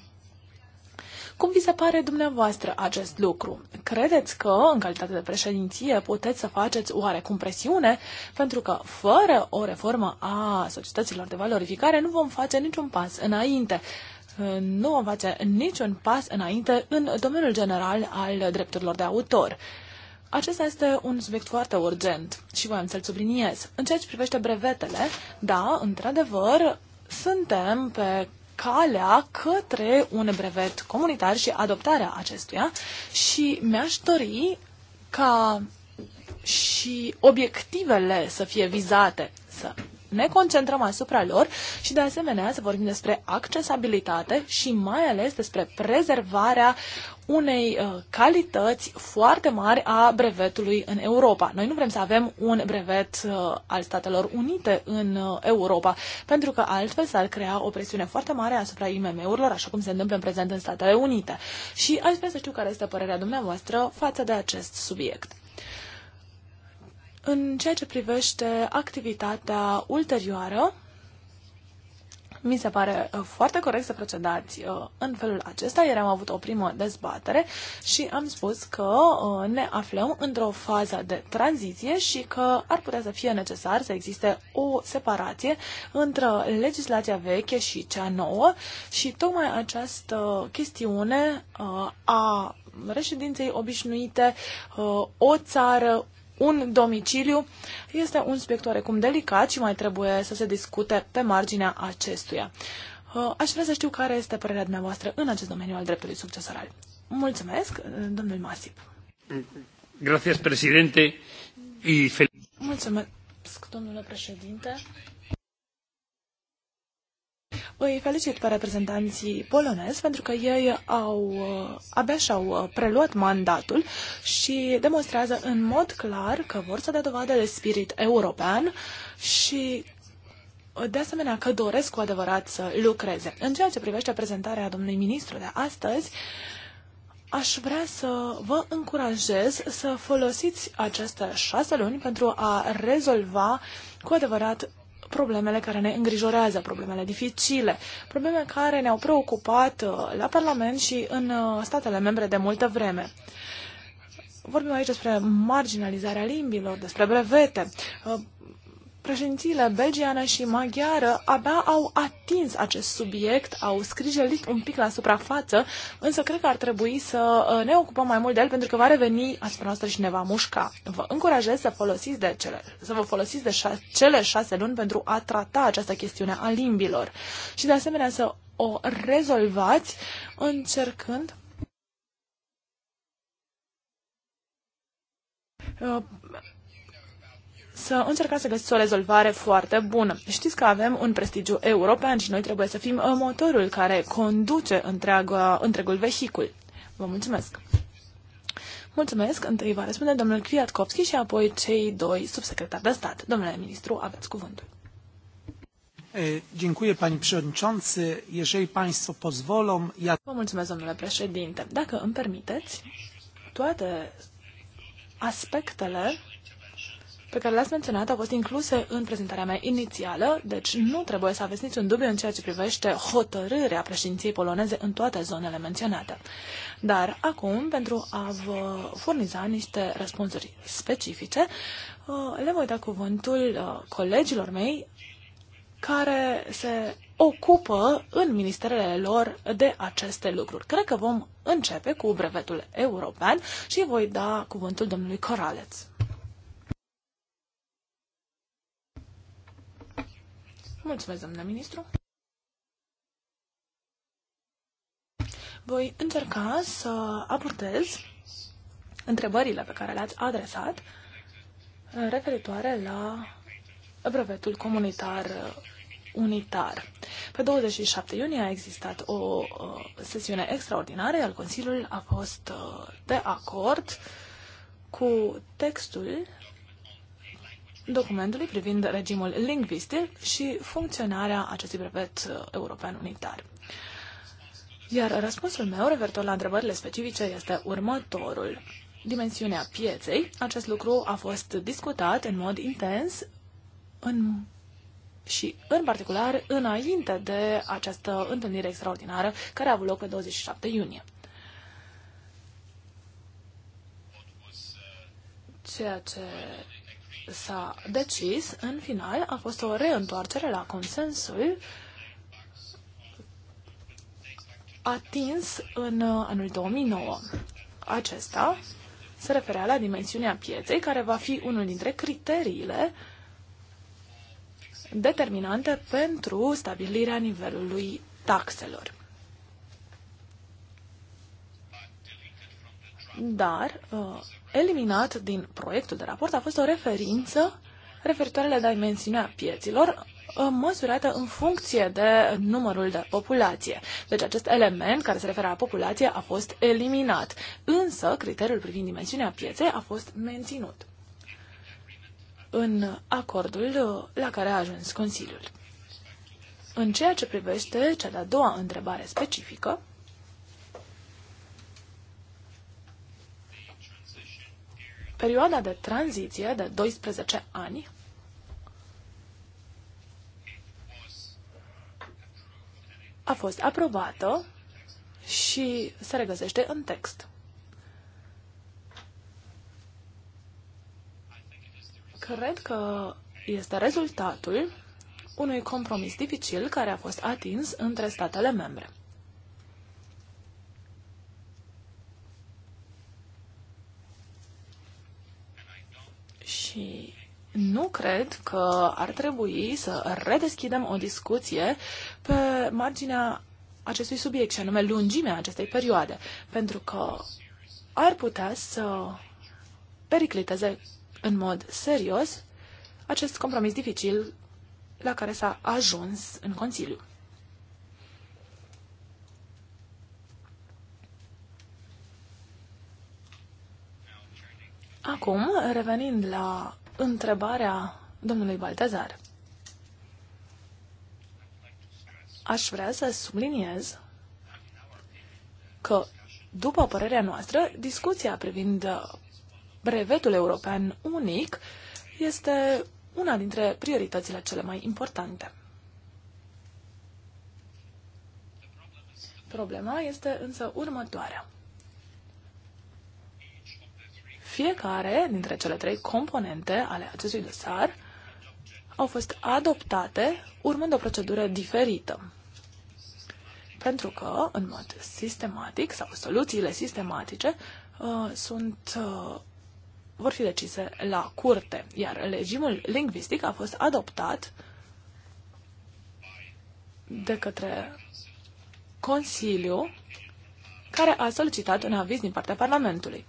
Cum vi se pare dumneavoastră acest lucru? Credeți că, în calitate de președinție, puteți să faceți oarecum presiune? Pentru că, fără o reformă a societăților de valorificare, nu vom face niciun pas înainte nu vom face niciun pas înainte în domeniul general al drepturilor de autor. Acesta este un subiect foarte urgent și voiam să-l subliniez. În ceea ce privește brevetele, da, într-adevăr, suntem pe calea către un brevet comunitar și adoptarea acestuia și mi-aș dori ca și obiectivele să fie vizate, să ne concentrăm asupra lor și de asemenea să vorbim despre accesibilitate și mai ales despre prezervarea unei uh, calități foarte mari a brevetului în Europa. Noi nu vrem să avem un brevet uh, al Statelor Unite în uh, Europa, pentru că altfel s-ar crea o presiune foarte mare asupra IMM-urilor, așa cum se întâmplă în prezent în Statele Unite. Și aș vrea să știu care este părerea dumneavoastră față de acest subiect. În ceea ce privește activitatea ulterioară, mi se pare uh, foarte corect să procedați uh, în felul acesta. Ieri am avut o primă dezbatere și am spus că uh, ne aflăm într-o fază de tranziție și că ar putea să fie necesar să existe o separație între legislația veche și cea nouă și tocmai această chestiune a reședinței obișnuite, o țară, un domiciliu este un subiect oarecum delicat și mai trebuie să se discute pe marginea acestuia. Uh, aș vrea să știu care este părerea dumneavoastră în acest domeniu al dreptului succesoral. Mulțumesc, uh, domnul Masip. Gracias, Mulțumesc, domnule președinte. Îi felicit pe reprezentanții polonezi pentru că ei au, uh, abia și-au uh, preluat mandatul și demonstrează în mod clar că vor să dea dovadă de spirit european și uh, de asemenea că doresc cu adevărat să lucreze. În ceea ce privește prezentarea domnului ministru de astăzi, aș vrea să vă încurajez să folosiți aceste șase luni pentru a rezolva cu adevărat problemele care ne îngrijorează, problemele dificile, probleme care ne-au preocupat uh, la Parlament și în uh, statele membre de multă vreme. Vorbim aici despre marginalizarea limbilor, despre brevete, uh, președințiile belgiană și maghiară abia au atins acest subiect, au scrijelit un pic la suprafață, însă cred că ar trebui să uh, ne ocupăm mai mult de el pentru că va reveni asupra noastră și ne va mușca. Vă încurajez să, folosiți de cele, să vă folosiți de șa- cele șase luni pentru a trata această chestiune a limbilor și de asemenea să o rezolvați încercând uh, să încercați să găsiți o rezolvare foarte bună. Știți că avem un prestigiu european și noi trebuie să fim uh, motorul care conduce întreaga, întregul vehicul. Vă mulțumesc! Mulțumesc! Întâi va răspunde domnul Kwiatkowski și apoi cei doi subsecretari de stat. Domnule ministru, aveți cuvântul. Dziękuję Pani Przewodniczący. Jeżeli Państwo pozwolą, ja... Vă mulțumesc, domnule președinte. Dacă îmi permiteți, toate aspectele pe care le-ați menționat au fost incluse în prezentarea mea inițială, deci nu trebuie să aveți niciun dubiu în ceea ce privește hotărârea președinției poloneze în toate zonele menționate. Dar acum, pentru a vă furniza niște răspunsuri specifice, uh, le voi da cuvântul uh, colegilor mei care se ocupă în ministerele lor de aceste lucruri. Cred că vom începe cu brevetul european și voi da cuvântul domnului Coraleț. Mulțumesc, domnule ministru. Voi încerca să abordez întrebările pe care le-ați adresat referitoare la brevetul comunitar unitar. Pe 27 iunie a existat o uh, sesiune extraordinară, iar Consiliul a fost uh, de acord cu textul documentului privind regimul lingvistic și funcționarea acestui brevet uh, european unitar. Iar răspunsul meu referitor la întrebările specifice este următorul. Dimensiunea pieței. Acest lucru a fost discutat în mod intens în, și, în particular, înainte de această întâlnire extraordinară care a avut loc pe 27 iunie. Ceea ce s-a decis, în final a fost o reîntoarcere la consensul atins în uh, anul 2009. Acesta se referea la dimensiunea pieței, care va fi unul dintre criteriile determinante pentru stabilirea nivelului taxelor. Dar, uh, eliminat din proiectul de raport a fost o referință referitoare la dimensiunea pieților, uh, măsurată în funcție de numărul de populație. Deci acest element care se referă la populație a fost eliminat, însă criteriul privind dimensiunea pieței a fost menținut în acordul uh, la care a ajuns Consiliul. În ceea ce privește cea de-a doua întrebare specifică, perioada de tranziție de 12 ani a fost aprobată și se regăsește în text. Cred că este rezultatul unui compromis dificil care a fost atins între statele membre. Și nu cred că ar trebui să redeschidem o discuție pe marginea acestui subiect, și anume lungimea acestei perioade, pentru că ar putea să pericliteze în mod serios acest compromis dificil la care s-a ajuns în Consiliu. Acum, revenind la întrebarea domnului Baltazar, aș vrea să subliniez că, după părerea noastră, discuția privind brevetul european unic este una dintre prioritățile cele mai importante. Problema este însă următoarea. Fiecare dintre cele trei componente ale acestui dosar au fost adoptate urmând o procedură diferită. Pentru că, în mod sistematic, sau soluțiile sistematice uh, sunt uh, vor fi decise la curte, iar regimul lingvistic a fost adoptat de către Consiliu, care a solicitat un aviz din partea Parlamentului.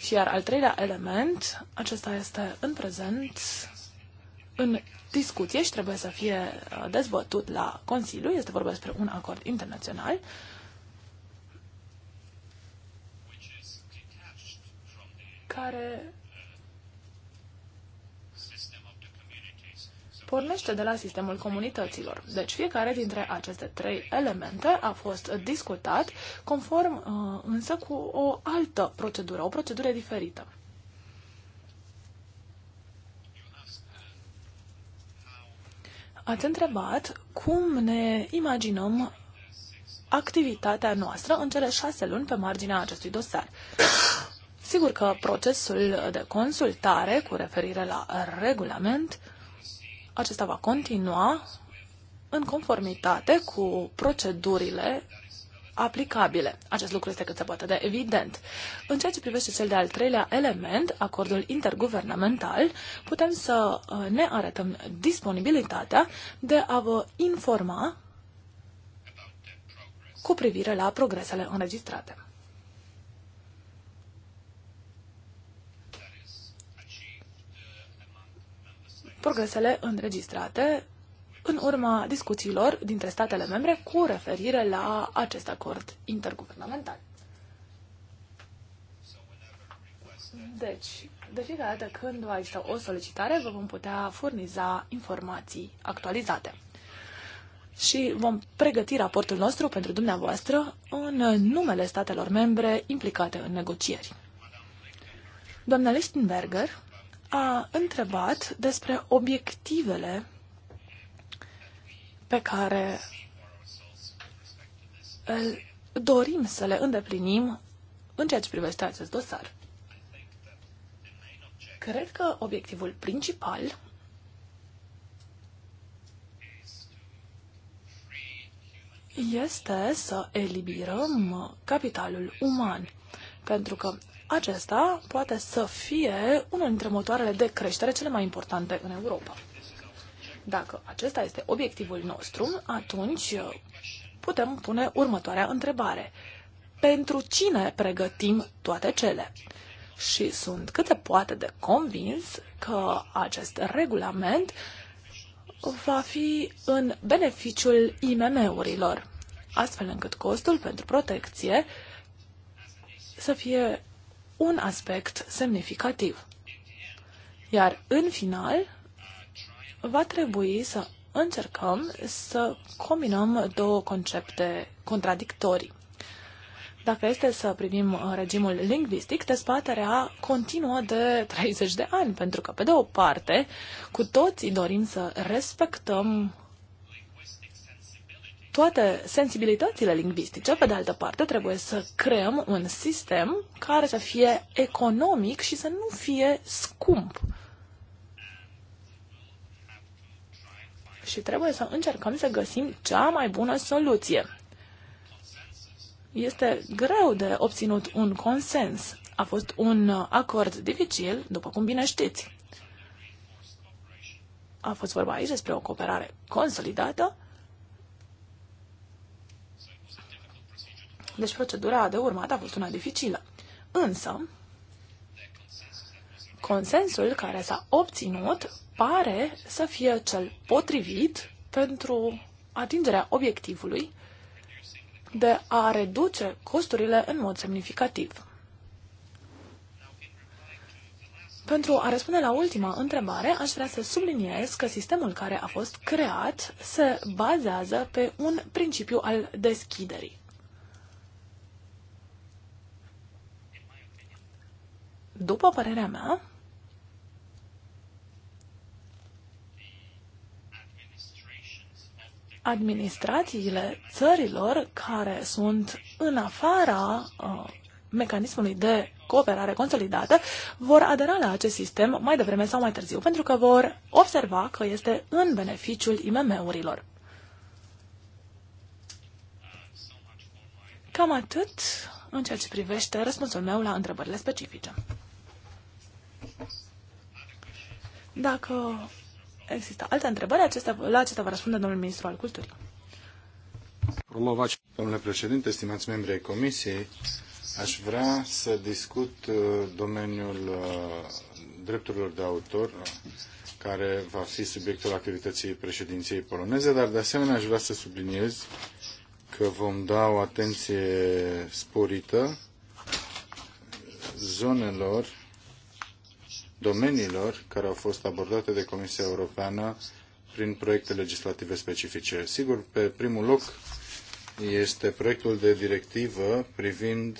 Și iar al treilea element, acesta este în prezent în discuție și trebuie să fie uh, dezbătut la Consiliu, este vorba despre un acord internațional, care pornește de la sistemul comunităților. Deci fiecare dintre aceste trei elemente a fost discutat conform uh, însă cu o altă procedură, o procedură diferită. Ați întrebat cum ne imaginăm activitatea noastră în cele șase luni pe marginea acestui dosar. Sigur că procesul de consultare cu referire la regulament acesta va continua în conformitate cu procedurile aplicabile. Acest lucru este cât se poate de evident. În ceea ce privește cel de-al treilea element, acordul interguvernamental, putem să uh, ne arătăm disponibilitatea de a vă informa cu privire la progresele înregistrate. progresele înregistrate în urma discuțiilor dintre statele membre cu referire la acest acord interguvernamental. Deci, de fiecare dată când va exista o solicitare, vă vom putea furniza informații actualizate. Și vom pregăti raportul nostru pentru dumneavoastră în numele statelor membre implicate în negocieri. Doamna Lichtenberger a întrebat despre obiectivele pe care dorim să le îndeplinim în ceea ce privește acest dosar. Cred că obiectivul principal este să eliberăm capitalul uman, pentru că acesta poate să fie unul dintre motoarele de creștere cele mai importante în Europa. Dacă acesta este obiectivul nostru, atunci uh, putem pune următoarea întrebare. Pentru cine pregătim toate cele? Și sunt cât se poate de convins că acest regulament va fi în beneficiul IMM-urilor, astfel încât costul pentru protecție să fie un aspect semnificativ. Iar în final, va trebui să încercăm să combinăm două concepte contradictorii. Dacă este să privim uh, regimul lingvistic, dezbaterea continuă de 30 de ani, pentru că, pe de o parte, cu toții dorim să respectăm toate sensibilitățile lingvistice, pe de altă parte, trebuie să creăm un sistem care să fie economic și să nu fie scump. Și trebuie să încercăm să găsim cea mai bună soluție. Este greu de obținut un consens. A fost un acord dificil, după cum bine știți. A fost vorba aici despre o cooperare consolidată Deci procedura de urmat a fost una dificilă. Însă, consensul care s-a obținut pare să fie cel potrivit pentru atingerea obiectivului de a reduce costurile în mod semnificativ. Pentru a răspunde la ultima întrebare, aș vrea să subliniez că sistemul care a fost creat se bazează pe un principiu al deschiderii. După părerea mea, administrațiile țărilor care sunt în afara uh, mecanismului de cooperare consolidată vor adera la acest sistem mai devreme sau mai târziu, pentru că vor observa că este în beneficiul IMM-urilor. Cam atât în ceea ce privește răspunsul meu la întrebările specifice. Dacă există alte întrebări, acestea, la acestea vă răspunde domnul ministru al culturii. domnule președinte, stimați membri ai comisiei, aș vrea să discut uh, domeniul uh, drepturilor de autor, care va fi subiectul activității președinției poloneze, dar de asemenea aș vrea să subliniez că vom da o atenție sporită zonelor domeniilor care au fost abordate de Comisia Europeană prin proiecte legislative specifice. Sigur, pe primul loc este proiectul de directivă privind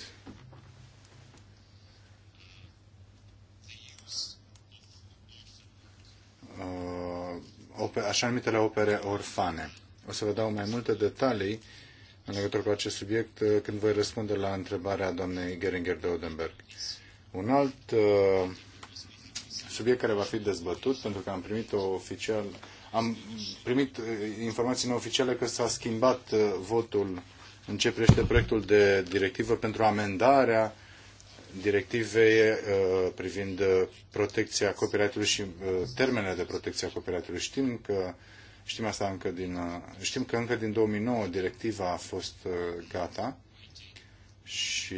uh, așa numitele opere orfane. O să vă dau mai multe detalii în legătură cu acest subiect uh, când voi răspunde la întrebarea doamnei Geringer de Odenberg. Un alt uh, subiect care va fi dezbătut, pentru că am primit oficial, am primit uh, informații neoficiale că s-a schimbat uh, votul în ce privește proiectul de directivă pentru amendarea directivei uh, privind protecția copyright-ului și termenele de protecție a copyright-ului. Știm că Știm asta încă din, știm că încă din 2009 directiva a fost gata și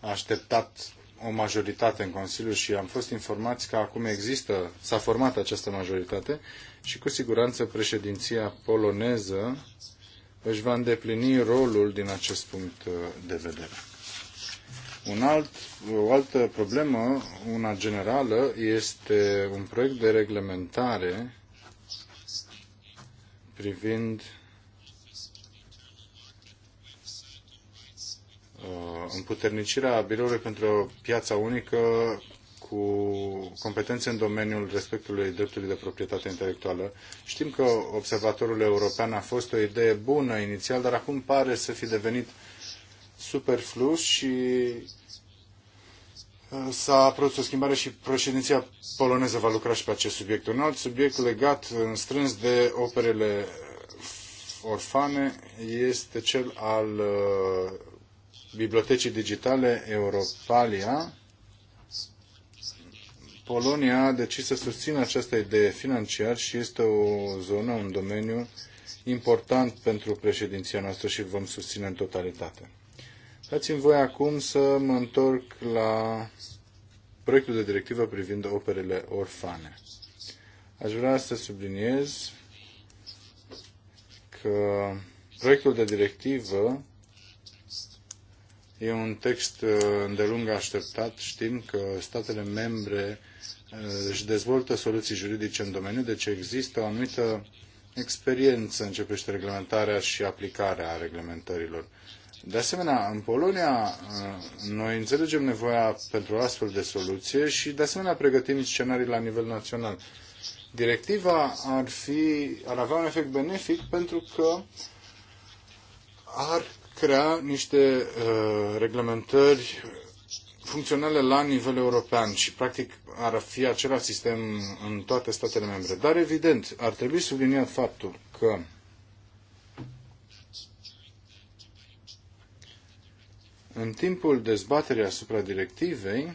a așteptat o majoritate în Consiliu și am fost informați că acum există, s-a format această majoritate și cu siguranță președinția poloneză își va îndeplini rolul din acest punct uh, de vedere. Un alt, o altă problemă, una generală, este un proiect de reglementare privind Uh, împuternicirea biroului pentru piața unică cu competențe în domeniul respectului dreptului de proprietate intelectuală. Știm că Observatorul European a fost o idee bună inițial, dar acum pare să fi devenit superflu și uh, s-a produs o schimbare și președinția poloneză va lucra și pe acest subiect. Un alt subiect legat în strâns de operele orfane este cel al uh, bibliotecii digitale Europalia, Polonia a decis să susțină această idee financiar și este o zonă, un domeniu important pentru președinția noastră și vom susține în totalitate. Dați-mi voi acum să mă întorc la proiectul de directivă privind operele orfane. Aș vrea să subliniez că proiectul de directivă E un text uh, îndelung așteptat. Știm că statele membre uh, își dezvoltă soluții juridice în domeniu, deci există o anumită experiență în ce privește reglementarea și aplicarea reglementărilor. De asemenea, în Polonia uh, noi înțelegem nevoia pentru o astfel de soluție și de asemenea pregătim scenarii la nivel național. Directiva ar, fi, ar avea un efect benefic pentru că ar crea niște uh, reglementări funcționale la nivel european și practic ar fi același sistem în toate statele membre. Dar evident, ar trebui subliniat faptul că în timpul dezbaterii asupra directivei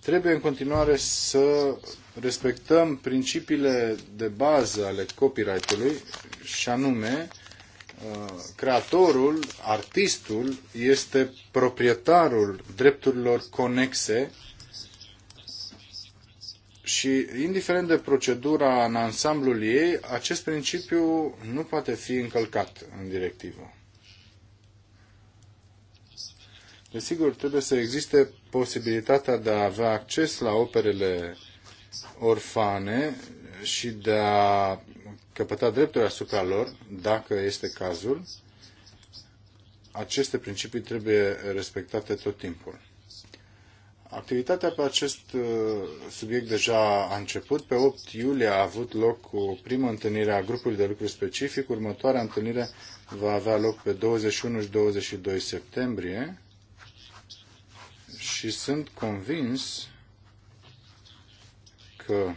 trebuie în continuare să respectăm principiile de bază ale copyright-ului și anume Uh, creatorul, artistul, este proprietarul drepturilor conexe și, indiferent de procedura în ansamblul ei, acest principiu nu poate fi încălcat în directivă. Desigur, trebuie să existe posibilitatea de a avea acces la operele orfane și de a căpăta drepturi asupra lor, dacă este cazul, aceste principii trebuie respectate tot timpul. Activitatea pe acest uh, subiect deja a început. Pe 8 iulie a avut loc o primă întâlnire a grupului de lucru specific. Următoarea întâlnire va avea loc pe 21 și 22 septembrie și sunt convins că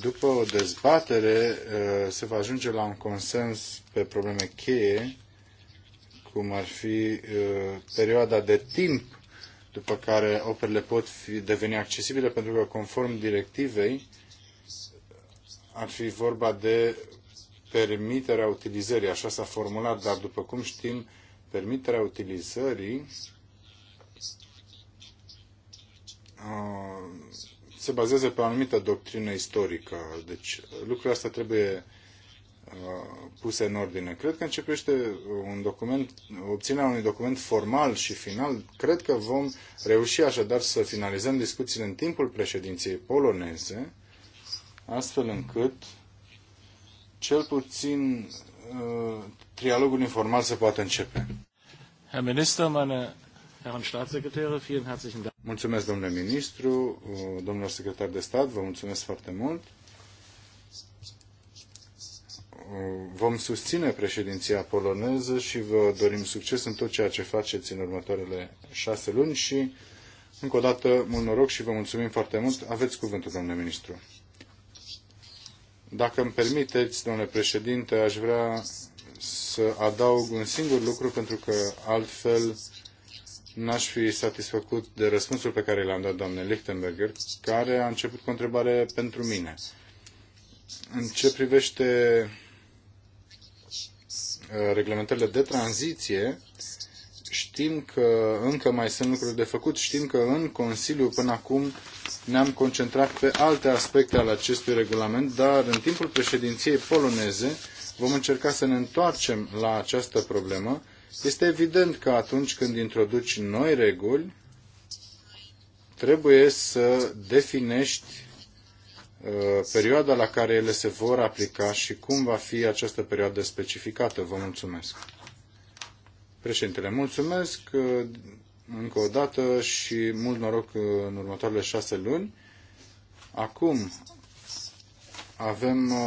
după o dezbatere uh, se va ajunge la un consens pe probleme cheie, cum ar fi uh, perioada de timp după care operele pot fi, deveni accesibile, pentru că conform directivei ar fi vorba de permiterea utilizării, așa s-a formulat, dar după cum știm, permiterea utilizării uh, se bazează pe o anumită doctrină istorică. Deci lucrurile astea trebuie uh, puse în ordine. Cred că începește un document, obținerea unui document formal și final. Cred că vom reuși așadar să finalizăm discuțiile în timpul președinției poloneze, astfel încât cel puțin uh, trialogul informal să poată începe. Herr Minister, meine Herren Staatssekretäre, vielen herzlichen Dank. Mulțumesc, domnule ministru, domnilor secretar de stat, vă mulțumesc foarte mult. Vom susține președinția poloneză și vă dorim succes în tot ceea ce faceți în următoarele șase luni și, încă o dată, mult noroc și vă mulțumim foarte mult. Aveți cuvântul, domnule ministru. Dacă îmi permiteți, domnule președinte, aș vrea să adaug un singur lucru, pentru că altfel n-aș fi satisfăcut de răspunsul pe care l-am dat doamnei Lichtenberger, care a început cu o întrebare pentru mine. În ce privește uh, reglementările de tranziție, știm că încă mai sunt lucruri de făcut, știm că în Consiliu până acum ne-am concentrat pe alte aspecte ale acestui regulament, dar în timpul președinției poloneze vom încerca să ne întoarcem la această problemă este evident că atunci când introduci noi reguli, trebuie să definești uh, perioada la care ele se vor aplica și cum va fi această perioadă specificată. Vă mulțumesc. Președintele, mulțumesc uh, încă o dată și mult noroc în următoarele șase luni. Acum avem uh,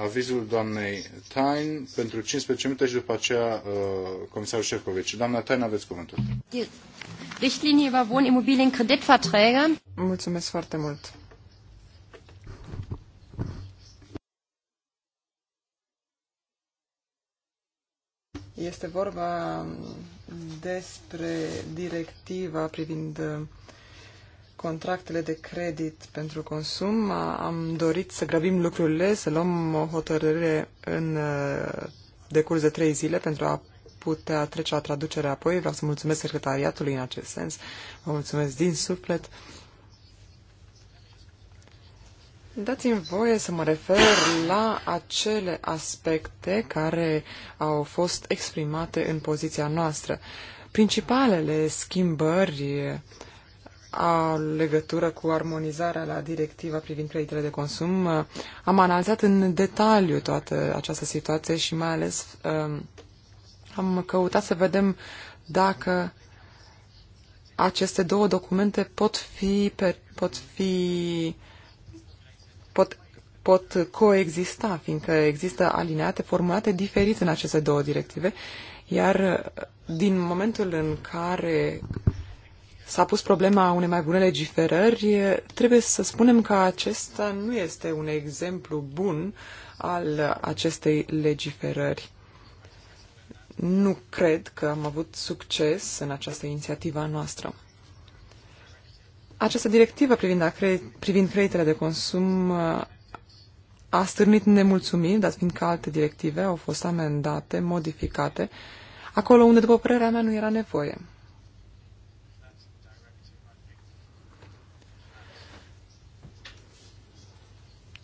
avizul doamnei Tain pentru 15 minute și după aceea uh, comisarul Șefcovici. Doamna Tain, aveți cuvântul. Richtlinie über Wohnimmobilienkreditverträge. Mulțumesc foarte mult. Este vorba despre directiva privind contractele de credit pentru consum. Am dorit să grăbim lucrurile, să luăm o hotărâre în decurs de trei zile pentru a putea trece la traducere apoi. Vreau să mulțumesc secretariatului în acest sens. Vă mulțumesc din suflet. Dați-mi voie să mă refer la acele aspecte care au fost exprimate în poziția noastră. Principalele schimbări uh, a legătură cu armonizarea la directiva privind creditele de consum. Am analizat în detaliu toată această situație și mai ales um, am căutat să vedem dacă aceste două documente pot fi, pot fi pot, pot coexista, fiindcă există alineate formulate diferite în aceste două directive, iar din momentul în care s-a pus problema unei mai bune legiferări, trebuie să spunem că acesta nu este un exemplu bun al acestei legiferări. Nu cred că am avut succes în această inițiativă noastră. Această directivă privind, a cre- privind creditele de consum uh, a stârnit nemulțumiri, dar fiindcă alte directive au fost amendate, modificate, acolo unde, după părerea mea, nu era nevoie.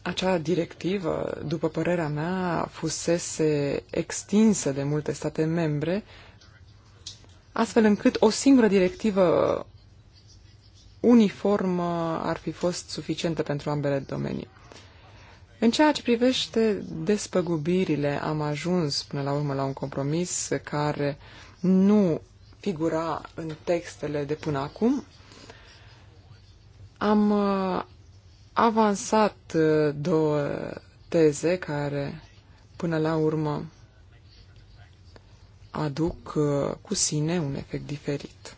acea directivă, după părerea mea, fusese extinsă de multe state membre, astfel încât o singură directivă uniformă ar fi fost suficientă pentru ambele domenii. În ceea ce privește despăgubirile, am ajuns până la urmă la un compromis care nu figura în textele de până acum. Am avansat uh, două teze care, până la urmă, aduc uh, cu sine un efect diferit.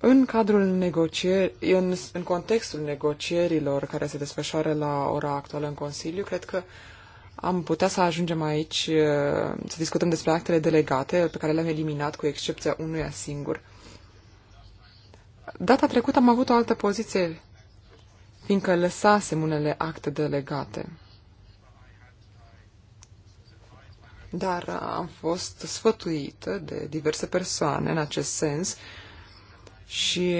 În cadrul negocieri, în, în contextul negocierilor care se desfășoară la ora actuală în Consiliu, cred că am putea să ajungem aici uh, să discutăm despre actele delegate pe care le-am eliminat cu excepția unuia singur. Data trecută am avut o altă poziție, fiindcă lăsasem unele acte delegate. Dar am fost sfătuită de diverse persoane în acest sens și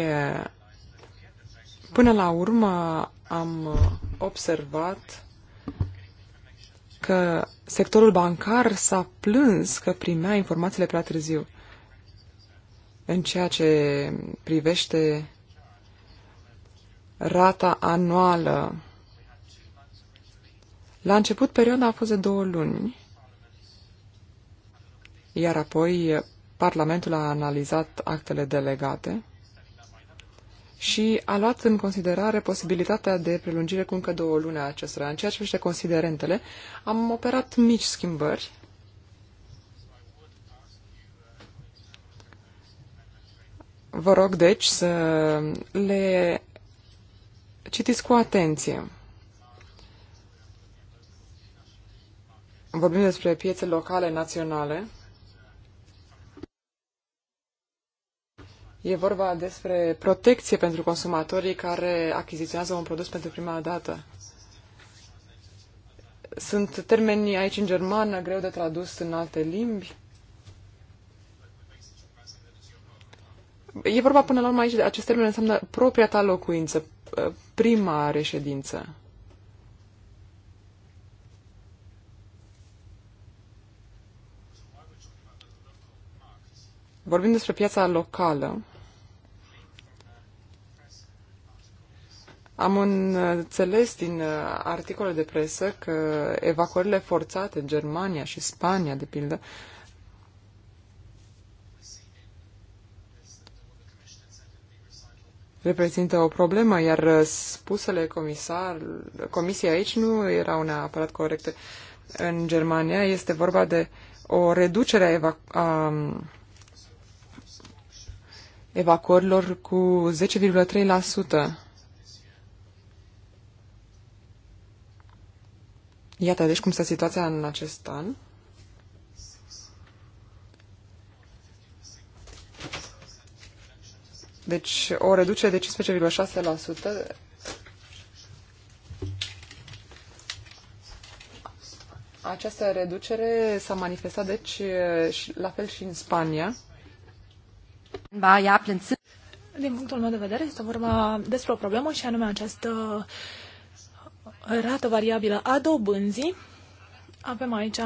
până la urmă am observat că sectorul bancar s-a plâns că primea informațiile prea târziu în ceea ce privește rata anuală. La început perioada a fost de două luni, iar apoi Parlamentul a analizat actele delegate și a luat în considerare posibilitatea de prelungire cu încă două luni a acestora. În ceea ce privește considerentele, am operat mici schimbări Vă rog, deci, să le citiți cu atenție. Vorbim despre piețe locale naționale. E vorba despre protecție pentru consumatorii care achiziționează un produs pentru prima dată. Sunt termeni aici în germană, greu de tradus în alte limbi. E vorba până la urmă aici de acest termen înseamnă propria ta locuință, ă, prima reședință. Vorbim despre piața locală. Am înțeles din ă, articole de presă că evacuările forțate în Germania și Spania, de pildă, uh, reprezintă o problemă, iar spusele comisar, comisiei aici nu erau neapărat corecte. În Germania este vorba de o reducere a, evac a um, evacuărilor cu 10,3%. Iată, deci cum stă situația în acest an. Deci o reducere de 15,6% Această reducere s-a manifestat, deci, la fel și în Spania. Din punctul meu de vedere, este vorba despre o problemă și anume această rată variabilă a dobânzii avem aici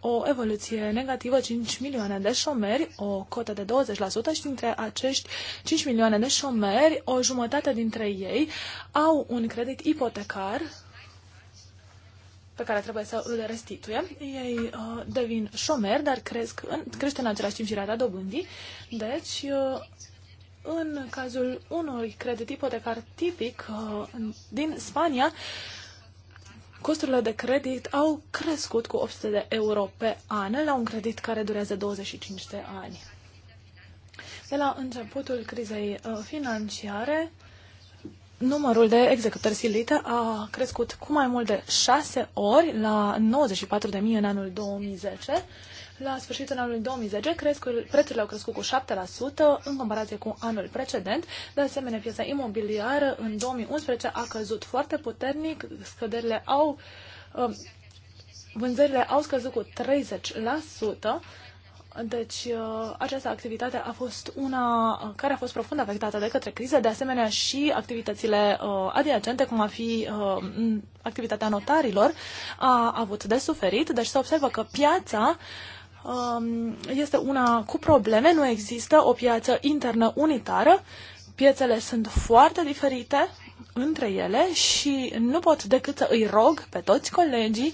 o evoluție negativă, 5 milioane de șomeri, o cotă de 20% și dintre acești 5 milioane de șomeri, o jumătate dintre ei au un credit ipotecar pe care trebuie să îl restituie. Ei uh, devin șomeri, dar cresc în, crește în același timp și rata dobândii. Deci, uh, în cazul unui credit ipotecar tipic uh, din Spania, uh, costurile de credit au crescut cu 800 de euro pe an la un credit care durează 25 de ani. De la începutul crizei uh, financiare, numărul de executări silite a crescut cu mai mult de 6 ori la 94.000 în anul 2010 la sfârșitul anului 2010 crescul, prețurile au crescut cu 7% în comparație cu anul precedent. De asemenea, piața imobiliară în 2011 a căzut foarte puternic, scăderile au, um, vânzările au scăzut cu 30%. Deci, uh, această activitate a fost una care a fost profund afectată de către criză, de asemenea și activitățile uh, adiacente, cum a fi uh, activitatea notarilor, a avut de suferit. Deci se observă că piața Um, este una cu probleme, nu există o piață internă unitară, piețele sunt foarte diferite între ele și nu pot decât să îi rog pe toți colegii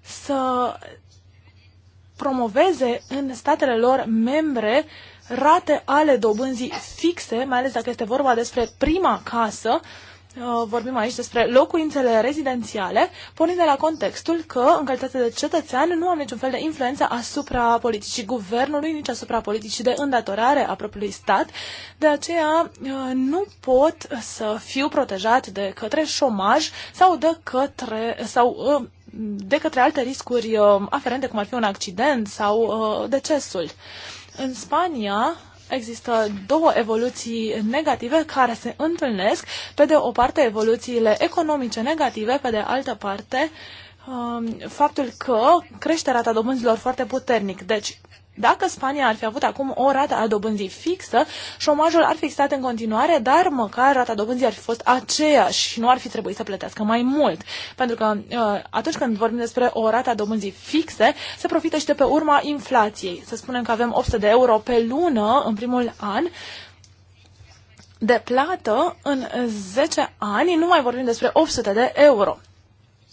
să promoveze în statele lor membre rate ale dobânzii fixe, mai ales dacă este vorba despre prima casă, Uh, vorbim aici despre locuințele rezidențiale, pornind de la contextul că, în calitate de cetățean, nu am niciun fel de influență asupra politicii guvernului, nici asupra politicii de îndatorare a propriului stat. De aceea, uh, nu pot să fiu protejat de către șomaj sau de către sau uh, de către alte riscuri aferente, cum ar fi un accident sau decesul. În Spania, există două evoluții negative care se întâlnesc. Pe de o parte, evoluțiile economice negative, pe de altă parte, um, faptul că creșterea ta dobânzilor foarte puternic. Deci, dacă Spania ar fi avut acum o rată a dobânzii fixă, șomajul ar fi existat în continuare, dar măcar rata dobânzii ar fi fost aceeași și nu ar fi trebuit să plătească mai mult. Pentru că uh, atunci când vorbim despre o rată a dobânzii fixe, se profită și de pe urma inflației. Să spunem că avem 800 de euro pe lună în primul an, de plată în 10 ani, nu mai vorbim despre 800 de euro.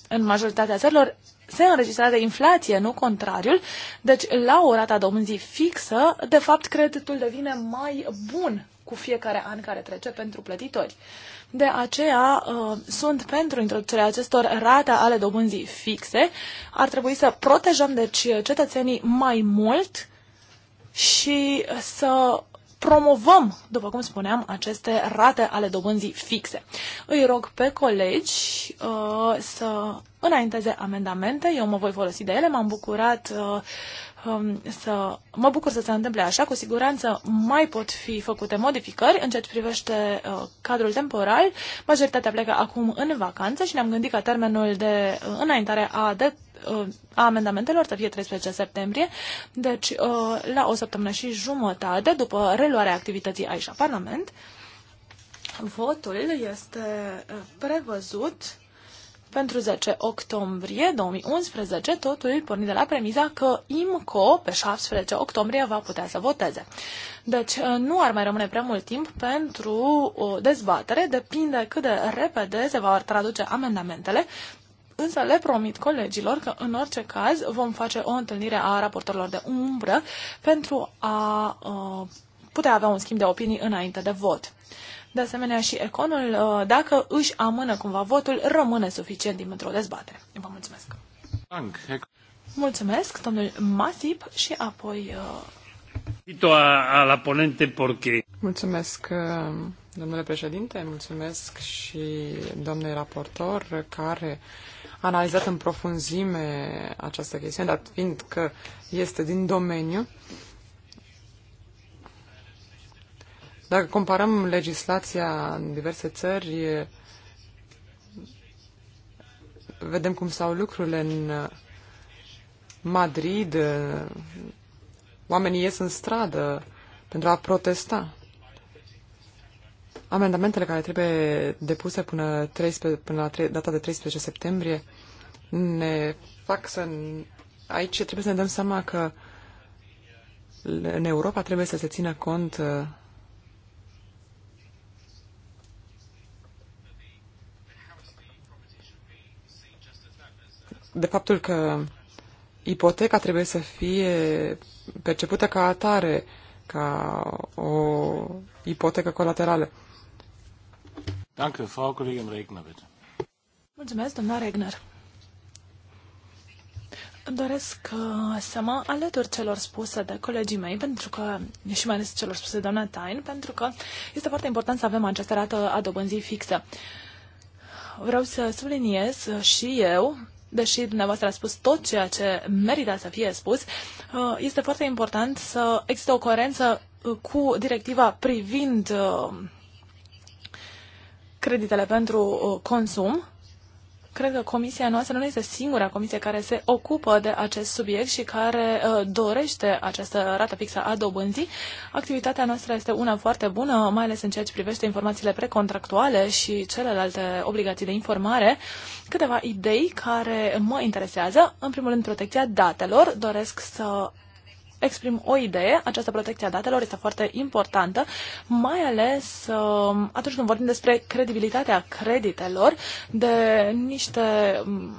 În majoritatea țărilor se înregistrează inflație, nu contrariul. Deci, la o rata dobânzii fixă, de fapt, creditul devine mai bun cu fiecare an care trece pentru plătitori. De aceea uh, sunt pentru introducerea acestor rate ale dobânzii fixe. Ar trebui să protejăm deci cetățenii mai mult și să promovăm, după cum spuneam, aceste rate ale dobânzii fixe. Îi rog pe colegi uh, să înainteze amendamente. Eu mă voi folosi de ele, m-am bucurat uh, um, să... Mă bucur să se întâmple așa. Cu siguranță mai pot fi făcute modificări în ceea ce privește uh, cadrul temporal. Majoritatea pleacă acum în vacanță și ne-am gândit ca termenul de uh, înaintare a, de, a amendamentelor să fie 13 septembrie, deci la o săptămână și jumătate după reluarea activității aici la Parlament. Votul este prevăzut pentru 10 octombrie 2011, totul pornit de la premiza că IMCO pe 17 octombrie va putea să voteze. Deci uh, nu ar mai rămâne prea mult timp pentru o uh, dezbatere, depinde cât de repede se va traduce amendamentele, Însă le promit colegilor că în orice caz vom face o întâlnire a raportorilor de umbră pentru a uh, putea avea un schimb de opinii înainte de vot. De asemenea, și Econul, uh, dacă își amână cumva votul, rămâne suficient din într-o dezbatere. Vă mulțumesc! Mulțumesc, domnul Masip, și apoi... Uh... A, Mulțumesc, uh, domnule președinte, mulțumesc și domnului raportor care a analizat în profunzime această chestiune, dar fiind că este din domeniu, Dacă comparăm legislația în diverse țări, vedem cum stau lucrurile în uh, Madrid. Uh, oamenii ies în stradă pentru a protesta. Amendamentele care trebuie depuse până, 13, până la 3, data de 13 septembrie ne fac să... Aici trebuie să ne dăm seama că în Europa trebuie să se țină cont uh, de faptul că ipoteca trebuie să fie percepută ca atare, ca o ipotecă colaterală. Danke, Frau Kollegin Regner, bitte. Mulțumesc, doamna Regner. Doresc uh, să mă alătur celor spuse de colegii mei, pentru că, și mai ales celor spuse de doamna Tain, pentru că este foarte important să avem această rată a dobânzii fixă. Vreau să subliniez și eu deși dumneavoastră a spus tot ceea ce merită să fie spus, uh, este foarte important să existe o coerență uh, cu directiva privind uh, creditele pentru consum Cred că comisia noastră nu este singura comisie care se ocupă de acest subiect și care uh, dorește această rată fixă a dobânzii. Activitatea noastră este una foarte bună, mai ales în ceea ce privește informațiile precontractuale și celelalte obligații de informare. Câteva idei care mă interesează. În primul rând, protecția datelor. Doresc să exprim o idee, această protecție a datelor este foarte importantă, mai ales um, atunci când vorbim despre credibilitatea creditelor, de niște um,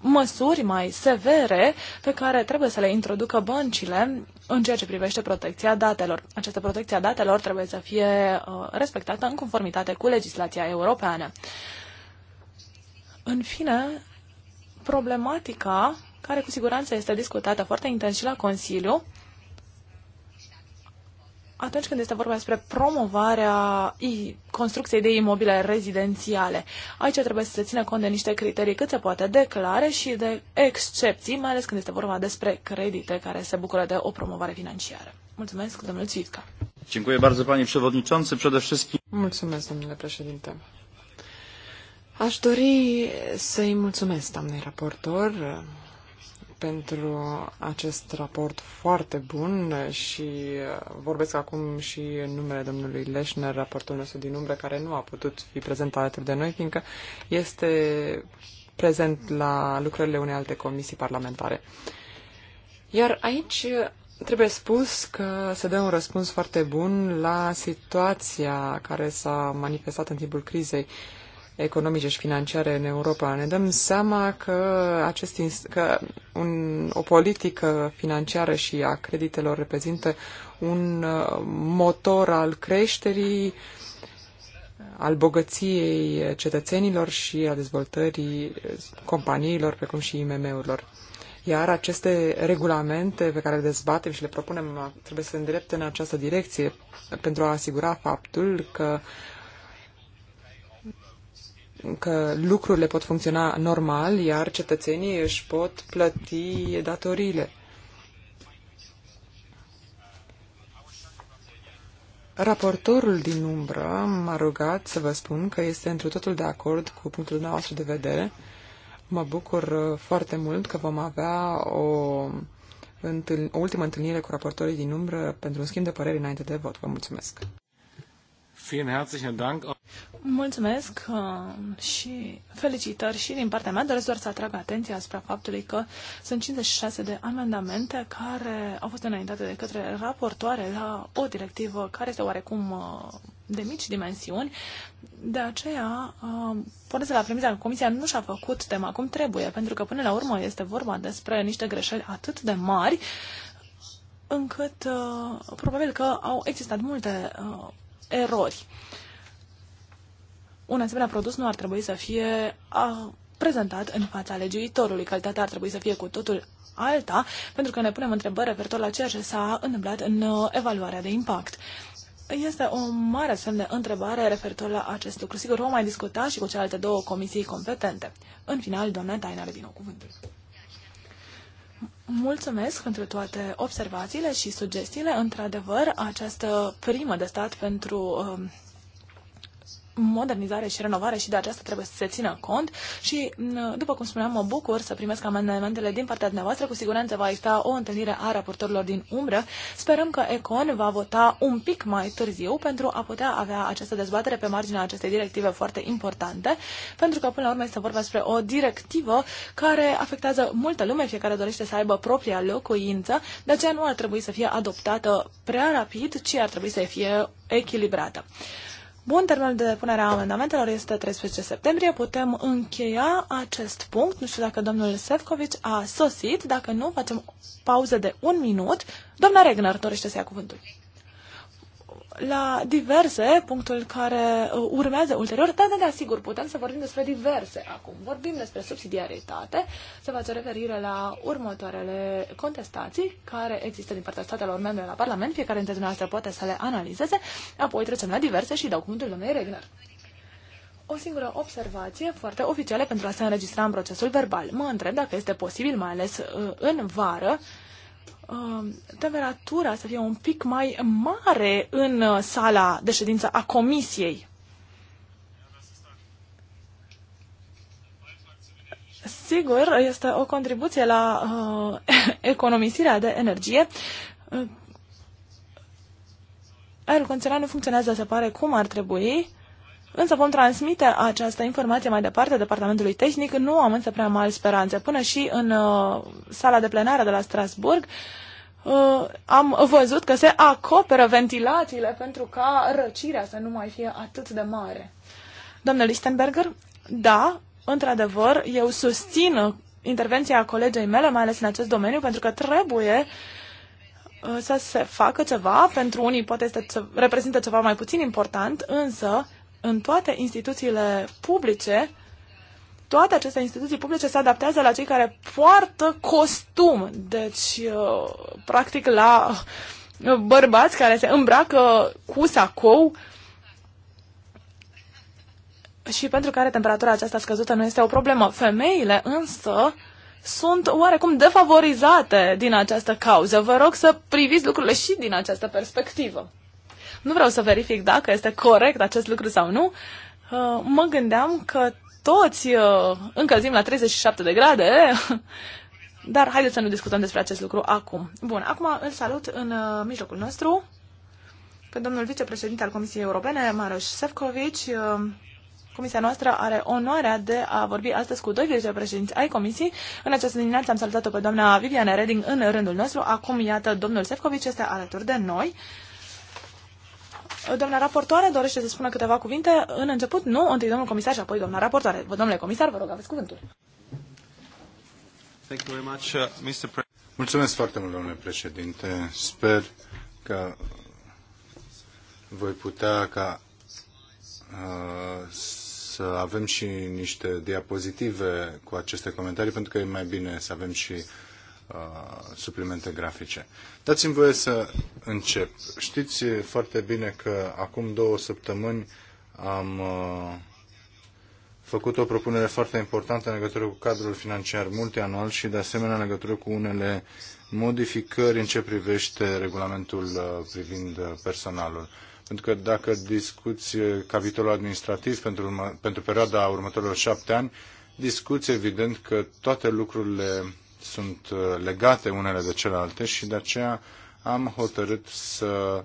măsuri mai severe pe care trebuie să le introducă băncile în ceea ce privește protecția datelor. Această protecție a datelor trebuie să fie uh, respectată în conformitate cu legislația europeană. În fine, problematica care cu siguranță este discutată foarte intens și la Consiliu, atunci când este vorba despre promovarea construcției de imobile rezidențiale. Aici trebuie să se țină cont de niște criterii cât se poate de clare și de excepții, mai ales când este vorba despre credite care se bucură de o promovare financiară. Mulțumesc, domnul Țuitca. Dziękuję bardzo, panie przewodniczący. Przede wszystkim... Mulțumesc, domnule președinte. Aș dori să-i mulțumesc, doamnei raportor, pentru acest raport foarte bun și uh, vorbesc acum și în numele domnului Leșner, raportul nostru din umbră, care nu a putut fi prezent alături de noi, fiindcă este prezent la lucrările unei alte comisii parlamentare. Iar aici uh, trebuie spus că se dă un răspuns foarte bun la situația care s-a manifestat în timpul crizei economice și financiare în Europa, ne dăm seama că, acest, că un, o politică financiară și a creditelor reprezintă un uh, motor al creșterii, al bogăției cetățenilor și a dezvoltării uh, companiilor, precum și IMM-urilor. Iar aceste regulamente pe care le dezbatem și le propunem uh, trebuie să se îndrepte în această direcție pentru a asigura faptul că uh, că lucrurile pot funcționa normal, iar cetățenii își pot plăti datoriile. Raportorul din umbră m-a rugat să vă spun că este întru totul de acord cu punctul nostru de vedere. Mă bucur uh, foarte mult că vom avea o, întâl- o ultimă întâlnire cu raportorii din umbră pentru un schimb de păreri înainte de vot. Vă mulțumesc! Mulțumesc uh, și felicitări și din partea mea. Doresc doar să atrag atenția asupra faptului că sunt 56 de amendamente care au fost înaintate de către raportoare la o directivă care este oarecum uh, de mici dimensiuni. De aceea, uh, puneți la premisa că Comisia nu și-a făcut tema cum trebuie, pentru că până la urmă este vorba despre niște greșeli atât de mari încât probabil că au existat multe erori un asemenea produs nu ar trebui să fie a, prezentat în fața legiuitorului. Calitatea ar trebui să fie cu totul alta, pentru că ne punem întrebări referitor la ceea ce s-a întâmplat în uh, evaluarea de impact. Este o mare semn de întrebare referitor la acest lucru. Sigur, vom mai discuta și cu celelalte două comisii competente. În final, doamna Taina are din nou cuvântul. Mulțumesc pentru toate observațiile și sugestiile. Într-adevăr, această primă de stat pentru uh, modernizare și renovare și de aceasta trebuie să se țină cont și, după cum spuneam, mă bucur să primesc amendamentele din partea dumneavoastră. Cu siguranță va exista o întâlnire a raportorilor din umbră. Sperăm că Econ va vota un pic mai târziu pentru a putea avea această dezbatere pe marginea acestei directive foarte importante, pentru că, până la urmă, este vorba despre o directivă care afectează multă lume, fiecare dorește să aibă propria locuință, de aceea nu ar trebui să fie adoptată prea rapid, ci ar trebui să fie echilibrată. Bun, termenul de depunere a amendamentelor este 13 septembrie. Putem încheia acest punct. Nu știu dacă domnul Sefcovic a sosit. Dacă nu, facem pauză de un minut. Doamna Regner dorește să ia cuvântul la diverse, punctul care uh, urmează ulterior, dar da, da, sigur, putem să vorbim despre diverse acum. Vorbim despre subsidiaritate, se face referire la următoarele contestații care există din partea statelor membre la Parlament, fiecare dintre dumneavoastră poate să le analizeze, apoi trecem la diverse și dau cuvântul domnului Regner. O singură observație foarte oficială pentru a se înregistra în procesul verbal. Mă întreb dacă este posibil, mai ales uh, în vară, Um, temperatura să fie un pic mai mare în uh, sala de ședință a comisiei. Sigur, este o contribuție la uh, economisirea de energie. Uh, aerul condiționat nu funcționează, se pare, cum ar trebui însă vom transmite această informație mai departe Departamentului Tehnic. Nu am însă prea mari speranțe. Până și în uh, sala de plenară de la Strasburg uh, am văzut că se acoperă ventilațiile pentru ca răcirea să nu mai fie atât de mare. Domnule Lichtenberger, da, într-adevăr, eu susțin intervenția colegei mele, mai ales în acest domeniu, pentru că trebuie uh, să se facă ceva. Pentru unii poate este ce, reprezintă ceva mai puțin important, însă în toate instituțiile publice, toate aceste instituții publice se adaptează la cei care poartă costum, deci uh, practic la uh, bărbați care se îmbracă cu sacou și pentru care temperatura aceasta scăzută nu este o problemă. Femeile însă sunt oarecum defavorizate din această cauză. Vă rog să priviți lucrurile și din această perspectivă. Nu vreau să verific dacă este corect acest lucru sau nu. Uh, mă gândeam că toți uh, încălzim la 37 de grade, dar haideți să nu discutăm despre acest lucru acum. Bun, acum îl salut în uh, mijlocul nostru pe domnul vicepreședinte al Comisiei Europene, Maroș Sefcovici. Comisia noastră are onoarea de a vorbi astăzi cu doi vicepreședinți ai Comisiei. În această dimineață am salutat-o pe doamna Viviane Reding în rândul nostru. Acum, iată, domnul Sefcovici este alături de noi. Doamna raportoare dorește să spună câteva cuvinte în început? Nu, întâi domnul comisar și apoi doamna raportoare. Domnule comisar, vă rog, aveți cuvântul. Uh, Mulțumesc foarte mult, domnule președinte. Sper că voi putea ca uh, să avem și niște diapozitive cu aceste comentarii, pentru că e mai bine să avem și Uh, suplimente grafice. Dați-mi voie să încep. Știți foarte bine că acum două săptămâni am uh, făcut o propunere foarte importantă în legătură cu cadrul financiar multianual și de asemenea în legătură cu unele modificări în ce privește regulamentul uh, privind personalul. Pentru că dacă discuți capitolul administrativ pentru, pentru perioada următorilor șapte ani, discuți evident că toate lucrurile sunt uh, legate unele de celelalte și de aceea am hotărât să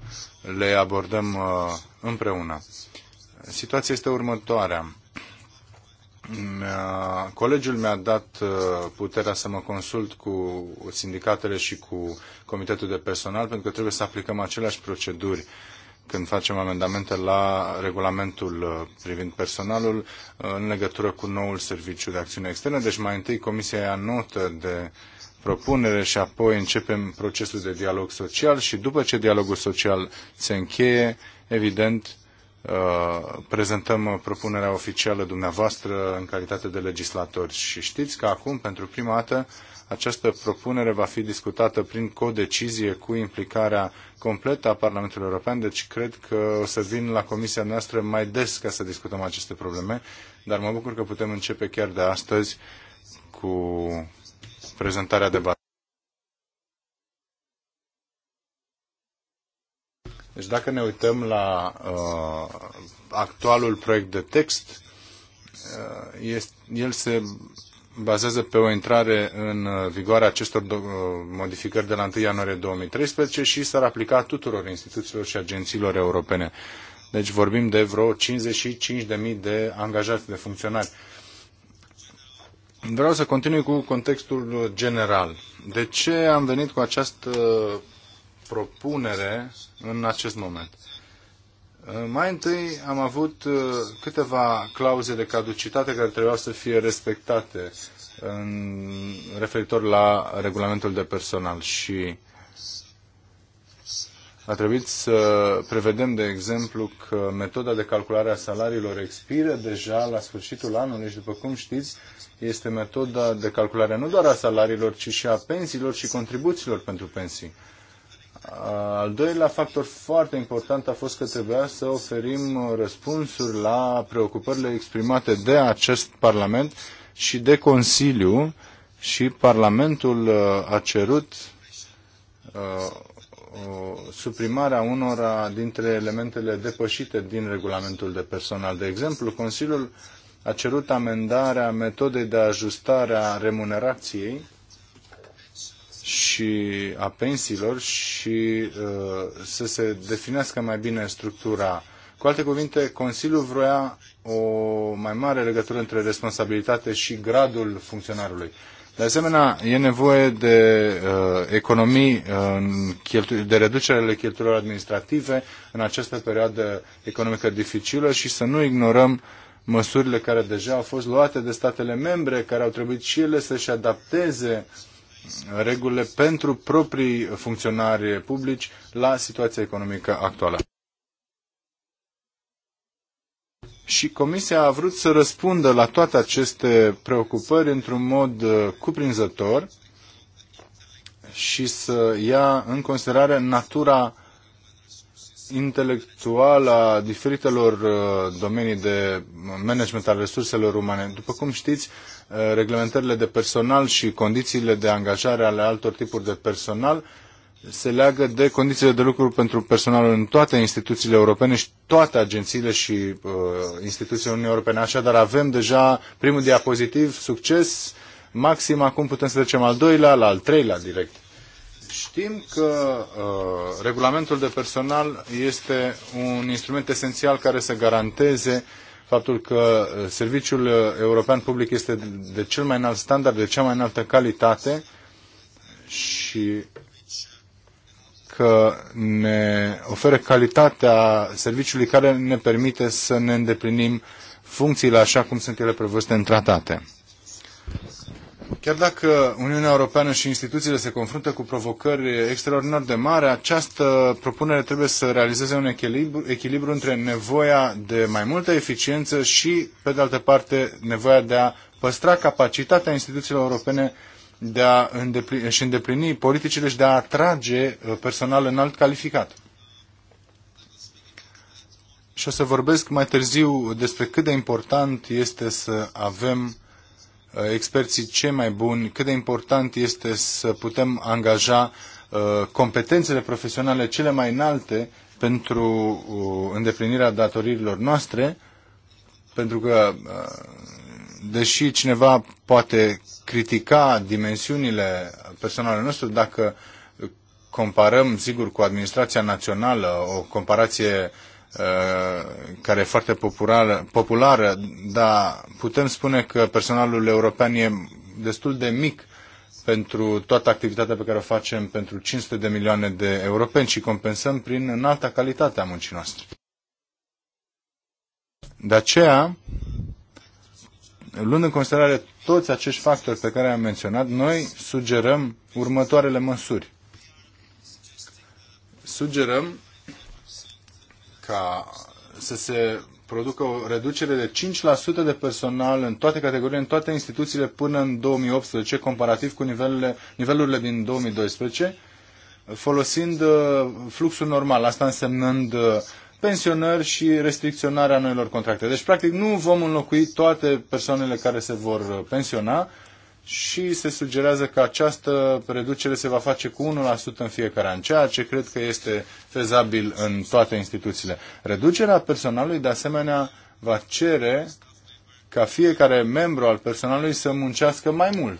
le abordăm uh, împreună. Situația este următoarea. Mm, uh, colegiul mi-a dat puterea să mă consult cu sindicatele și cu comitetul de personal pentru că trebuie să aplicăm aceleași proceduri când facem amendamente la regulamentul uh, privind personalul uh, în legătură cu noul serviciu de acțiune externă. Deci mai întâi Comisia ia notă de propunere și apoi începem procesul de dialog social și după ce dialogul social se încheie, evident, uh, prezentăm propunerea oficială dumneavoastră în calitate de legislatori și știți că acum, pentru prima dată, această propunere va fi discutată prin codecizie cu implicarea completă a Parlamentului European, deci cred că o să vin la comisia noastră mai des ca să discutăm aceste probleme, dar mă bucur că putem începe chiar de astăzi cu prezentarea de bază. Deci dacă ne uităm la uh, actualul proiect de text, uh, este, el se bazează pe o intrare în uh, vigoare acestor uh, modificări de la 1 ianuarie 2013 și s-ar aplica tuturor instituțiilor și agențiilor europene. Deci vorbim de vreo 55.000 de angajați, de funcționari. Vreau să continui cu contextul general. De ce am venit cu această propunere în acest moment? Uh, mai întâi am avut uh, câteva clauze de caducitate care trebuiau să fie respectate în referitor la regulamentul de personal și a trebuit să prevedem, de exemplu, că metoda de calculare a salariilor expiră deja la sfârșitul anului și, după cum știți, este metoda de calculare nu doar a salariilor, ci și a pensiilor și contribuțiilor pentru pensii. Al doilea factor foarte important a fost că trebuia să oferim răspunsuri la preocupările exprimate de acest Parlament și de Consiliu și Parlamentul uh, a cerut uh, suprimarea unora dintre elementele depășite din regulamentul de personal. De exemplu, Consiliul a cerut amendarea metodei de ajustare a remunerației și a pensiilor și uh, să se definească mai bine structura. Cu alte cuvinte, Consiliul vroia o mai mare legătură între responsabilitate și gradul funcționarului. De asemenea, e nevoie de uh, economii, uh, de ale cheltuielor administrative în această perioadă economică dificilă și să nu ignorăm măsurile care deja au fost luate de statele membre, care au trebuit și ele să-și adapteze uh, regulile pentru proprii funcționari publici la situația economică actuală. Și Comisia a vrut să răspundă la toate aceste preocupări într-un mod uh, cuprinzător și să ia în considerare natura intelectual a diferitelor uh, domenii de management al resurselor umane. După cum știți, uh, reglementările de personal și condițiile de angajare ale altor tipuri de personal se leagă de condițiile de lucru pentru personalul în toate instituțiile europene și toate agențiile și uh, instituțiile Uniunii Europene. Așadar, avem deja primul diapozitiv, succes maxim, acum putem să trecem al doilea, la al treilea direct. Știm că uh, regulamentul de personal este un instrument esențial care să garanteze faptul că uh, serviciul uh, european public este de cel mai înalt standard, de cea mai înaltă calitate și că ne oferă calitatea serviciului care ne permite să ne îndeplinim funcțiile așa cum sunt ele prevăzute în tratate. Chiar dacă Uniunea Europeană și instituțiile se confruntă cu provocări extraordinar de mari, această propunere trebuie să realizeze un echilibru, echilibru între nevoia de mai multă eficiență și, pe de altă parte, nevoia de a păstra capacitatea instituțiilor europene de a îndeplini, și îndeplini politicile și de a atrage uh, personal înalt calificat. Și o să vorbesc mai târziu despre cât de important este să avem Uh, experții cei mai buni, cât de important este să putem angaja uh, competențele profesionale cele mai înalte pentru uh, îndeplinirea datoririlor noastre, pentru că deși cineva poate critica dimensiunile personalului nostru, dacă comparăm, sigur, cu administrația națională, o comparație Uh, care e foarte populară, populară, dar putem spune că personalul european e destul de mic pentru toată activitatea pe care o facem pentru 500 de milioane de europeni și compensăm prin înalta calitate a muncii noastre. De aceea, luând în considerare toți acești factori pe care am menționat, noi sugerăm următoarele măsuri. Sugerăm ca să se producă o reducere de 5% de personal în toate categoriile, în toate instituțiile până în 2018, comparativ cu nivelurile, nivelurile din 2012, folosind uh, fluxul normal, asta însemnând uh, pensionări și restricționarea noilor contracte. Deci, practic, nu vom înlocui toate persoanele care se vor uh, pensiona, și se sugerează că această reducere se va face cu 1% în fiecare an, ceea ce cred că este fezabil în toate instituțiile. Reducerea personalului, de asemenea, va cere ca fiecare membru al personalului să muncească mai mult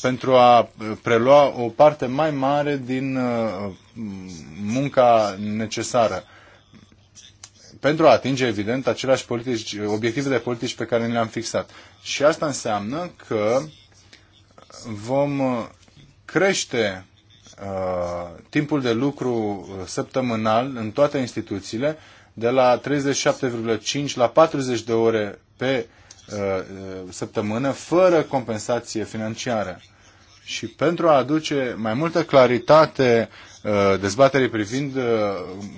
pentru a uh, prelua o parte mai mare din uh, munca necesară pentru a atinge, evident, aceleași politici, obiective de politici pe care ne le-am fixat. Și asta înseamnă că vom uh, crește uh, timpul de lucru uh, săptămânal în toate instituțiile de la 37,5 la 40 de ore pe uh, uh, săptămână fără compensație financiară. Și pentru a aduce mai multă claritate uh, dezbaterii privind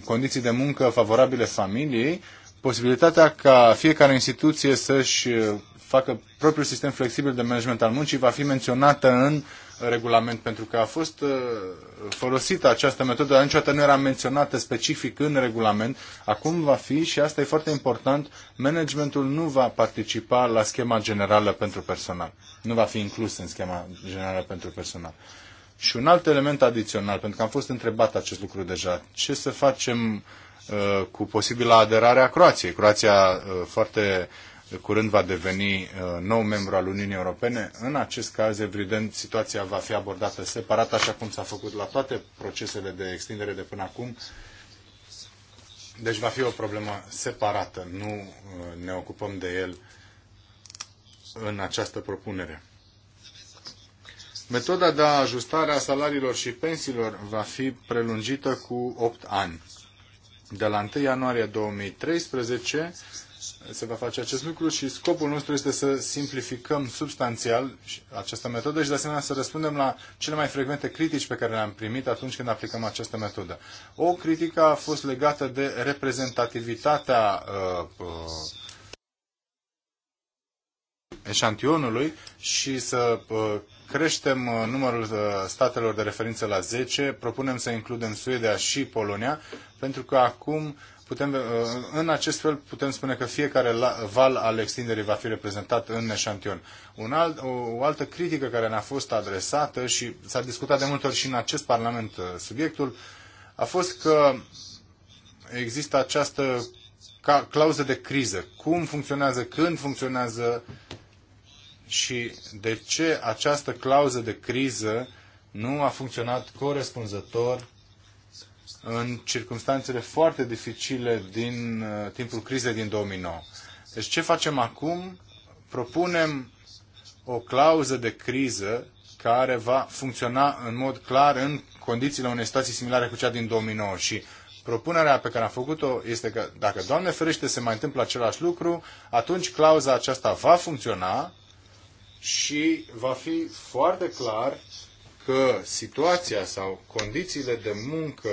condiții de muncă favorabile familiei, posibilitatea ca fiecare instituție să-și facă propriul sistem flexibil de management al muncii, va fi menționată în regulament, pentru că a fost uh, folosită această metodă, dar niciodată nu era menționată specific în regulament. Acum va fi și asta e foarte important, managementul nu va participa la schema generală pentru personal. Nu va fi inclus în schema generală pentru personal. Și un alt element adițional, pentru că am fost întrebat acest lucru deja, ce să facem uh, cu posibila aderare a Croației. Croația uh, foarte curând va deveni uh, nou membru al Uniunii Europene. În acest caz, evident, situația va fi abordată separat, așa cum s-a făcut la toate procesele de extindere de până acum. Deci va fi o problemă separată, nu uh, ne ocupăm de el în această propunere. Metoda de ajustare a salariilor și pensiilor va fi prelungită cu 8 ani. De la 1 ianuarie 2013, se va face acest lucru și scopul nostru este să simplificăm substanțial această metodă și de asemenea să răspundem la cele mai frecvente critici pe care le-am primit atunci când aplicăm această metodă. O critică a fost legată de reprezentativitatea uh, uh, eșantionului și să uh, creștem uh, numărul uh, statelor de referință la 10, propunem să includem Suedia și Polonia, pentru că acum putem, uh, în acest fel putem spune că fiecare val al extinderii va fi reprezentat în eșantion. Un alt, o altă critică care ne-a fost adresată și s-a discutat de multe ori și în acest Parlament uh, subiectul, a fost că există această clauză de criză. Cum funcționează, când funcționează și de ce această clauză de criză nu a funcționat corespunzător în circunstanțele foarte dificile din uh, timpul crizei din 2009. Deci ce facem acum? Propunem o clauză de criză care va funcționa în mod clar în condițiile unei situații similare cu cea din 2009 și propunerea pe care am făcut-o este că dacă, Doamne ferește, se mai întâmplă același lucru, atunci clauza aceasta va funcționa și va fi foarte clar că situația sau condițiile de muncă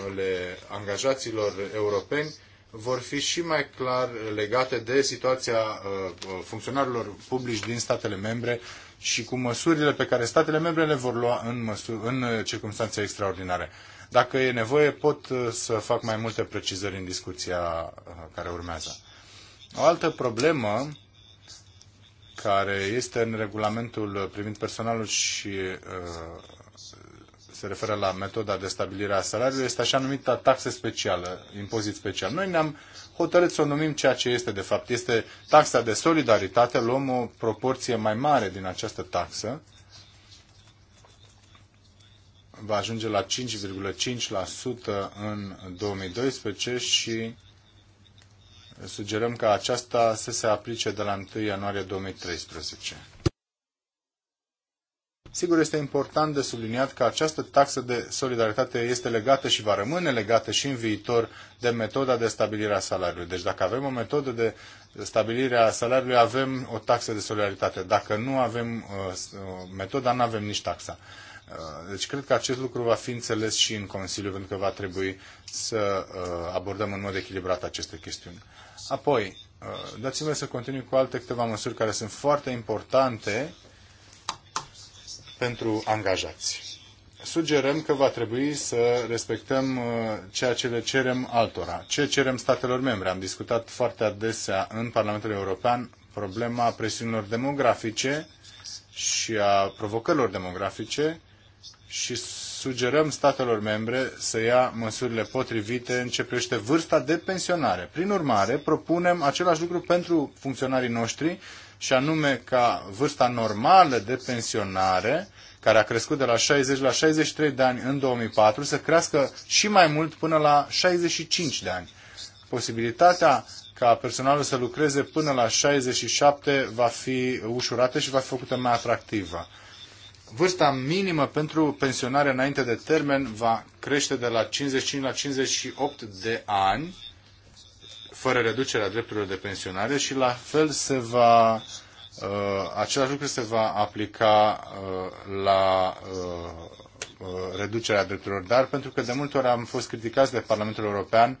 ale angajaților europeni vor fi și mai clar legate de situația uh, funcționarilor publici din statele membre și cu măsurile pe care statele membre le vor lua în, măsuri, în circunstanțe extraordinare. Dacă e nevoie, pot uh, să fac mai multe precizări în discuția uh, care urmează. O altă problemă care este în regulamentul privind personalul și uh, se referă la metoda de stabilire a salariului, este așa numită taxă specială, impozit special. Noi ne-am hotărât să o numim ceea ce este de fapt. Este taxa de solidaritate, luăm o proporție mai mare din această taxă, va ajunge la 5,5% în 2012 și sugerăm ca aceasta să se aplice de la 1 ianuarie 2013. Sigur, este important de subliniat că această taxă de solidaritate este legată și va rămâne legată și în viitor de metoda de stabilire a salariului. Deci dacă avem o metodă de stabilire a salariului, avem o taxă de solidaritate. Dacă nu avem uh, uh metoda, nu avem nici taxa. Uh, deci cred că acest lucru va fi înțeles și în Consiliu, pentru că va trebui să uh, abordăm în mod echilibrat aceste chestiuni. Apoi, dați-mi să continui cu alte câteva măsuri care sunt foarte importante pentru angajați. Sugerăm că va trebui să respectăm uh, ceea ce le cerem altora. Ce cerem statelor membre? Am discutat foarte adesea în Parlamentul European problema presiunilor demografice și a provocărilor demografice și sugerăm statelor membre să ia măsurile potrivite în ce privește vârsta de pensionare. Prin urmare, propunem același lucru pentru funcționarii noștri și anume ca vârsta normală de pensionare, care a crescut de la 60 la 63 de ani în 2004, să crească și mai mult până la 65 de ani. Posibilitatea ca personalul să lucreze până la 67 va fi ușurată și va fi făcută mai atractivă. Vârsta minimă pentru pensionare înainte de termen va crește de la 55 la 58 de ani, fără reducerea drepturilor de pensionare și la fel se va, uh, același lucru se va aplica uh, la uh, reducerea drepturilor, dar pentru că de multe ori am fost criticați de Parlamentul European,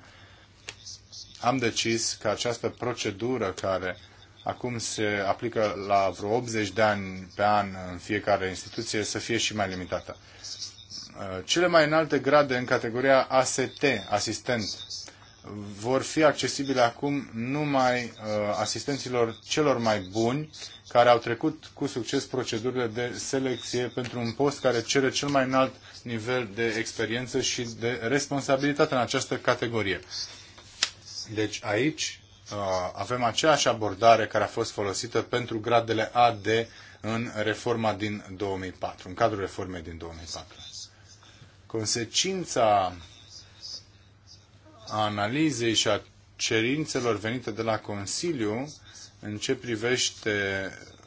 am decis că această procedură care acum se aplică la vreo 80 de ani pe an în fiecare instituție să fie și mai limitată. Cele mai înalte grade în categoria AST, asistent vor fi accesibile acum numai uh, asistenților celor mai buni care au trecut cu succes procedurile de selecție pentru un post care cere cel mai înalt nivel de experiență și de responsabilitate în această categorie. Deci aici uh, avem aceeași abordare care a fost folosită pentru gradele AD în reforma din 2004, în cadrul reformei din 2004. Consecința analizei și a cerințelor venite de la Consiliu în ce privește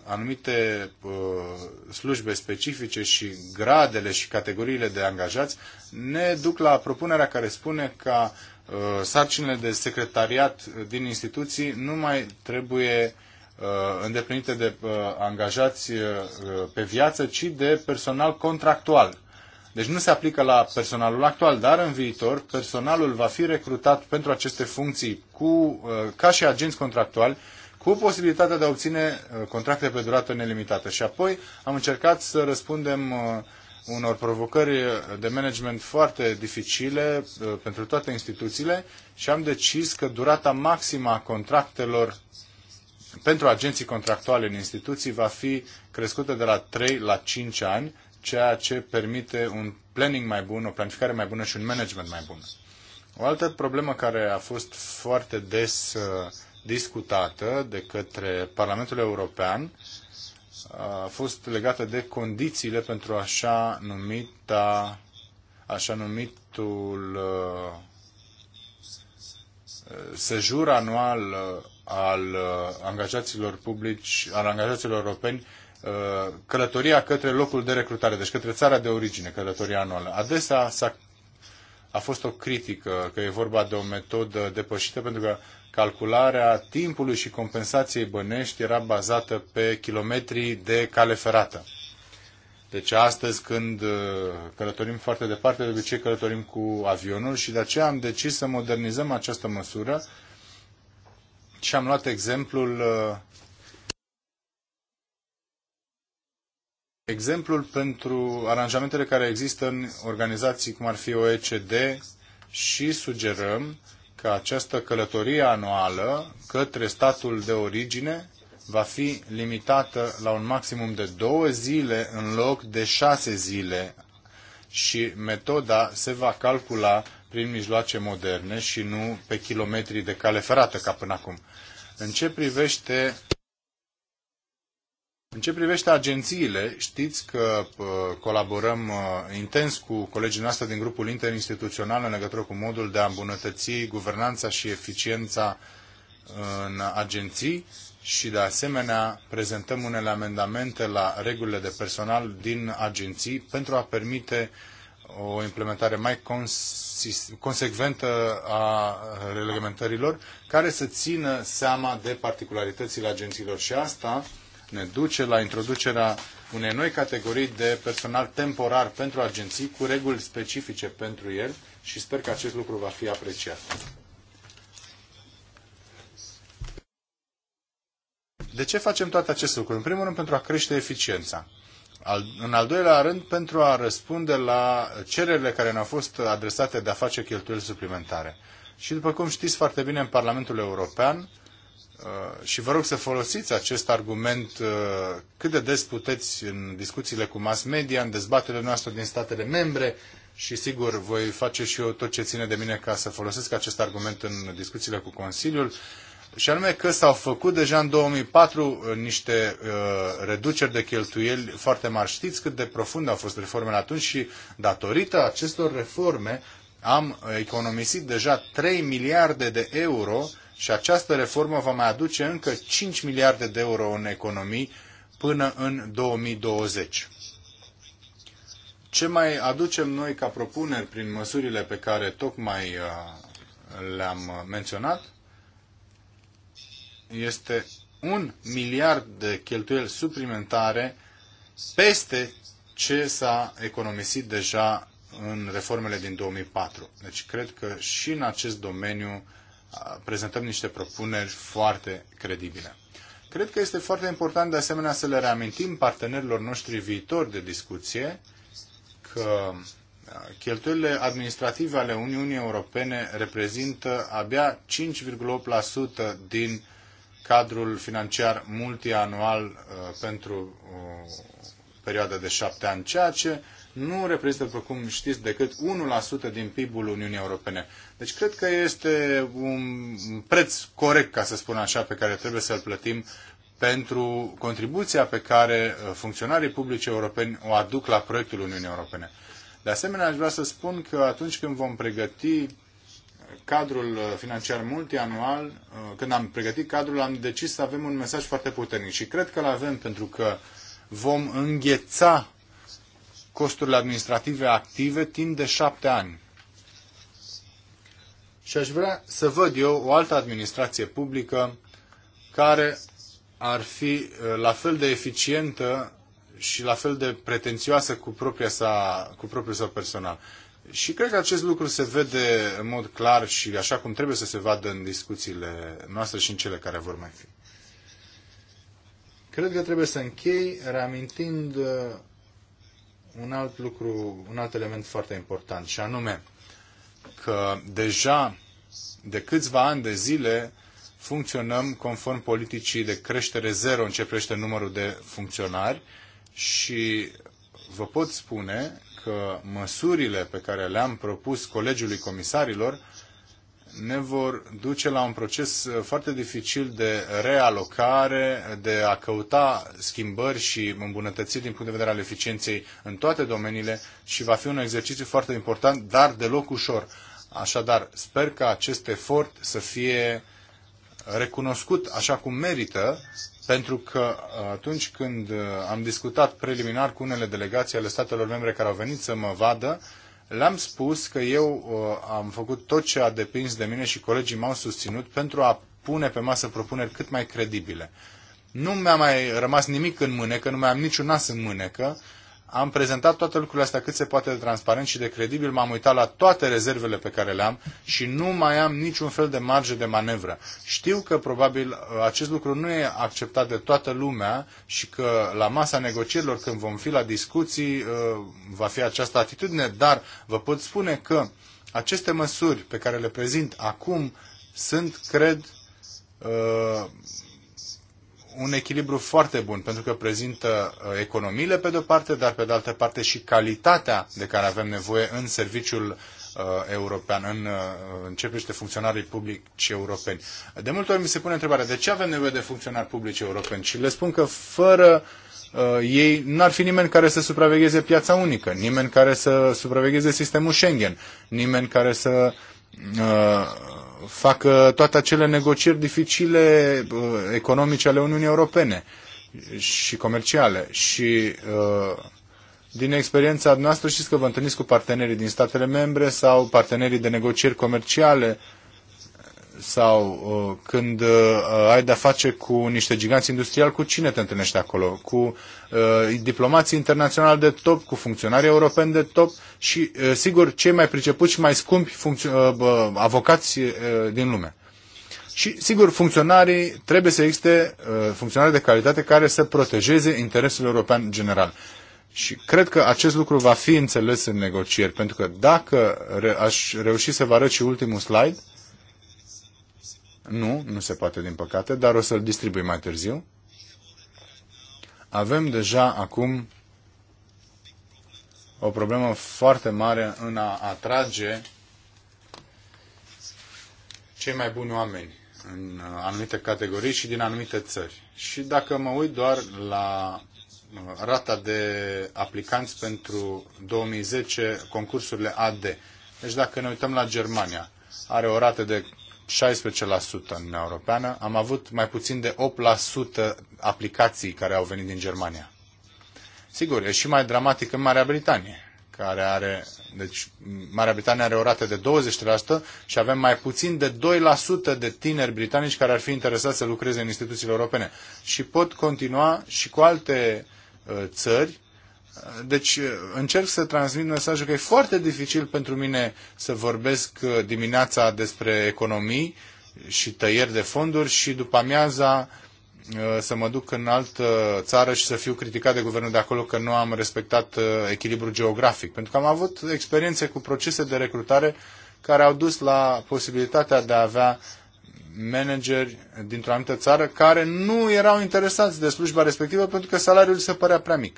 anumite uh, slujbe specifice și gradele și categoriile de angajați ne duc la propunerea care spune că uh, sarcinile de secretariat din instituții nu mai trebuie uh, îndeplinite de uh, angajați uh, pe viață, ci de personal contractual. Deci nu se aplică la personalul actual, dar în viitor personalul va fi recrutat pentru aceste funcții cu, uh, ca și agenți contractuali cu posibilitatea de a obține uh, contracte pe durată nelimitată. Și apoi am încercat să răspundem uh, unor provocări de management foarte dificile pentru toate instituțiile și am decis că durata maximă a contractelor pentru agenții contractuale în instituții va fi crescută de la 3 la 5 ani, ceea ce permite un planning mai bun, o planificare mai bună și un management mai bun. O altă problemă care a fost foarte des uh, discutată de către Parlamentul European uh, a fost legată de condițiile pentru așa numita așa numitul uh, sejur anual al angajaților publici, al angajaților europeni Uh, călătoria către locul de recrutare, deci către țara de origine, călătoria anuală. Adesea s-a, a fost o critică că e vorba de o metodă depășită pentru că calcularea timpului și compensației bănești era bazată pe kilometri de cale ferată. Deci astăzi când uh, călătorim foarte departe, de obicei călătorim cu avionul și de aceea am decis să modernizăm această măsură și am luat exemplul uh, exemplul pentru aranjamentele care există în organizații cum ar fi OECD și sugerăm că această călătorie anuală către statul de origine va fi limitată la un maximum de două zile în loc de șase zile și metoda se va calcula prin mijloace moderne și nu pe kilometri de cale ferată ca până acum. În ce privește în ce privește agențiile, știți că colaborăm ă, intens cu colegii noastre din grupul interinstituțional în legătură cu modul de a îmbunătăți guvernanța și eficiența în agenții și de asemenea prezentăm unele amendamente la regulile de personal din agenții pentru a permite o implementare mai consecventă a reglementărilor care să țină seama de particularitățile agențiilor și asta ne duce la introducerea unei noi categorii de personal temporar pentru agenții cu reguli specifice pentru el și sper că acest lucru va fi apreciat. De ce facem toate aceste lucruri? În primul rând pentru a crește eficiența. Al, în al doilea rând pentru a răspunde la cererile care ne-au fost adresate de a face cheltuieli suplimentare. Și după cum știți foarte bine, în Parlamentul European, Uh, și vă rog să folosiți acest argument uh, cât de des puteți în discuțiile cu mass media, în dezbaterile noastre din statele membre și sigur voi face și eu tot ce ține de mine ca să folosesc acest argument în discuțiile cu Consiliul și anume că s-au făcut deja în 2004 uh, niște uh, reduceri de cheltuieli foarte mari. Știți cât de profunde au fost reformele atunci și datorită acestor reforme am economisit deja 3 miliarde de euro uh, și această reformă va mai aduce încă 5 miliarde de euro în economii până în 2020. Ce mai aducem noi ca propuneri prin măsurile pe care tocmai uh, le-am uh, menționat este un miliard de cheltuieli suplimentare peste ce s-a economisit deja în reformele din 2004. Deci cred că și în acest domeniu prezentăm niște propuneri foarte credibile. Cred că este foarte important de asemenea să le reamintim partenerilor noștri viitori de discuție că uh, cheltuielile administrative ale Uniunii Europene reprezintă abia 5,8% din cadrul financiar multianual uh, pentru o uh, perioadă de șapte ani, ceea ce nu reprezintă, după cum știți, decât 1% din PIB-ul Uniunii Europene. Deci cred că este un preț corect, ca să spun așa, pe care trebuie să-l plătim pentru contribuția pe care uh, funcționarii publici europeni o aduc la proiectul Uniunii Europene. De asemenea, aș vrea să spun că atunci când vom pregăti cadrul uh, financiar multianual, uh, când am pregătit cadrul, am decis să avem un mesaj foarte puternic și cred că l avem pentru că vom îngheța costurile administrative active timp de șapte ani. Și aș vrea să văd eu o altă administrație publică care ar fi uh, la fel de eficientă și la fel de pretențioasă cu, propria sa, cu propriul său personal. Și cred că acest lucru se vede în mod clar și așa cum trebuie să se vadă în discuțiile noastre și în cele care vor mai fi. Cred că trebuie să închei reamintind uh, un alt lucru, un alt element foarte important și anume că deja de câțiva ani de zile funcționăm conform politicii de creștere zero în ce privește numărul de funcționari și vă pot spune că măsurile pe care le-am propus Colegiului Comisarilor ne vor duce la un proces uh, foarte dificil de realocare, de a căuta schimbări și îmbunătățiri din punct de vedere al eficienței în toate domeniile și va fi un exercițiu foarte important, dar deloc ușor. Așadar, sper că acest efort să fie recunoscut așa cum merită, pentru că uh, atunci când uh, am discutat preliminar cu unele delegații ale statelor membre care au venit să mă vadă, le-am spus că eu uh, am făcut tot ce a depins de mine și colegii m-au susținut pentru a pune pe masă propuneri cât mai credibile. Nu mi-a mai rămas nimic în mânecă, nu mai am niciun nas în mânecă am prezentat toate lucrurile astea cât se poate de transparent și de credibil, m-am uitat la toate rezervele pe care le am și nu mai am niciun fel de marge de manevră. Știu că probabil uh, acest lucru nu e acceptat de toată lumea și că la masa negocierilor, când vom fi la discuții, uh, va fi această atitudine, dar vă pot spune că aceste măsuri pe care le prezint acum sunt, cred, uh, un echilibru foarte bun, pentru că prezintă uh, economiile pe de-o parte, dar pe de altă parte și calitatea de care avem nevoie în serviciul uh, european, în, uh, în ce privește funcționarii publici europeni. De multe ori mi se pune întrebarea, de ce avem nevoie de funcționari publici europeni? Și le spun că fără uh, ei n-ar fi nimeni care să supravegheze piața unică, nimeni care să supravegheze sistemul Schengen, nimeni care să... Uh, facă toate acele negocieri dificile uh, economice ale Uniunii Europene și comerciale. Și uh, din experiența noastră știți că vă întâlniți cu partenerii din statele membre sau partenerii de negocieri comerciale sau uh, când uh, ai de-a face cu niște giganți industriali, cu cine te întâlnești acolo? Cu uh, diplomații internaționali de top, cu funcționari europeni de top și, uh, sigur, cei mai pricepuți și mai scumpi uh, avocați uh, din lume. Și, sigur, funcționarii trebuie să existe uh, funcționari de calitate care să protejeze interesul european general. Și cred că acest lucru va fi înțeles în negocieri, pentru că dacă re- aș reuși să vă arăt și ultimul slide, uh, nu, nu se poate din păcate, dar o să-l distribui mai târziu. Avem deja acum o problemă foarte mare în a atrage cei mai buni oameni în anumite categorii și din anumite țări. Și dacă mă uit doar la uh, rata de aplicanți pentru 2010 concursurile AD. Deci dacă ne uităm la Germania, are o rată de 16% în Uniunea Europeană, am avut mai puțin de 8% aplicații care au venit din Germania. Sigur, e și mai dramatic în Marea Britanie, care are, deci Marea Britanie are o rată de 20% și avem mai puțin de 2% de tineri britanici care ar fi interesați să lucreze în instituțiile europene. Și pot continua și cu alte uh, țări deci uh, încerc să transmit mesajul că e foarte dificil pentru mine să vorbesc uh, dimineața despre economii și tăieri de fonduri și după amiaza uh, să mă duc în altă țară și să fiu criticat de guvernul de acolo că nu am respectat echilibrul geografic. Pentru că am avut experiențe cu procese de recrutare care au dus la posibilitatea de a avea manageri dintr-o anumită țară care nu erau interesați de slujba respectivă pentru că salariul se părea prea mic.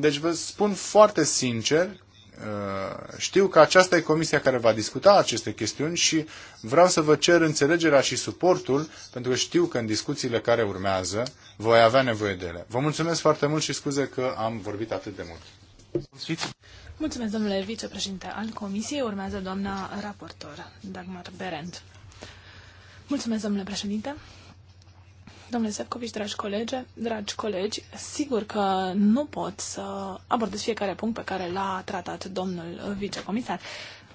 Deci vă spun foarte sincer, uh, știu că aceasta e comisia care va discuta aceste chestiuni și vreau să vă cer înțelegerea și suportul, pentru că știu că în discuțiile care urmează voi avea nevoie de ele. Vă mulțumesc foarte mult și scuze că am vorbit atât de mult. Mulțumesc, domnule vicepreședinte al comisiei. Urmează doamna raportor, Dagmar Berend. Mulțumesc, domnule președinte. Domnule Sefcovici, dragi colegi, dragi colegi, sigur că nu pot să abordez fiecare punct pe care l-a tratat domnul vicecomisar.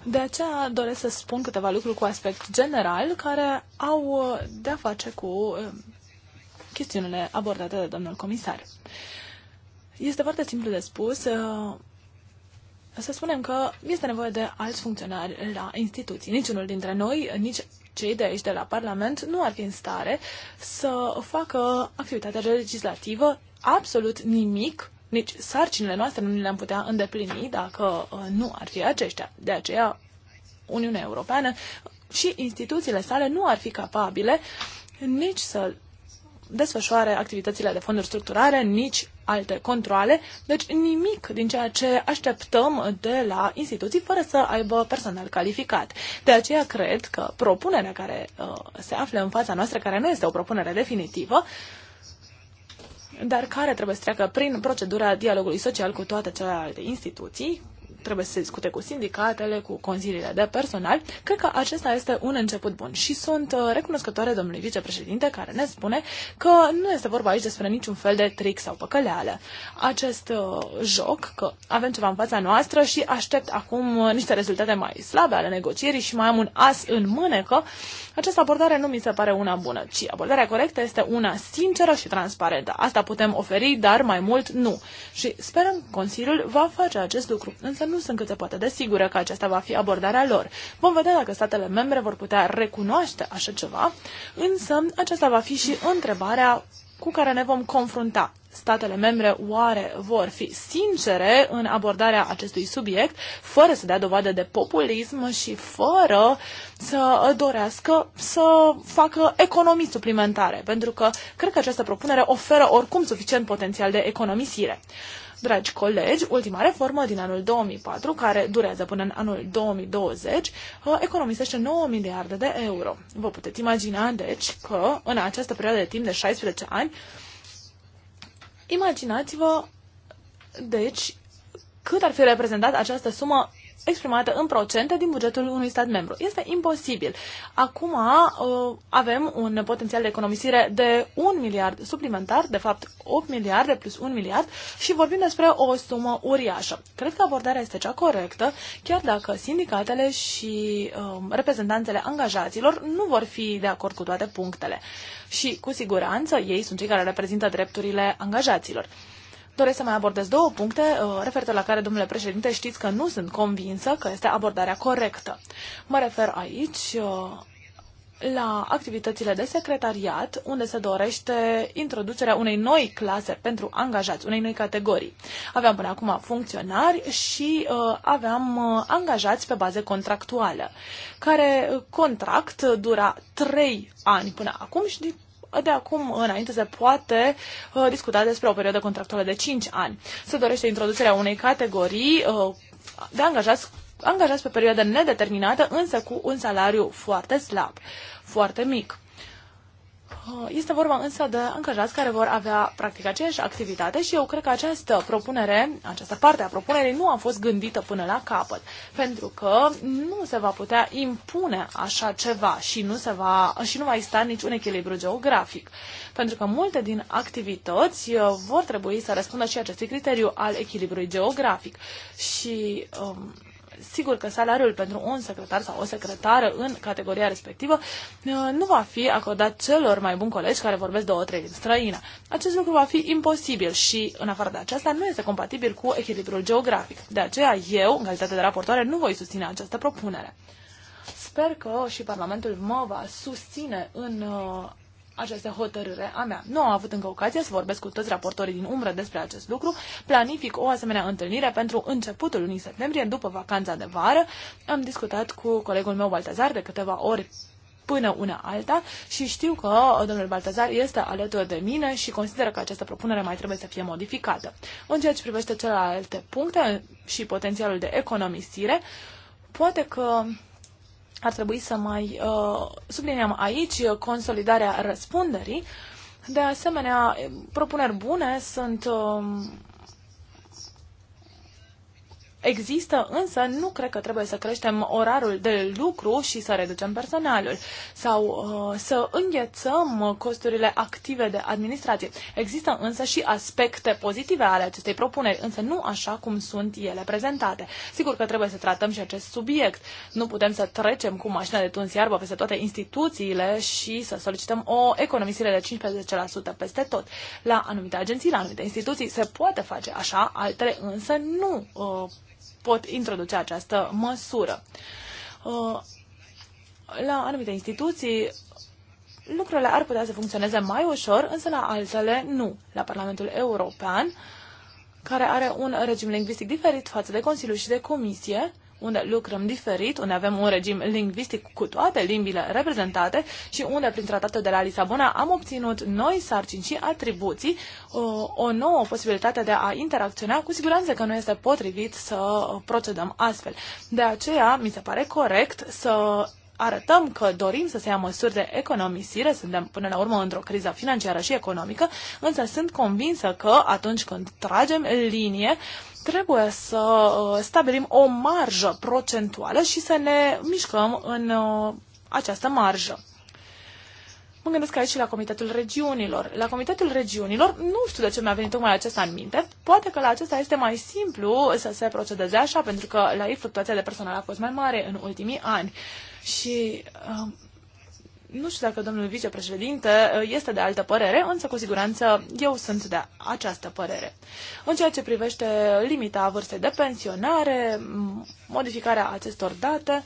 De aceea doresc să spun câteva lucruri cu aspect general care au de-a face cu um, chestiunile abordate de domnul comisar. Este foarte simplu de spus. Uh, să spunem că este nevoie de alți funcționari la instituții. Niciunul dintre noi, nici cei de aici de la Parlament nu ar fi în stare să facă activitatea legislativă absolut nimic nici sarcinile noastre nu le-am putea îndeplini dacă uh, nu ar fi aceștia. De aceea, Uniunea Europeană și instituțiile sale nu ar fi capabile nici să desfășoare activitățile de fonduri structurare, nici alte controle, deci nimic din ceea ce așteptăm de la instituții fără să aibă personal calificat. De aceea cred că propunerea care uh, se află în fața noastră, care nu este o propunere definitivă, dar care trebuie să treacă prin procedura dialogului social cu toate celelalte instituții, trebuie să se discute cu sindicatele, cu consiliile de personal. Cred că acesta este un început bun și sunt uh, recunoscătoare domnului vicepreședinte care ne spune că nu este vorba aici despre niciun fel de trick sau păcăleală. Acest uh, joc, că avem ceva în fața noastră și aștept acum uh, niște rezultate mai slabe ale negocierii și mai am un as în mânecă, această abordare nu mi se pare una bună, ci abordarea corectă este una sinceră și transparentă. Asta putem oferi, dar mai mult nu. Și sperăm Consiliul va face acest lucru. Însă însă nu sunt cât se poate de sigură că aceasta va fi abordarea lor. Vom vedea dacă statele membre vor putea recunoaște așa ceva, însă aceasta va fi și întrebarea cu care ne vom confrunta. Statele membre oare vor fi sincere în abordarea acestui subiect, fără să dea dovadă de populism și fără să dorească să facă economii suplimentare, pentru că cred că această propunere oferă oricum suficient potențial de economisire. Dragi colegi, ultima reformă din anul 2004, care durează până în anul 2020, uh, economisește 9 miliarde de euro. Vă puteți imagina, deci, că în această perioadă de timp de 16 ani, imaginați-vă, deci, cât ar fi reprezentat această sumă exprimată în procente din bugetul unui stat membru. Este imposibil. Acum uh, avem un potențial de economisire de 1 miliard suplimentar, de fapt 8 miliarde plus 1 miliard și vorbim despre o sumă uriașă. Cred că abordarea este cea corectă, chiar dacă sindicatele și um, reprezentanțele angajaților nu vor fi de acord cu toate punctele. Și cu siguranță ei sunt cei care reprezintă drepturile angajaților. Doresc să mai abordez două puncte uh, referitor la care, domnule președinte, știți că nu sunt convinsă că este abordarea corectă. Mă refer aici uh, la activitățile de secretariat, unde se dorește introducerea unei noi clase pentru angajați, unei noi categorii. Aveam până acum funcționari și uh, aveam uh, angajați pe baze contractuală, care uh, contract dura 3 ani până acum și de acum înainte se poate uh, discuta despre o perioadă contractuală de 5 ani. Se dorește introducerea unei categorii uh, de angajați angajați pe perioadă nedeterminată, însă cu un salariu foarte slab, foarte mic. Uh, este vorba însă de angajați care vor avea practic aceeași activitate și eu cred că această propunere, această parte a propunerii nu a fost gândită până la capăt, pentru că nu se va putea impune așa ceva și nu, se va, și nu va exista niciun echilibru geografic, pentru că multe din activități uh, vor trebui să răspundă și acestui criteriu al echilibrului geografic și um, sigur că salariul pentru un secretar sau o secretară în categoria respectivă uh, nu va fi acordat celor mai buni colegi care vorbesc două, trei din străină. Acest lucru va fi imposibil și, în afară de aceasta, nu este compatibil cu echilibrul geografic. De aceea, eu, în calitate de raportoare, nu voi susține această propunere. Sper că și Parlamentul mă va susține în uh, această hotărâre a mea. Nu am avut încă ocazia să vorbesc cu toți raportorii din umbră despre acest lucru. Planific o asemenea întâlnire pentru începutul lunii septembrie, după vacanța de vară. Am discutat cu colegul meu Baltazar de câteva ori până una alta și știu că domnul Baltazar este alături de mine și consideră că această propunere mai trebuie să fie modificată. În ceea ce privește celelalte puncte și potențialul de economisire, poate că ar trebui să mai uh, subliniem aici consolidarea răspunderii. De asemenea, propuneri bune sunt uh, Există, însă nu cred că trebuie să creștem orarul de lucru și să reducem personalul sau uh, să înghețăm costurile active de administrație. Există însă și aspecte pozitive ale acestei propuneri, însă nu așa cum sunt ele prezentate. Sigur că trebuie să tratăm și acest subiect. Nu putem să trecem cu mașina de tuns iarbă peste toate instituțiile și să solicităm o economisire de 15% peste tot. La anumite agenții, la anumite instituții se poate face așa, altele însă nu uh, pot introduce această măsură. Uh, la anumite instituții lucrurile ar putea să funcționeze mai ușor, însă la altele nu. La Parlamentul European, care are un regim lingvistic diferit față de Consiliu și de Comisie, unde lucrăm diferit, unde avem un regim lingvistic cu toate limbile reprezentate și unde prin tratatul de la Lisabona am obținut noi sarcini și atribuții, o, uh, o nouă posibilitate de a interacționa, cu siguranță că nu este potrivit să procedăm astfel. De aceea, mi se pare corect să arătăm că dorim să se ia măsuri de economisire, suntem până la urmă într-o criză financiară și economică, însă sunt convinsă că atunci când tragem linie, uh, trebuie să uh, stabilim o marjă procentuală și să ne mișcăm în uh, această marjă. Mă gândesc aici și la Comitetul Regiunilor. La Comitetul Regiunilor, nu știu de ce mi-a venit tocmai acesta în minte, poate că la acesta este mai simplu să se procedeze așa, pentru că la ei fluctuația de personal a fost mai mare în ultimii ani. Și um, nu știu dacă domnul vicepreședinte uh, este de altă părere, însă cu siguranță eu sunt de această părere. În ceea ce privește limita vârstei de pensionare, modificarea acestor date,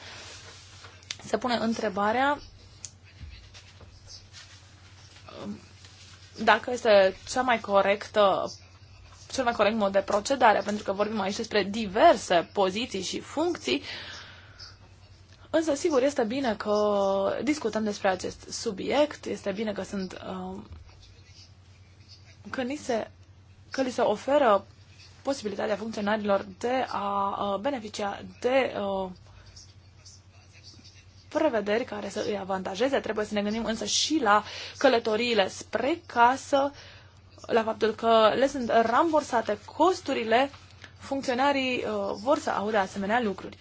se pune întrebarea um, dacă este cea mai corectă cel mai corect mod de procedare, pentru că vorbim aici despre diverse poziții și funcții uh, Însă, sigur, este bine că discutăm despre acest subiect, este bine că sunt uh, că, ni se, că li se oferă posibilitatea funcționarilor de a uh, beneficia de uh, prevederi care să îi avantajeze. Trebuie să ne gândim însă și la călătoriile spre casă, la faptul că le sunt rambursate costurile, funcționarii uh, vor să audă asemenea lucruri.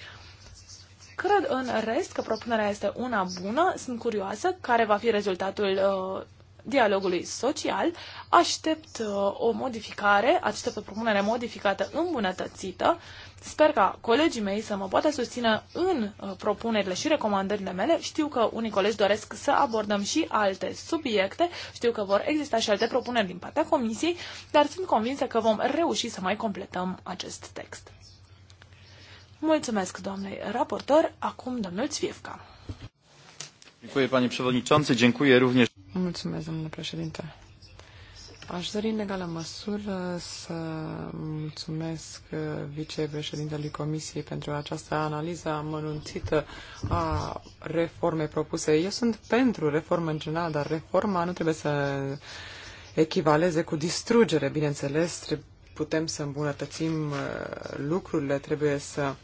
Cred în rest că propunerea este una bună, sunt curioasă care va fi rezultatul uh, dialogului social, aștept uh, o modificare, aștept o propunere modificată îmbunătățită. Sper ca colegii mei să mă poată susține în uh, propunerile și recomandările mele. Știu că unii colegi doresc să abordăm și alte subiecte, știu că vor exista și alte propuneri din partea comisiei, dar sunt convinsă că vom reuși să mai completăm acest text. Mulțumesc, doamnei raportor. Acum, domnul Țvievca. Dziękuję, panie przewodniczący. Dziękuję również. Mulțumesc, domnule președinte. Aș dori în egală măsură să mulțumesc vicepreședintelui Comisiei pentru această analiză amănunțită a reformei propuse. Eu sunt pentru reformă în general, dar reforma nu trebuie să echivaleze cu distrugere, bineînțeles, trebuie putem să îmbunătățim uh, lucrurile, trebuie să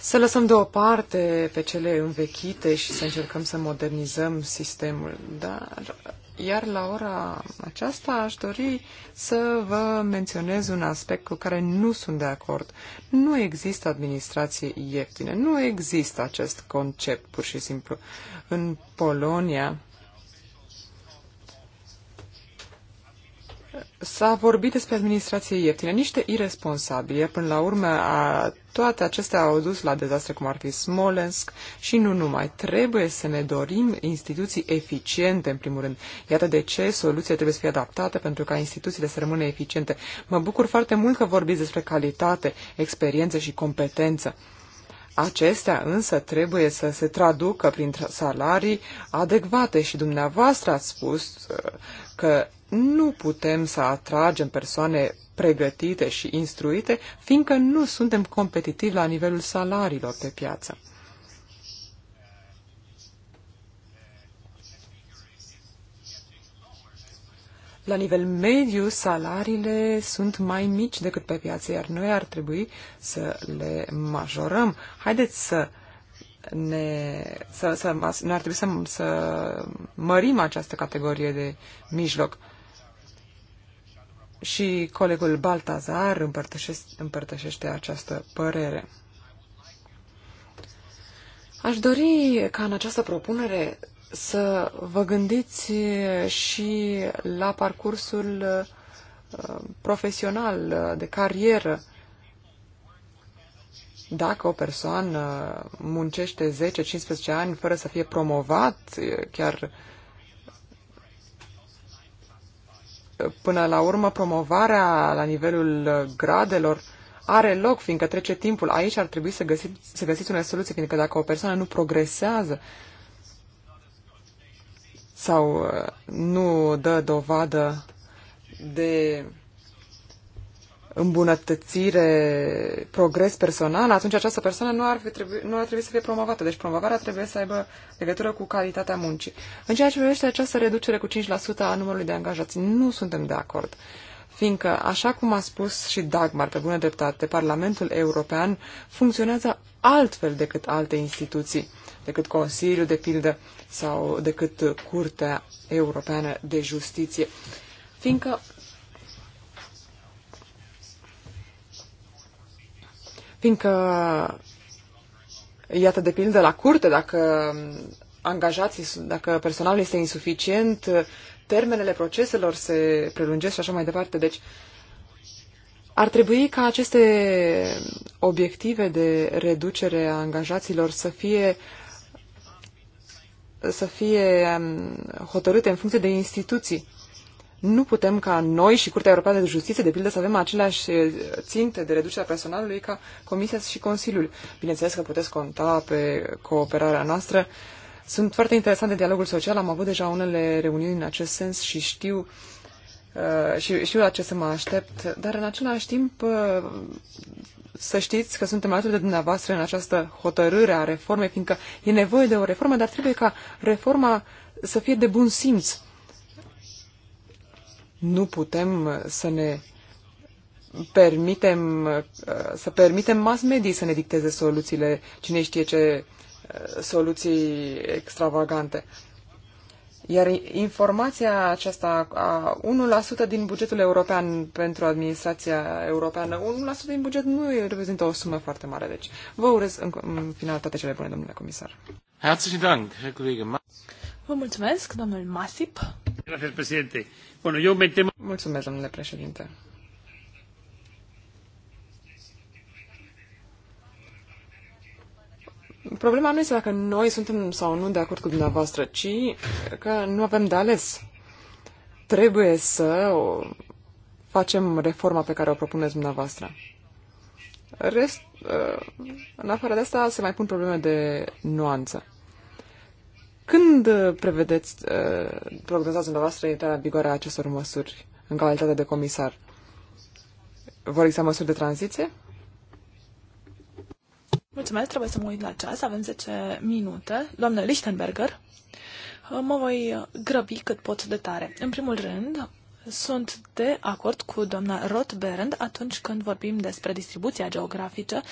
să lăsăm deoparte pe cele învechite și să încercăm să modernizăm sistemul. Dar iar la ora aceasta aș dori să vă menționez un aspect cu care nu sunt de acord. Nu există administrație ieftine, nu există acest concept pur și simplu. În Polonia S-a vorbit despre administrație ieftină, niște irresponsabile. Până la urmă, a, toate acestea au dus la dezastre cum ar fi Smolensk și nu numai. Trebuie să ne dorim instituții eficiente, în primul rând. Iată de ce soluția trebuie să fie adaptată pentru ca instituțiile să rămână eficiente. Mă bucur foarte mult că vorbiți despre calitate, experiență și competență. Acestea însă trebuie să se traducă prin salarii adecvate și dumneavoastră ați spus uh, că nu putem să atragem persoane pregătite și instruite, fiindcă nu suntem competitivi la nivelul salariilor pe piață. la nivel mediu, salariile sunt mai mici decât pe piață, iar noi ar trebui să le majorăm. Haideți să ne, să, să, noi ar trebui să, să mărim această categorie de mijloc. Și colegul Baltazar împărtășește, împărtășește această părere. Aș dori ca în această propunere să vă gândiți și la parcursul uh, profesional, de carieră. Dacă o persoană muncește 10-15 ani fără să fie promovat, chiar până la urmă promovarea la nivelul gradelor are loc, fiindcă trece timpul. Aici ar trebui să găsiți, să găsiți o soluție, fiindcă dacă o persoană nu progresează, sau uh, nu dă dovadă de îmbunătățire, progres personal, atunci această persoană nu ar, fi trebui, nu ar trebui să fie promovată. Deci promovarea trebuie să aibă legătură cu calitatea muncii. În ceea ce privește această reducere cu 5% a numărului de angajați, nu suntem de acord. Fiindcă, așa cum a spus și Dagmar, pe bună dreptate, Parlamentul European funcționează altfel decât alte instituții decât Consiliul, de pildă, sau decât Curtea Europeană de Justiție. Fiindcă fiindcă, iată, de pildă, la curte, dacă angajații, dacă personalul este insuficient, termenele proceselor se prelungesc și așa mai departe. Deci, ar trebui ca aceste obiective de reducere a angajaților să fie să fie um, hotărâte în funcție de instituții. Nu putem ca noi și Curtea Europeană de Justiție, de pildă, să avem aceleași uh, ținte de reducere a personalului ca Comisia și Consiliul. Bineînțeles că puteți conta pe cooperarea noastră. Sunt foarte interesante dialogul social, am avut deja unele reuniuni în acest sens și știu uh, Uh, și știu la ce să mă aștept, dar în același timp uh, să știți că suntem alături de dumneavoastră în această hotărâre a reformei, fiindcă e nevoie de o reformă, dar trebuie ca reforma să fie de bun simț. Nu putem să ne permitem, uh, să permitem mass media să ne dicteze soluțiile, cine știe ce soluții extravagante. Iar informația aceasta a 1% din bugetul european pentru administrația europeană, 1% din buget nu reprezintă o sumă foarte mare. Deci vă urez în, în final toate cele bune, domnule comisar. Herzlichen Dank, Herr Kollege Vă mulțumesc, domnul Masip. Mulțumesc, domnule președinte. Problema nu este dacă noi suntem sau nu de acord cu dumneavoastră, ci că nu avem de ales. Trebuie să facem reforma pe care o propuneți dumneavoastră. Rest, uh, în afară de asta, se mai pun probleme de nuanță. Când prevedeți, uh, prognozați dumneavoastră intrarea în vigoare a acestor măsuri în calitate de comisar? Vor exista măsuri de tranziție? Mulțumesc, trebuie să mă uit la ceas, avem 10 minute. Doamnă Lichtenberger, uh, mă voi grăbi cât pot de tare. În primul rând, sunt de acord cu doamna Rothberend atunci când vorbim despre distribuția geografică,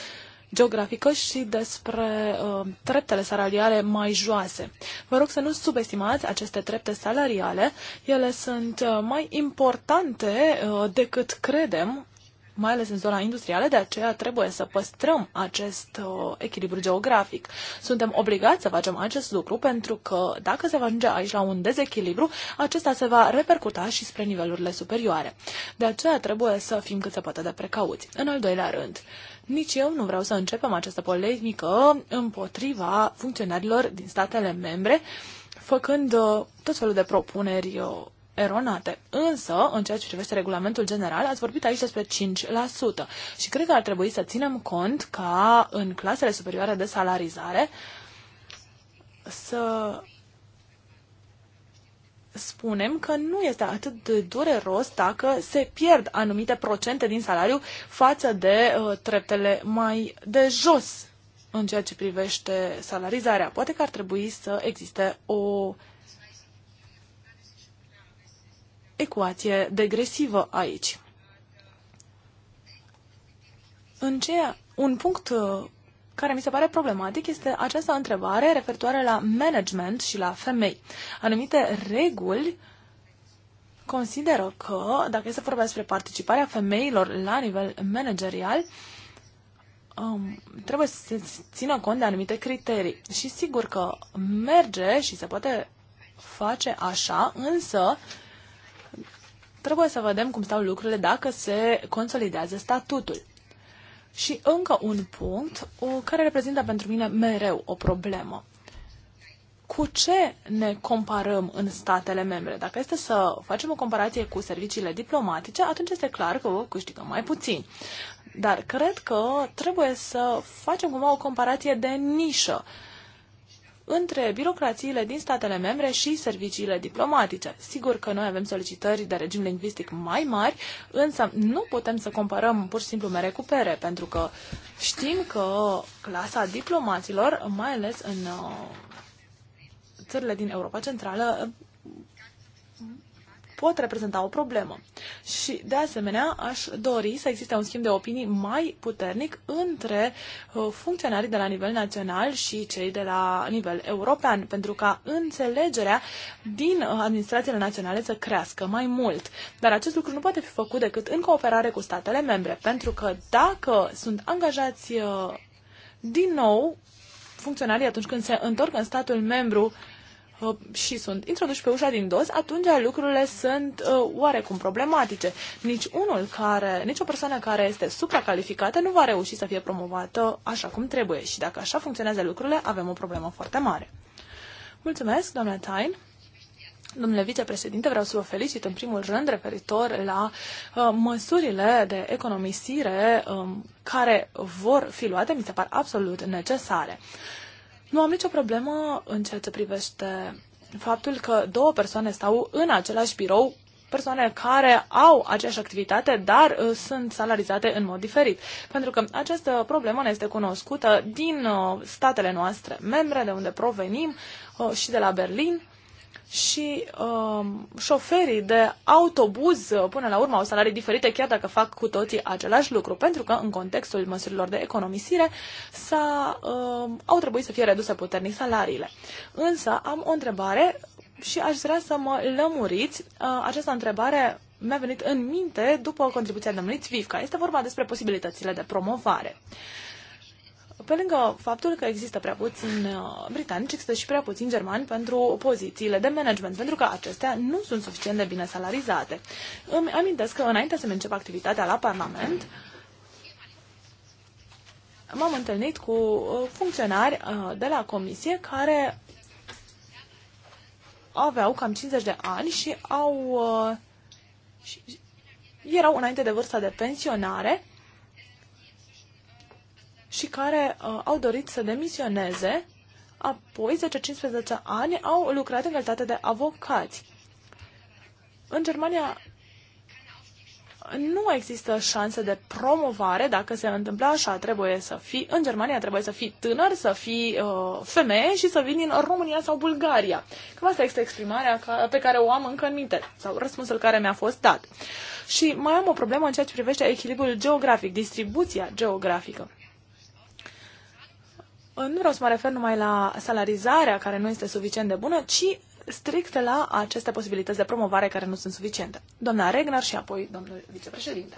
geografică și despre uh, treptele salariale mai joase. Vă rog să nu subestimați aceste trepte salariale. Ele sunt uh, mai importante uh, decât credem mai ales în zona industrială, de aceea trebuie să păstrăm acest uh, echilibru geografic. Suntem obligați să facem acest lucru pentru că dacă se va ajunge aici la un dezechilibru, acesta se va repercuta și spre nivelurile superioare. De aceea trebuie să fim cât se poate de precauți. În al doilea rând, nici eu nu vreau să începem această polemică împotriva funcționarilor din statele membre, făcând uh, tot felul de propuneri uh, eronate. Însă, în ceea ce privește regulamentul general, ați vorbit aici despre 5% și cred că ar trebui să ținem cont ca în clasele superioare de salarizare să spunem că nu este atât de dureros dacă se pierd anumite procente din salariu față de uh, treptele mai de jos în ceea ce privește salarizarea. Poate că ar trebui să existe o ecuație degresivă aici. În ce, un punct uh, care mi se pare problematic este această întrebare referitoare la management și la femei. Anumite reguli consideră că, dacă este vorba despre participarea femeilor la nivel managerial, um, trebuie să se țină cont de anumite criterii. Și sigur că merge și se poate face așa, însă uh, Trebuie să vedem cum stau lucrurile dacă se consolidează statutul. Și încă un punct o, care reprezintă pentru mine mereu o problemă. Cu ce ne comparăm în statele membre? Dacă este să facem o comparație cu serviciile diplomatice, atunci este clar că câștigăm mai puțin. Dar cred că trebuie să facem cumva o comparație de nișă. Uh, între birocrațiile din statele membre și serviciile diplomatice. Sigur că noi avem solicitări de regim lingvistic mai mari, însă nu putem să comparăm pur și simplu mere cu pere, pentru că știm că clasa diplomaților, mai ales în uh, țările din Europa Centrală, pot reprezenta o problemă. Și, de asemenea, aș dori să existe un schimb de opinii mai puternic între uh, funcționarii de la nivel național și cei de la nivel european, pentru ca înțelegerea din uh, administrațiile naționale să crească mai mult. Dar acest lucru nu poate fi făcut decât în cooperare cu statele membre, pentru că dacă sunt angajați uh, din nou funcționarii atunci când se întorc în statul membru Uh, și sunt introduși pe ușa din dos, atunci lucrurile sunt uh, oarecum problematice. Nici unul care, nici o persoană care este supracalificată nu va reuși să fie promovată așa cum trebuie și dacă așa funcționează lucrurile, avem o problemă foarte mare. Mulțumesc, doamna Tain. Domnule vicepreședinte, vreau să vă felicit în primul rând referitor la uh, măsurile de economisire um, care vor fi luate, mi se par absolut necesare. Uh, nu am nicio problemă în ceea ce privește faptul că două persoane stau în același birou persoane care au aceeași activitate, dar uh, sunt salarizate în mod diferit. Pentru că această problemă ne este cunoscută din uh, statele noastre membre, de unde provenim, uh, și de la Berlin și uh, șoferii de autobuz uh, până la urmă au salarii diferite chiar dacă fac cu toții același lucru, pentru că în contextul măsurilor de economisire s-a, uh, au trebuit să fie reduse puternic salariile. Însă am o întrebare și aș vrea să mă lămuriți. Uh, această întrebare mi-a venit în minte după contribuția domnului Tvivca. Este vorba despre posibilitățile de promovare. Pe lângă faptul că există prea puțin uh, britanici, există și prea puțin germani pentru pozițiile de management, pentru că acestea nu sunt suficient de bine salarizate. Îmi amintesc că înainte să-mi încep activitatea la Parlament, m-am întâlnit cu uh, funcționari uh, de la comisie care aveau cam 50 de ani și au și erau înainte de vârsta de pensionare și care uh, au dorit să demisioneze, apoi 10-15 ani au lucrat în calitate de avocați. În Germania nu există șanse de promovare. Dacă se întâmplă așa, trebuie să fii, în Germania trebuie să fii tânăr, să fii uh, femeie și să vii din România sau Bulgaria. Cam asta este exprimarea ca, pe care o am încă în minte sau răspunsul care mi-a fost dat. Și mai am o problemă în ceea ce privește echilibrul geografic, distribuția geografică nu vreau să mă refer numai la salarizarea care nu este suficient de bună, ci strict la aceste posibilități de promovare care nu sunt suficiente. Doamna Regnar și apoi domnul vicepreședinte.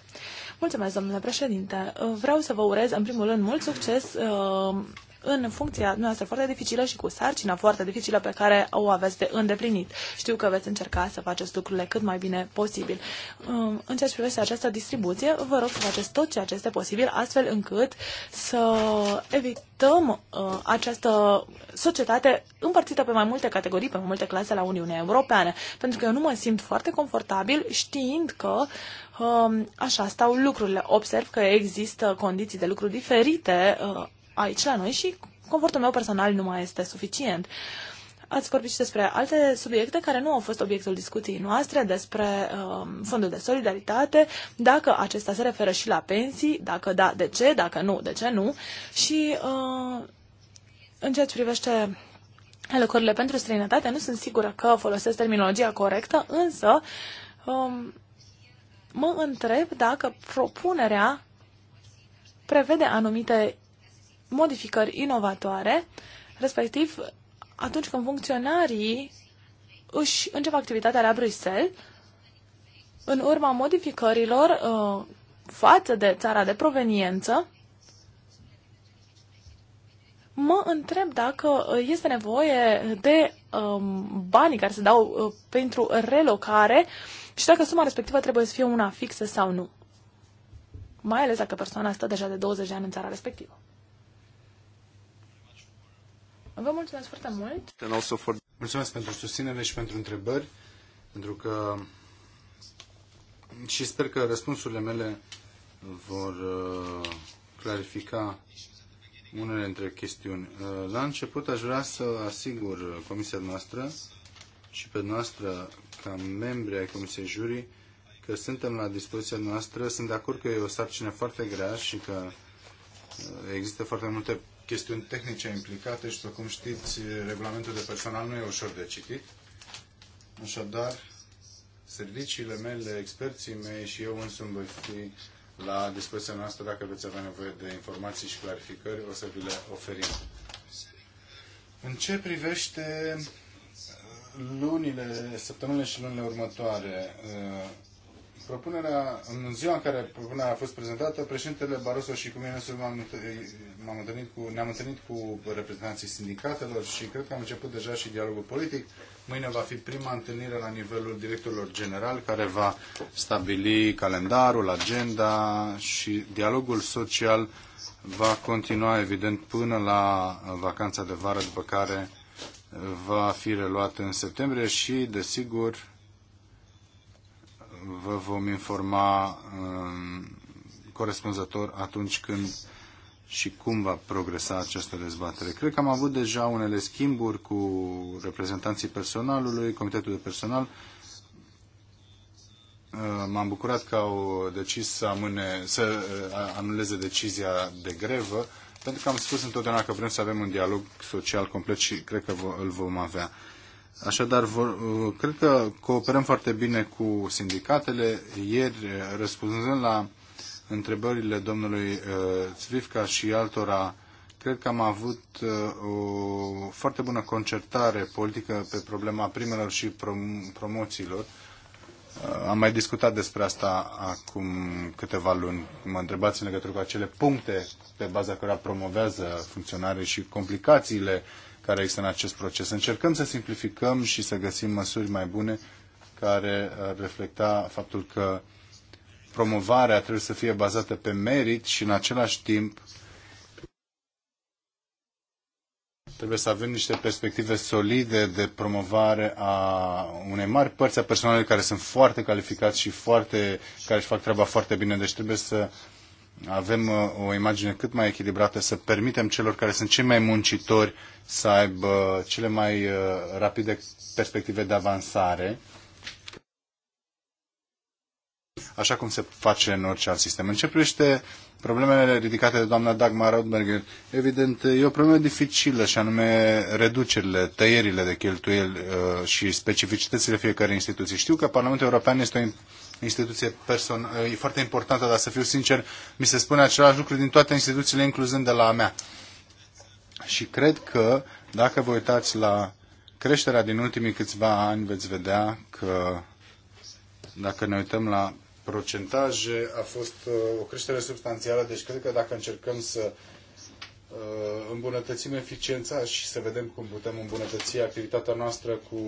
Mulțumesc, domnule președinte. Vreau să vă urez, în primul rând, mult succes uh, în funcția noastră foarte dificilă și cu sarcina foarte dificilă pe care o aveți de îndeplinit. Știu că veți încerca să faceți lucrurile cât mai bine posibil. Um, în ceea ce privește această distribuție, vă rog să faceți tot ceea ce este posibil, astfel încât să evităm uh, această societate împărțită pe mai multe categorii, pe mai multe clase la Uniunea Europeană, pentru că eu nu mă simt foarte confortabil știind că um, așa stau lucrurile. Observ că există condiții de lucru diferite uh, aici la noi și confortul meu personal nu mai este suficient. Ați vorbit și despre alte subiecte care nu au fost obiectul discuției noastre, despre um, fondul de solidaritate, dacă acesta se referă și la pensii, dacă da, de ce, dacă nu, de ce nu. Și uh, în ceea ce privește lucrurile pentru străinătate, nu sunt sigură că folosesc terminologia corectă, însă um, mă întreb dacă propunerea prevede anumite modificări inovatoare, respectiv atunci când funcționarii își încep activitatea la Bruxelles, în urma modificărilor uh, față de țara de proveniență, mă întreb dacă uh, este nevoie de um, banii care se dau uh, pentru relocare și dacă suma respectivă trebuie să fie una fixă sau nu. Mai ales dacă persoana stă deja de 20 de ani în țara respectivă. Vă mulțumesc foarte mult. Mulțumesc pentru susținere și pentru întrebări, pentru că și sper că răspunsurile mele vor uh, clarifica unele dintre chestiuni. Uh, la început aș vrea să asigur comisia noastră și pe noastră ca membri ai comisiei jurii că suntem la dispoziția noastră. Sunt de acord că e o sarcină foarte grea și că uh, există foarte multe chestiuni tehnice implicate și, după cum știți, regulamentul de personal nu e ușor de citit. Așadar, serviciile mele, experții mei și eu însumi voi fi la dispoziția noastră dacă veți avea nevoie de informații și clarificări, o să vi le oferim. În ce privește uh, lunile, săptămânile și lunile următoare, uh, propunerea, în ziua în care propunerea a fost prezentată, președintele Barroso și cu mine ne am întâlnit ne-am întâlnit cu reprezentanții sindicatelor și cred că am început deja și dialogul politic. Mâine va fi prima întâlnire la nivelul directorilor general care va stabili calendarul, agenda și dialogul social va continua evident până la vacanța de vară, după care va fi reluat în septembrie și, desigur, vă vom informa um, corespunzător atunci când și cum va progresa această dezbatere. Cred că am avut deja unele schimburi cu reprezentanții personalului, Comitetul de Personal. Uh, m-am bucurat că au decis să, amâne, să uh, anuleze decizia de grevă, pentru că am spus întotdeauna că vrem să avem un dialog social complet și cred că îl vom avea. Așadar, vor, uh, cred că cooperăm foarte bine cu sindicatele. Ieri, răspunzând la întrebările domnului uh, Zvivca și altora, cred că am avut uh, o foarte bună concertare politică pe problema primelor și prom- promoțiilor. Am mai discutat despre asta acum câteva luni. Mă întrebați în legătură cu acele puncte pe baza cărora promovează funcționarii și complicațiile care există în acest proces. Încercăm să simplificăm și să găsim măsuri mai bune care uh, reflecta faptul că promovarea trebuie să fie bazată pe merit și în același timp trebuie să avem niște perspective solide de promovare a unei mari părți a personalului care sunt foarte calificați și foarte, care își fac treaba foarte bine. Deci trebuie să avem uh, o imagine cât mai echilibrată, să permitem celor care sunt cei mai muncitori să aibă cele mai uh, rapide perspective de avansare, așa cum se face în orice alt sistem. În ce privește problemele ridicate de doamna Dagmar Rodberger, evident, e o problemă dificilă și anume reducerile, tăierile de cheltuieli uh, și specificitățile fiecărei instituții. Știu că Parlamentul European este o instituție person- e foarte importantă, dar să fiu sincer, mi se spune același lucru din toate instituțiile, incluzând de la a mea. Și cred că, dacă vă uitați la creșterea din ultimii câțiva ani, veți vedea că, dacă ne uităm la procentaje, a fost uh, o creștere substanțială, deci cred că dacă încercăm să Uh, îmbunătățim eficiența și să vedem cum putem îmbunătăți activitatea noastră cu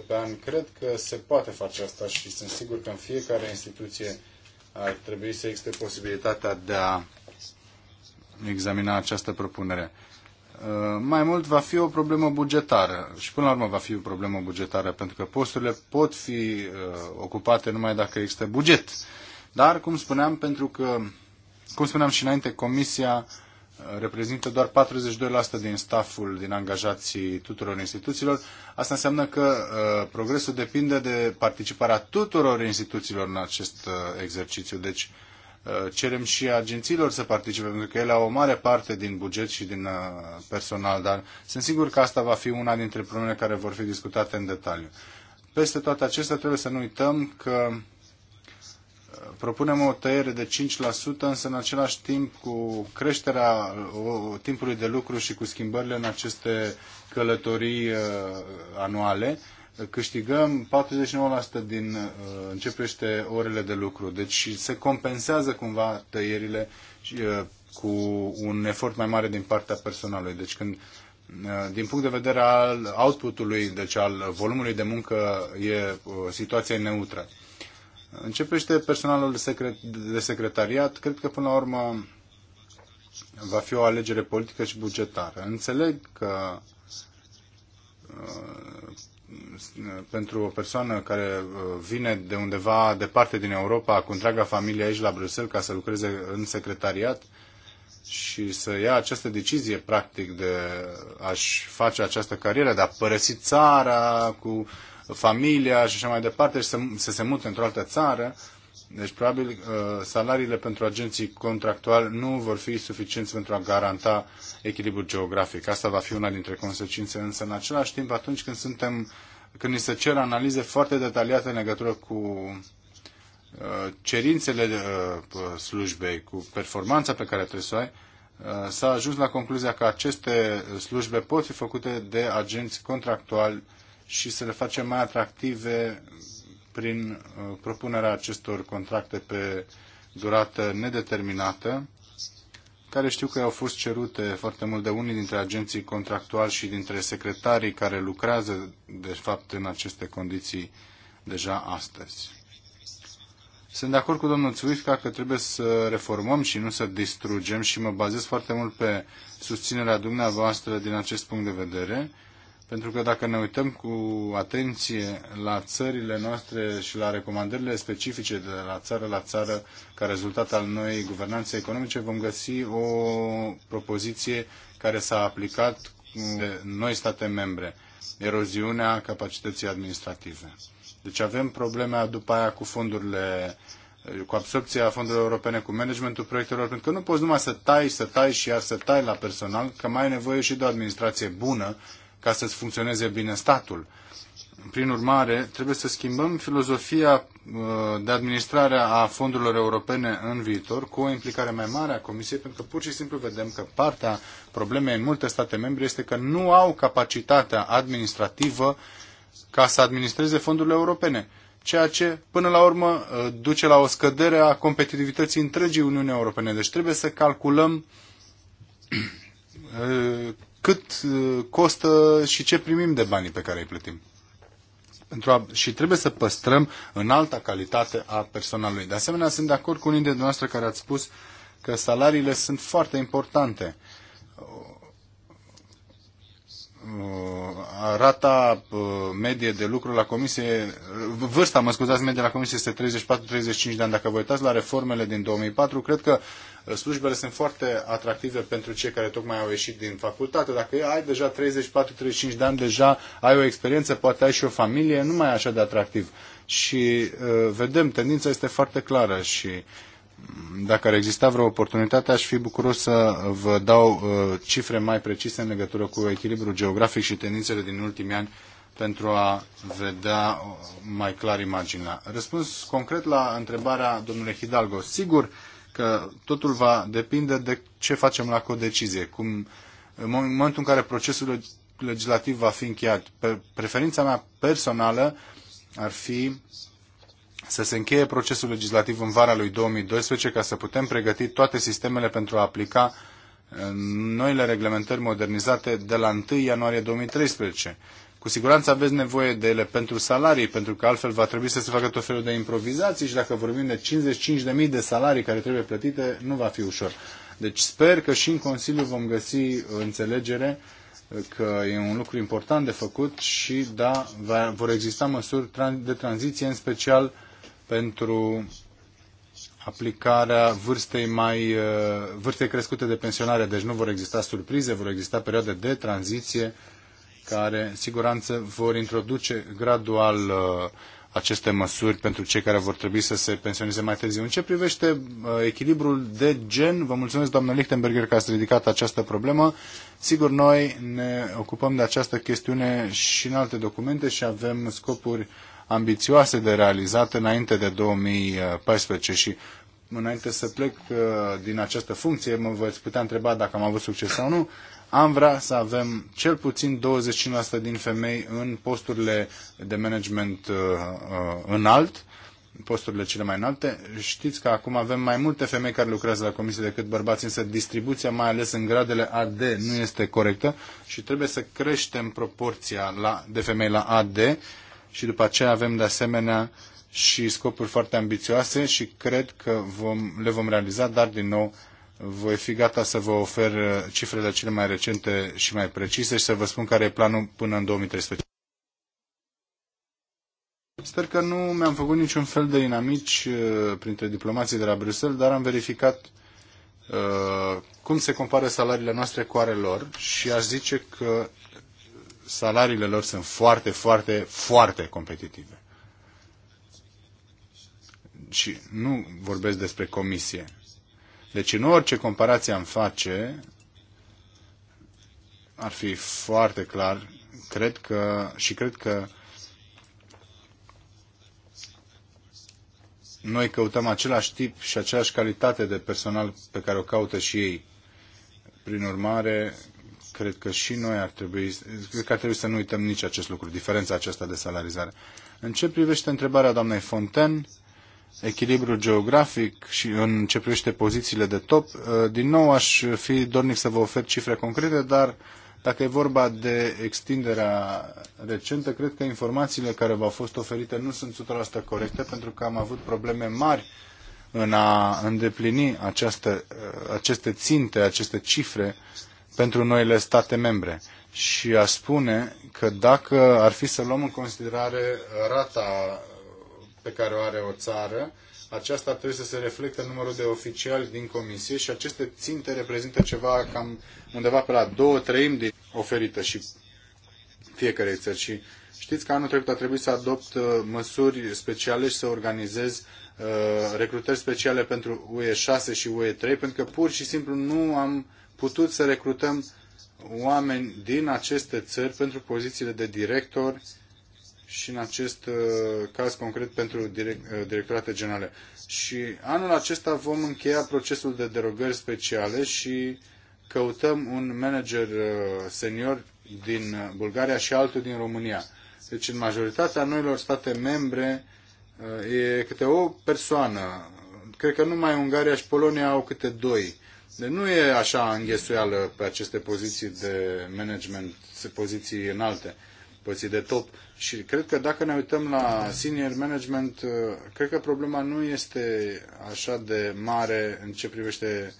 1% pe an. Cred că se poate face asta și sunt sigur că în fiecare instituție ar trebui să existe posibilitatea de a examina această propunere. Uh, mai mult va fi o problemă bugetară și până la urmă va fi o problemă bugetară pentru că posturile pot fi uh, ocupate numai dacă există buget. Dar, cum spuneam, pentru că, cum spuneam și înainte, Comisia reprezintă doar 42% din stafful, din angajații tuturor instituțiilor. Asta înseamnă că uh, progresul depinde de participarea tuturor instituțiilor în acest uh, exercițiu. Deci uh, cerem și agențiilor să participe, pentru că ele au o mare parte din buget și din uh, personal, dar sunt sigur că asta va fi una dintre problemele care vor fi discutate în detaliu. Peste toate acestea trebuie să nu uităm că propunem o tăiere de 5%, însă în același timp cu creșterea timpului de lucru și cu schimbările în aceste călătorii uh, anuale, câștigăm 49% din uh, începește orele de lucru. Deci se compensează cumva tăierile uh, cu un efort mai mare din partea personalului. Deci când din punct de vedere al outputului, deci al volumului de muncă, e situația neutră. Începește personalul de, secret, de secretariat. Cred că, până la urmă, va fi o alegere politică și bugetară. Înțeleg că uh, pentru o persoană care uh, vine de undeva departe din Europa cu întreaga familie aici la Bruxelles ca să lucreze în secretariat și să ia această decizie practic de a-și face această carieră, de a părăsi țara cu familia și așa mai departe și să, să se mute într-o altă țară. Deci, probabil, uh, salariile pentru agenții contractuali nu vor fi suficienți pentru a garanta echilibrul geografic. Asta va fi una dintre consecințe, însă, în același timp, atunci când suntem când ni se cer analize foarte detaliate în legătură cu uh, cerințele uh, slujbei, cu performanța pe care trebuie să o ai, s-a ajuns la concluzia că aceste slujbe pot fi făcute de agenți contractuali și să le facem mai atractive prin uh, propunerea acestor contracte pe durată nedeterminată, care știu că au fost cerute foarte mult de unii dintre agenții contractuali și dintre secretarii care lucrează, de fapt, în aceste condiții deja astăzi. Sunt de acord cu domnul Țuifca că trebuie să reformăm și nu să distrugem și mă bazez foarte mult pe susținerea dumneavoastră din acest punct de vedere pentru că dacă ne uităm cu atenție la țările noastre și la recomandările specifice de la țară la țară ca rezultat al noii guvernanțe economice, vom găsi o propoziție care s-a aplicat de noi state membre, eroziunea capacității administrative. Deci avem probleme după aia cu fondurile cu absorpția fondurilor europene, cu managementul proiectelor, pentru că nu poți numai să tai, să tai și iar să tai la personal, că mai ai nevoie și de o administrație bună ca să-ți funcționeze bine statul. Prin urmare, trebuie să schimbăm filozofia uh, de administrare a fondurilor europene în viitor cu o implicare mai mare a Comisiei, pentru că pur și simplu vedem că partea problemei în multe state membre este că nu au capacitatea administrativă ca să administreze fondurile europene, ceea ce, până la urmă, uh, duce la o scădere a competitivității întregii Uniunii Europene. Deci trebuie să calculăm uh, cât uh, costă și ce primim de banii pe care îi plătim. Pentru a, și trebuie să păstrăm în alta calitate a personalului. De asemenea, sunt de acord cu unii dintre dumneavoastră care ați spus că salariile sunt foarte importante Uh, rata uh, medie de lucru la comisie, uh, vârsta, mă scuzați, medie la comisie este 34-35 de ani. Dacă vă uitați la reformele din 2004, cred că slujbele sunt foarte atractive pentru cei care tocmai au ieșit din facultate. Dacă ai deja 34-35 de ani, deja ai o experiență, poate ai și o familie, nu mai e așa de atractiv. Și vedem, tendința este foarte clară și dacă ar exista vreo oportunitate, aș fi bucuros să vă dau uh, cifre mai precise în legătură cu echilibrul geografic și tendințele din ultimii ani pentru a vedea uh, mai clar imaginea. Răspuns concret la întrebarea domnului Hidalgo. Sigur că totul va depinde de ce facem la codecizie. Cum, în momentul în care procesul legislativ va fi încheiat, preferința mea personală ar fi să se încheie procesul legislativ în vara lui 2012 ca să putem pregăti toate sistemele pentru a aplica uh, noile reglementări modernizate de la 1 ianuarie 2013. Cu siguranță aveți nevoie de ele pentru salarii, pentru că altfel va trebui să se facă tot felul de improvizații și dacă vorbim de 55.000 de salarii care trebuie plătite, nu va fi ușor. Deci sper că și în Consiliu vom găsi înțelegere că e un lucru important de făcut și da, va, vor exista măsuri de tranziție, în special pentru aplicarea vârstei mai uh, vârstei crescute de pensionare, deci nu vor exista surprize, vor exista perioade de tranziție care, în siguranță, vor introduce gradual uh, aceste măsuri pentru cei care vor trebui să se pensioneze mai târziu. În ce privește uh, echilibrul de gen, vă mulțumesc, doamnă Lichtenberger, că ați ridicat această problemă. Sigur, noi ne ocupăm de această chestiune și în alte documente și avem scopuri ambițioase de realizat înainte de 2014 și înainte să plec uh, din această funcție, mă veți putea întreba dacă am avut succes sau nu, am vrea să avem cel puțin 25% din femei în posturile de management uh, uh, înalt, posturile cele mai înalte. Știți că acum avem mai multe femei care lucrează la comisie decât bărbați, însă distribuția, mai ales în gradele AD, nu este corectă și trebuie să creștem proporția la, de femei la AD și după aceea avem de asemenea și scopuri foarte ambițioase și cred că vom, le vom realiza, dar din nou voi fi gata să vă ofer uh, cifrele cele mai recente și mai precise și să vă spun care e planul până în 2013. Sper că nu mi-am făcut niciun fel de inamici uh, printre diplomații de la Bruxelles, dar am verificat uh, cum se compară salariile noastre cu ale lor și aș zice că salariile lor sunt foarte, foarte, foarte competitive. Și nu vorbesc despre comisie. Deci în orice comparație am face, ar fi foarte clar, cred că, și cred că noi căutăm același tip și aceeași calitate de personal pe care o caută și ei. Prin urmare, cred că și noi ar trebui, cred că ar trebui să nu uităm nici acest lucru, diferența aceasta de salarizare. În ce privește întrebarea doamnei Fonten, echilibrul geografic și în ce privește pozițiile de top, uh, din nou aș fi dornic să vă ofer cifre concrete, dar dacă e vorba de extinderea recentă, cred că informațiile care v-au fost oferite nu sunt 100% corecte, pentru că am avut probleme mari în a îndeplini această, uh, aceste ținte, aceste cifre pentru noile state membre. Și a spune că dacă ar fi să luăm în considerare rata pe care o are o țară, aceasta trebuie să se reflecte în numărul de oficiali din comisie și aceste ținte reprezintă ceva cam undeva pe la două treimi din oferită și fiecare țări. Și știți că anul trecut a trebuit să adopt uh, măsuri speciale și să organizez uh, recrutări speciale pentru UE6 și UE3, pentru că pur și simplu nu am putut să recrutăm oameni din aceste țări pentru pozițiile de director și în acest uh, caz concret pentru direct, uh, directorate generale. Și anul acesta vom încheia procesul de derogări speciale și căutăm un manager uh, senior din Bulgaria și altul din România. Deci în majoritatea noilor state membre e câte o persoană. Cred că numai Ungaria și Polonia au câte doi deci nu e așa înghesuială pe aceste poziții de management, poziții înalte, poziții de top. Și cred că dacă ne uităm la senior management, uh, cred că problema nu este așa de mare în ce privește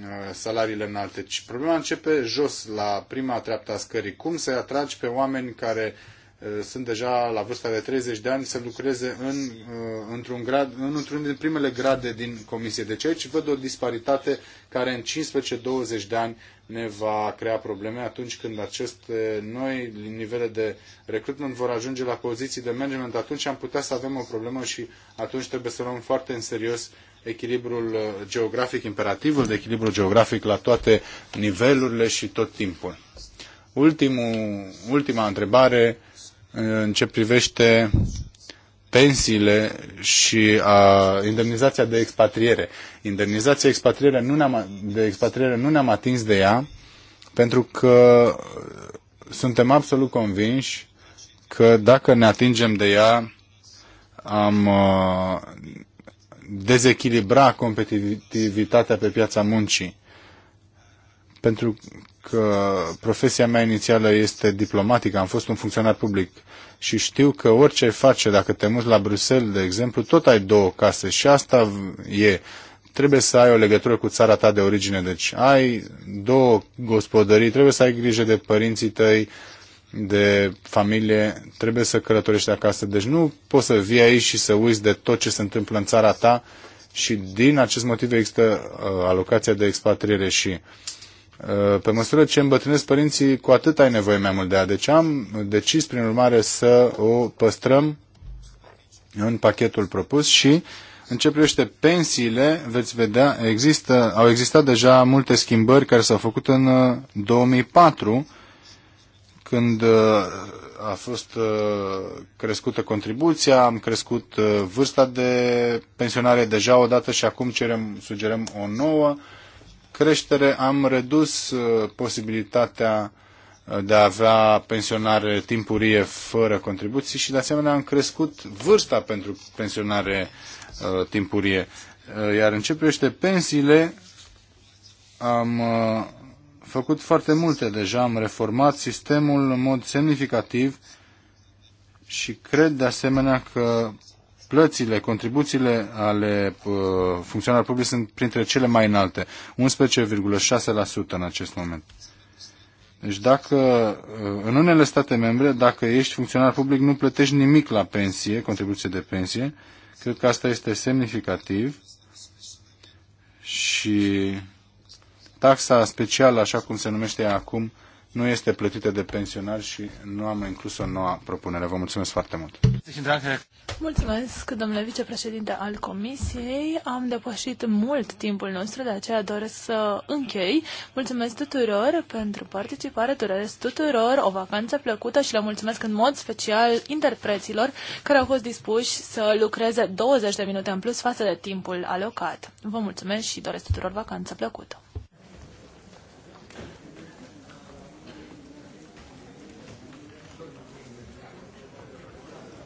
uh, salariile înalte, ci problema începe jos, la prima treaptă a scării. Cum să-i atragi pe oameni care Eh, sunt deja la vârsta de 30 de ani să lucreze în, eh, într-un, grad, în, într-un din primele grade din comisie. Deci aici văd o disparitate care în 15-20 de ani ne va crea probleme atunci când aceste noi nivele de recruitment vor ajunge la poziții de management. Atunci am putea să avem o problemă și atunci trebuie să luăm foarte în serios echilibrul eh, geografic, imperativul de echilibru geografic la toate nivelurile și tot timpul. Ultimul, ultima întrebare în ce privește pensiile și a, indemnizația de expatriere. Indemnizația expatriere nu ne-am, de expatriere nu ne-am atins de ea pentru că suntem absolut convinși că dacă ne atingem de ea am dezechilibra competitivitatea pe piața muncii. Pentru că profesia mea inițială este diplomatică, am fost un funcționar public și știu că orice ai face, dacă te muți la Bruxelles, de exemplu, tot ai două case și asta e. Trebuie să ai o legătură cu țara ta de origine, deci ai două gospodării, trebuie să ai grijă de părinții tăi, de familie, trebuie să călătorești acasă. Deci nu poți să vii aici și să uiți de tot ce se întâmplă în țara ta și din acest motiv există uh, alocația de expatriere și Uh, pe măsură ce îmbătrânesc părinții, cu atât ai nevoie mai mult de ea. Deci am decis, prin urmare, să o păstrăm în pachetul propus și în ce privește pensiile, veți vedea, există, au existat deja multe schimbări care s-au făcut în 2004, uh, când uh, a fost crescută contribuția, am crescut vârsta de pensionare deja o dată și acum cerem, sugerăm o nouă creștere, am redus uh, posibilitatea uh, de a avea pensionare timpurie fără contribuții și de asemenea am crescut vârsta pentru pensionare uh, timpurie. Iar în ce privește pensiile, am făcut foarte multe deja, am reformat sistemul în mod semnificativ și cred de asemenea că plățile, contribuțiile ale uh, funcționarilor publici sunt printre cele mai înalte, 11,6% în acest moment. Deci dacă uh, în unele state membre, dacă ești funcționar public, nu plătești nimic la pensie, contribuție de pensie, cred că asta este semnificativ și taxa specială, așa cum se numește acum, nu este plătită de pensionari și nu am inclus o nouă propunere. Vă mulțumesc foarte mult. Mulțumesc, domnule vicepreședinte al Comisiei. Am depășit mult timpul nostru, de aceea doresc să închei. Mulțumesc tuturor pentru participare, doresc tuturor o vacanță plăcută și le mulțumesc în mod special interpreților care au fost dispuși să lucreze 20 de minute în plus față de timpul alocat. Vă mulțumesc și doresc tuturor vacanță plăcută.